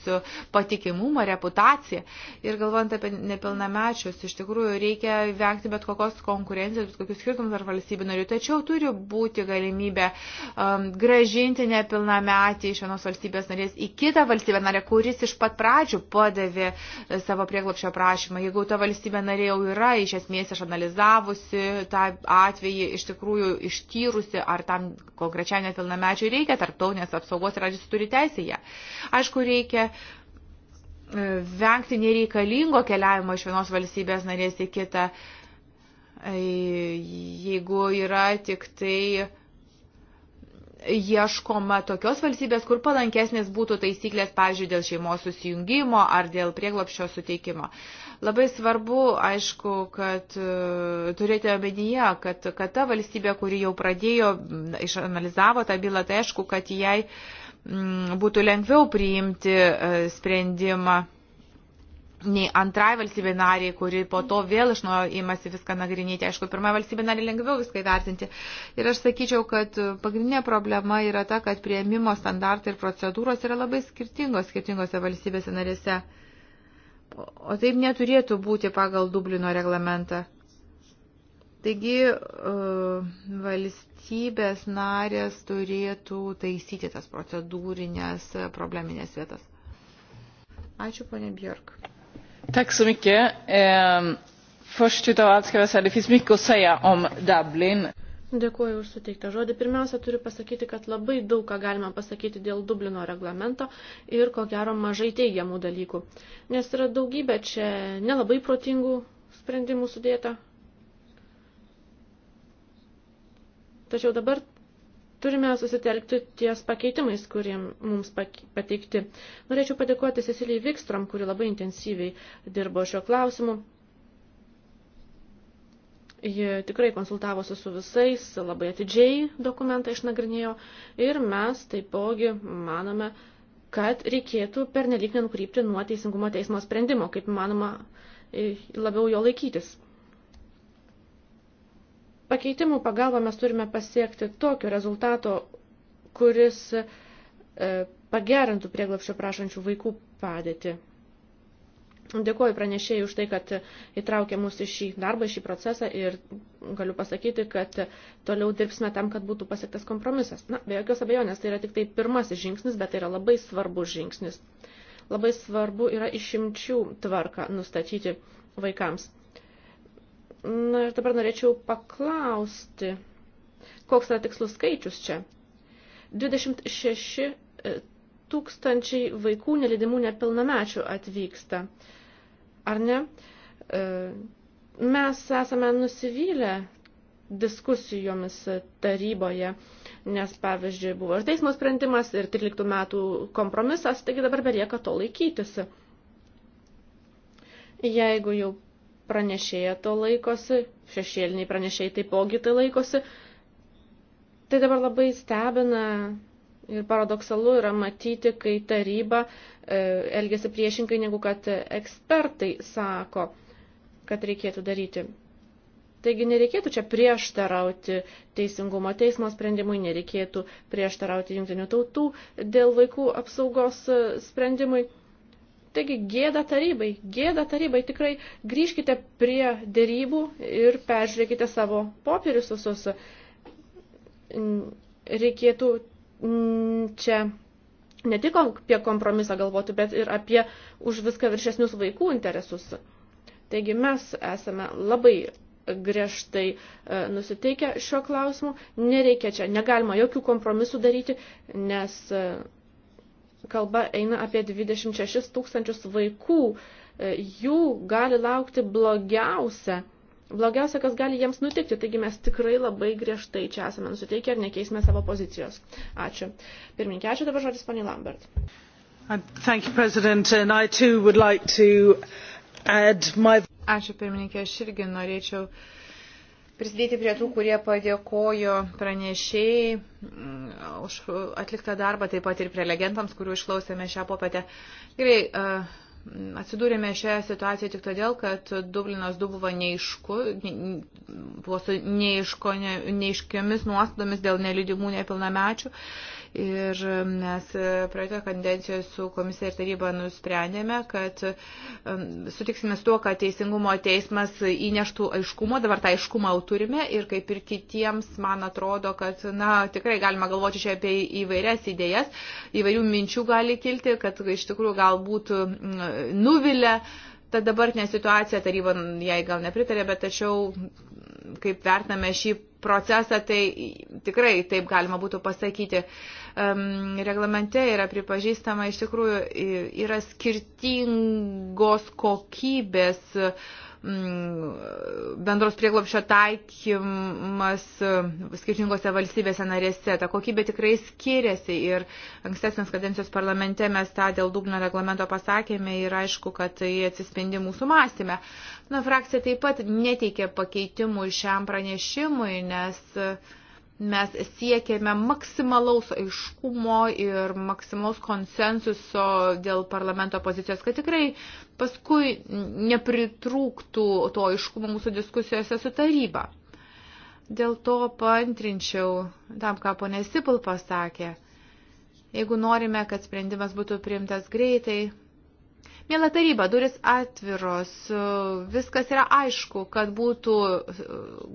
A: patikimumą, reputaciją. Ir galvojant apie nepilnamečius, iš tikrųjų reikia vengti bet kokios konkurencijos, bet kokius skirtumus ar valstybių narių. Tačiau turi būti galimybė um, gražinti nepilnametį iš vienos valstybės narės į kitą valstybę narę, kuris iš pat pradžių padavė atidavė savo prieglopšio prašymą. Jeigu ta valstybė narė jau yra iš esmės išanalizavusi tą atvejį, iš tikrųjų ištyrusi, ar tam konkrečiai nepilnamečiai reikia tarptautinės apsaugos ir ar jis turi teisę ją. Aišku, reikia e, vengti nereikalingo keliavimo iš vienos valstybės narės į kitą, e, jeigu yra tik tai ieškoma tokios valstybės, kur palankesnės būtų taisyklės, pavyzdžiui, dėl šeimos susijungimo ar dėl prieglopščio suteikimo. Labai svarbu, aišku, kad e, turėti omenyje, kad, kad ta valstybė, kuri jau pradėjo, išanalizavo tą bylą, tai aišku, kad jai būtų lengviau priimti e, sprendimą nei antrai valstybė nariai, kuri po to vėl iš naujo įmasi viską nagrinėti. Aišku, pirmai valstybė nariai lengviau viską įvertinti. Ir aš sakyčiau, kad pagrindinė problema yra ta, kad prieimimo standartai ir procedūros yra labai skirtingos skirtingose valstybėse narėse. O taip neturėtų būti pagal Dublino reglamentą. Taigi e, valstybės narės turėtų taisyti tas procedūrinės probleminės vietas. Ačiū, ponė Bjork. Tack så mycket. Eh, först utav allt ska jag säga, det finns mycket
D: att säga om Dublin. Dėkuoju už suteiktą žodį. Pirmiausia, turiu pasakyti, kad labai daug ką galima pasakyti dėl Dublino reglamento ir ko gero mažai teigiamų dalykų. Nes yra daugybė čia nelabai protingų sprendimų sudėta. Tačiau dabar turime susitelkti ties pakeitimais, kurie mums pateikti. Norėčiau padėkoti Cecilijai Vikstrom, kuri labai intensyviai dirbo šio klausimu. Ji tikrai konsultavosi su visais, labai atidžiai dokumentą išnagrinėjo ir mes taipogi manome, kad reikėtų pernelyg nenukrypti nuo Teisingumo teismo sprendimo, kaip manoma labiau jo laikytis pakeitimų pagalba mes turime pasiekti tokio rezultato, kuris e, pagerintų prieglapščio prašančių vaikų padėtį. Dėkuoju pranešėjai už tai, kad įtraukė mus į šį darbą, į šį procesą ir galiu pasakyti, kad toliau dirbsime tam, kad būtų pasiektas kompromisas. Na, be jokios abejonės, tai yra tik tai pirmasis žingsnis, bet tai yra labai svarbus žingsnis. Labai svarbu yra išimčių tvarką nustatyti vaikams. Na ir dabar norėčiau paklausti, koks yra tikslus skaičius čia. 26 e, tūkstančiai vaikų nelidimų nepilnamečių atvyksta. Ar ne? E, mes esame nusivylę diskusijomis taryboje, nes, pavyzdžiui, buvo ir teismo sprendimas, ir 13 metų kompromisas, taigi dabar belieka to laikytis. Jeigu jau pranešėja to laikosi, šešėliniai pranešėjai taipogi tai laikosi. Tai dabar labai stebina ir paradoksalu yra matyti, kai taryba e, elgesi priešinkai, negu kad ekspertai sako, kad reikėtų daryti. Taigi nereikėtų čia prieštarauti teisingumo teismo sprendimui, nereikėtų prieštarauti jungtinių tautų dėl vaikų apsaugos sprendimui. Taigi gėda tarybai, gėda tarybai, tikrai grįžkite prie dėrybų ir peržiūrėkite savo popierius visus. Reikėtų čia ne tik apie kompromisą galvoti, bet ir apie už viską viršesnius vaikų interesus. Taigi mes esame labai griežtai e, nusiteikę šio klausimu. Nereikia čia, negalima jokių kompromisų daryti, nes e, kalba eina apie 26 tūkstančius vaikų. E, jų gali laukti blogiausia. Blogiausia, kas gali jiems nutikti, taigi mes tikrai labai griežtai čia esame nusiteikę ir nekeisime savo pozicijos. Ačiū. Pirmininkė, ačiū dabar žodis poniai Lambert.
C: Uh, thank you, President, and I too would
A: like to add my... Ačiū, pirmininkė, aš irgi norėčiau uh, prisidėti prie tų, kurie padėkojo pranešėjai mm, už atliktą darbą, taip pat ir prelegentams, kurių išklausėme šią popietę. Gerai, mm, atsidūrėme šioje situacijoje tik todėl, kad Dublinas 2 buvo neišku, buvo su neiško, ne, neiškiomis nuostomis dėl nelydimų nepilnamečių. Ir mes praeitoje kadencijoje su komisija ir taryba nusprendėme, kad um, sutiksime su tuo, kad teisingumo teismas įneštų aiškumo, dabar tą aiškumą jau turime ir kaip ir kitiems, man atrodo, kad, na, tikrai galima galvoti čia apie įvairias idėjas, įvairių minčių gali kilti, kad iš tikrųjų galbūt mm, nuvilia ta dabartinė situacija, taryba jai gal nepritarė, bet tačiau kaip vertiname šį procesą, tai tikrai taip galima būtų pasakyti. Uh, um, reglamente yra pripažįstama, iš tikrųjų yra skirtingos kokybės bendros prieglopšio taikymas skirtingose valstybėse narėse. Ta kokybė tikrai skiriasi ir ankstesnės kadencijos parlamente mes tą dėl Dubno reglamento pasakėme ir aišku, kad tai atsispindi mūsų mąstymę. Na, frakcija taip pat neteikė pakeitimų šiam pranešimui, nes uh, mes siekėme maksimalaus aiškumo ir maksimalaus konsensuso dėl parlamento pozicijos, kad tikrai paskui nepritrūktų to aiškumo mūsų diskusijose su taryba. Dėl to paantrinčiau tam, ką ponė Sipul pasakė. Jeigu norime, kad sprendimas būtų priimtas greitai, Mėla taryba, duris atviros, viskas yra aišku, kad būtų e,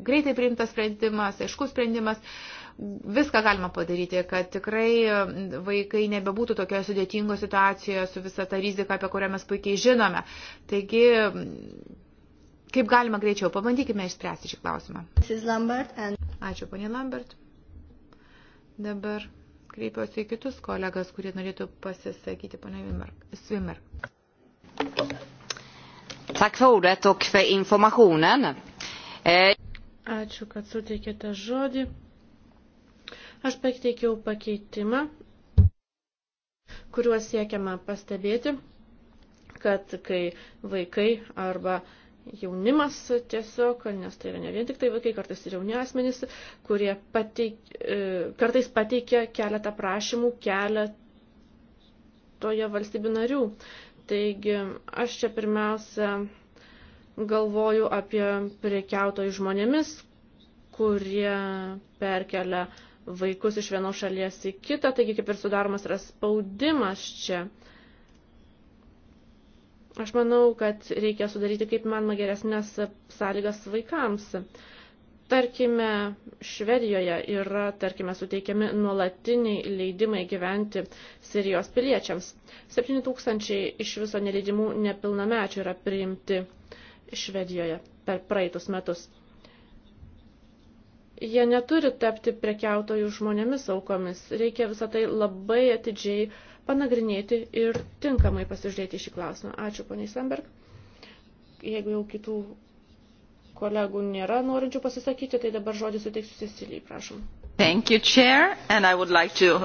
A: greitai priimtas sprendimas, aiškus sprendimas viską galima padaryti, kad tikrai e, vaikai nebebūtų tokioje sudėtingoje situacijoje su visa ta rizika, apie kurią mes puikiai žinome. Taigi, kaip galima greičiau, pabandykime išspręsti šį klausimą. Ačiū, ponė Lambert. Dabar kreipiuosi į kitus kolegas, kurie norėtų pasisakyti, ponė Svimer.
D: Tack för ordet och för informationen. Eh, Ačiū, kad suteikėte žodį. Aš pateikiau pakeitimą, kuriuos siekiama pastebėti, kad kai vaikai arba jaunimas tiesiog, nes tai yra ne vien tik tai vaikai, kartais ir jauni asmenys, kurie pateik, e, kartais pateikia keletą prašymų, keletą toje valstybių narių. Taigi aš čia pirmiausia galvoju apie prekiautojų žmonėmis, kurie perkelia vaikus iš vienos šalies į kitą, taigi kaip ir sudaromas yra spaudimas čia. Aš manau, kad reikia sudaryti kaip manoma geresnės sąlygas vaikams. Uh, Tarkime, Švedijoje yra, tarkime, suteikiami nuolatiniai leidimai gyventi Sirijos piliečiams. 7000 iš viso neleidimų nepilnamečių yra priimti Švedijoje per praeitus metus. Jie neturi tapti prekiautojų žmonėmis aukomis. Reikia visą tai labai atidžiai panagrinėti ir tinkamai pasižiūrėti šį klausimą. Ačiū, poniai Samberg. Jeigu jau kitų kolegų nėra norinčių pasisakyti, tai dabar žodį suteiksiu Cecilijai, prašom.
A: Thank you, Chair, and I would like to...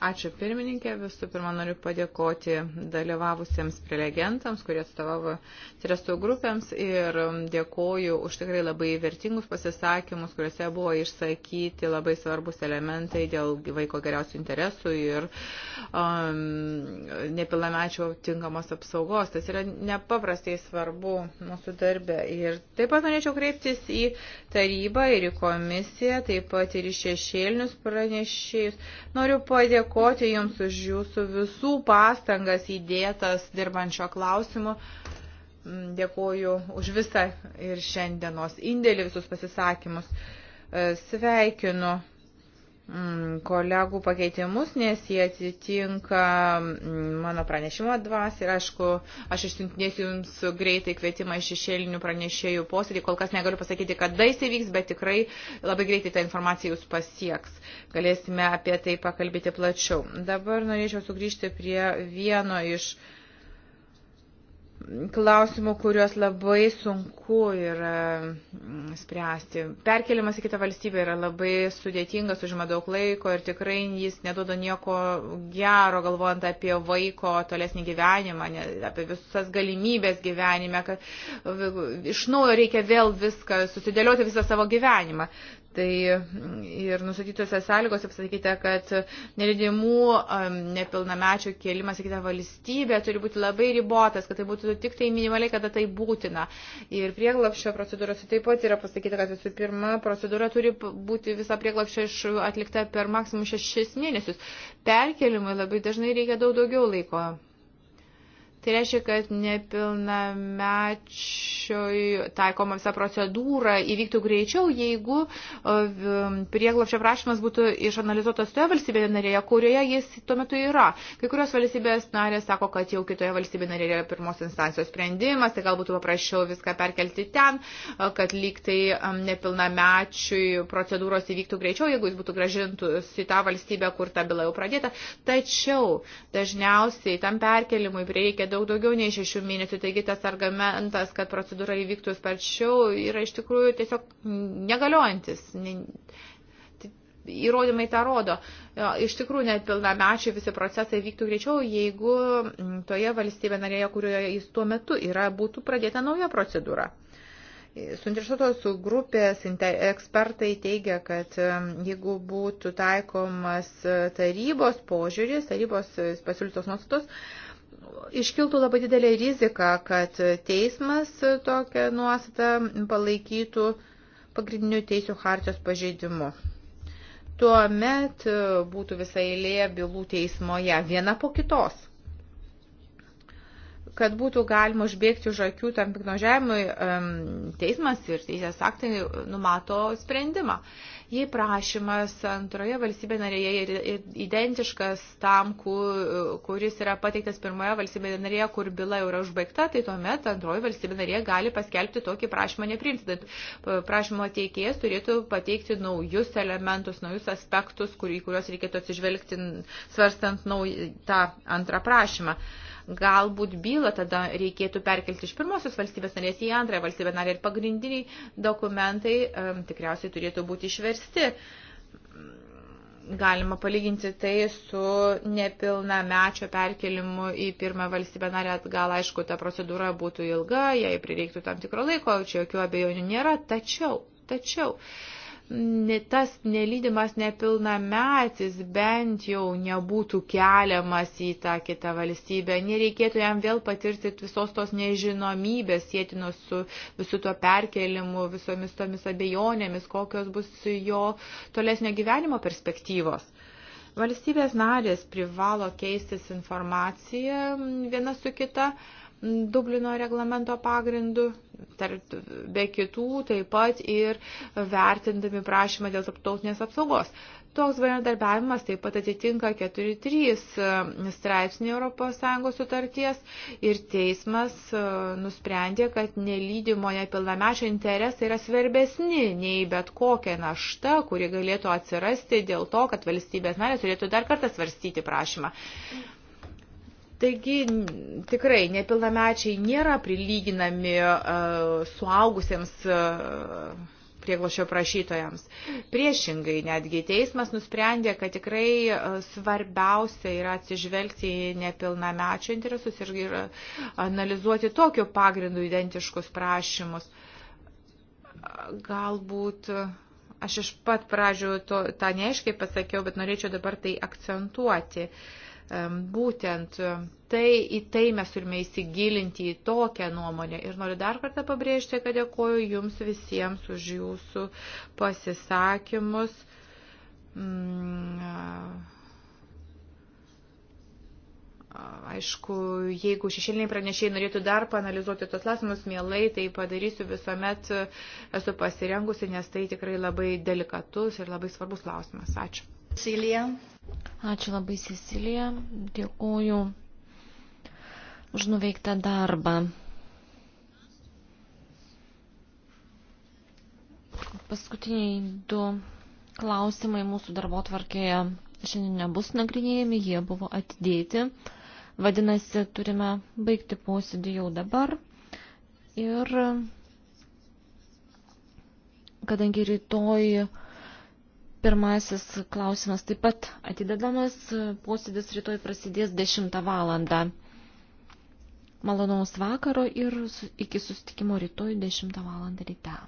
A: Ačiū pirmininkė. Visų pirma, noriu padėkoti dalyvavusiems prelegentams, kurie atstovavo interesų grupėms ir um, dėkoju už tikrai labai vertingus pasisakymus, kuriuose buvo išsakyti labai svarbus elementai dėl vaiko geriausių interesų ir um, nepilnamečio tinkamos apsaugos. Tas yra nepaprastai svarbu mūsų darbė. Ir taip pat norėčiau kreiptis į tarybą ir į komisiją, taip pat ir į šešėlinius pranešėjus. Noriu padėkoti padėkoti Jums už Jūsų visų pastangas įdėtas dirbančio klausimu. Mm, Dėkoju už visą ir šiandienos indėlį, visus pasisakymus. E, sveikinu Mm, kolegų pakeitimus, nes jie atitinka mm, mano pranešimo dvas ir aišku, aš išsiuntinėsiu jums greitai kvietimą iš šešėlinių pranešėjų posėdį, kol kas negaliu pasakyti, kada jis įvyks, bet tikrai labai greitai ta informacija jūs pasieks. Galėsime apie tai pakalbėti plačiau. Dabar norėčiau sugrįžti prie vieno iš uh, klausimų, kuriuos labai sunku yra mm, spręsti. Perkelimas į kitą valstybę yra labai sudėtingas, užima daug laiko ir tikrai jis neduoda nieko gero, galvojant apie vaiko tolesnį gyvenimą, apie visas galimybės gyvenime, kad iš naujo reikia vėl viską, susidėlioti visą savo gyvenimą. Tai mm, ir nusatytose sąlygose pasakyta, kad nelidimų nepilnamečių kėlimas į kitą valstybę turi būti labai ribotas, kad tai būtų tik tai minimaliai, kada tai būtina. Ir prieglapščio procedūros taip pat yra pasakyta, kad visų pirma, procedūra turi būti visa prieglapščio atlikta per maksimum šešis mėnesius. Perkelimui labai dažnai reikia daug daugiau laiko. Tai reiškia, kad nepilnamečioj taikoma visa procedūra įvyktų greičiau, jeigu e, prieglopšio prašymas būtų išanalizuotas toje valstybėje narėje, kurioje jis tuo metu yra. Kai kurios valstybės narės sako, kad jau kitoje valstybėje narėje pirmos instancijos sprendimas, tai galbūt paprašiau viską perkelti ten, e, kad lyg tai nepilnamečiui procedūros įvyktų greičiau, jeigu jis būtų gražintus į tą valstybę, kur ta byla jau pradėta. Tačiau dažniausiai tam perkelimui reikia daug daugiau nei šešių mėnesių. Taigi tas argumentas, kad procedūra įvyktų sparčiau, yra iš tikrųjų tiesiog negaliojantis. Įrodymai tą rodo. Iš tikrųjų, net pilnamečių visi procesai vyktų greičiau, jeigu toje valstybė narėje, kurioje jis tuo metu yra, būtų pradėta nauja procedūra. Suinteresuotos grupės ekspertai teigia, kad jeigu būtų taikomas e, tarybos požiūris, tarybos e, pasiūlytos nuostatos, iškiltų labai didelė rizika, kad teismas tokią nuostatą palaikytų pagrindinių teisų hartijos pažeidimu. Tuomet būtų visa eilė bylų teismoje, viena po kitos. Kad būtų galima užbėgti už akių tam piknožėjimui, teismas ir teisės aktai numato sprendimą. Jei prašymas antroje valstybė narėje identiškas tam, kuris yra pateiktas pirmoje valstybė narėje, kur byla yra užbaigta, tai tuomet antroji valstybė narėje gali paskelbti tokį prašymą neprimtinant. E, prašymo teikėjas turėtų pateikti naujus elementus, naujus aspektus, į kuriuos reikėtų atsižvelgti svarstant nauj, tą antrą prašymą. Uh, Galbūt bylą tada reikėtų perkelti iš pirmosios valstybės narės į antrąją valstybę narę ir pagrindiniai dokumentai um, tikriausiai turėtų būti išversti. Galima palyginti tai su nepilnamečio perkelimu į pirmą valstybę narę atgal. Aišku, ta procedūra būtų ilga, jai prireiktų tam tikro laiko, čia jokių abejonių nėra. Tačiau, tačiau. Uh, tas nelydimas nepilnametis bent jau nebūtų keliamas į tą kitą valstybę, nereikėtų jam vėl patirti visos tos nežinomybės sėtinos su visu tuo perkelimu, visomis tomis abejonėmis, kokios bus jo tolesnio gyvenimo perspektyvos. Valstybės narės privalo keistis informaciją viena su kita Dublino reglamento pagrindu, tarp, be kitų taip pat ir vertindami prašymą dėl tarptautinės apsaugos. Toks bendradarbiavimas taip pat atitinka 4.3 e, straipsnį ES sutarties ir teismas e, nusprendė, kad nelydimo nepilnamečio interesai yra svarbesni nei bet kokia našta, kuri galėtų atsirasti dėl to, kad valstybės narės turėtų dar kartą svarstyti prašymą. Mm. Taigi tikrai nepilnamečiai nėra prilyginami uh, suaugusiems. Uh, prieglošio prašytojams. Priešingai, netgi teismas nusprendė, kad tikrai e, svarbiausia yra atsižvelgti į nepilnamečio interesus ir analizuoti tokiu pagrindu identiškus prašymus. Galbūt aš iš pat pradžių to, tą neaiškiai pasakiau, bet norėčiau dabar tai akcentuoti. Uh, Būtent e, tai, į tai mes turime įsigilinti į tokią nuomonę. Ir noriu dar kartą pabrėžti, kad dėkoju Jums visiems už Jūsų pasisakymus. Mm, aišku, jeigu šešėliniai pranešėjai norėtų dar panalizuoti tos klausimus, mielai tai padarysiu visuomet, e, esu pasirengusi, nes tai tikrai labai delikatus ir labai svarbus klausimas. Ačiū.
B: Silija. Ačiū labai, Cecilija. Dėkuoju už nuveiktą darbą. Paskutiniai du klausimai mūsų darbo tvarkėje šiandien nebus nagrinėjami, jie buvo atidėti. Vadinasi, turime baigti posėdį jau dabar. Ir kadangi rytoj Pirmasis klausimas taip pat atidedamas. Posėdis rytoj prasidės 10 valandą. Malonaus vakaro ir iki sustikimo rytoj 10 valandą ryte.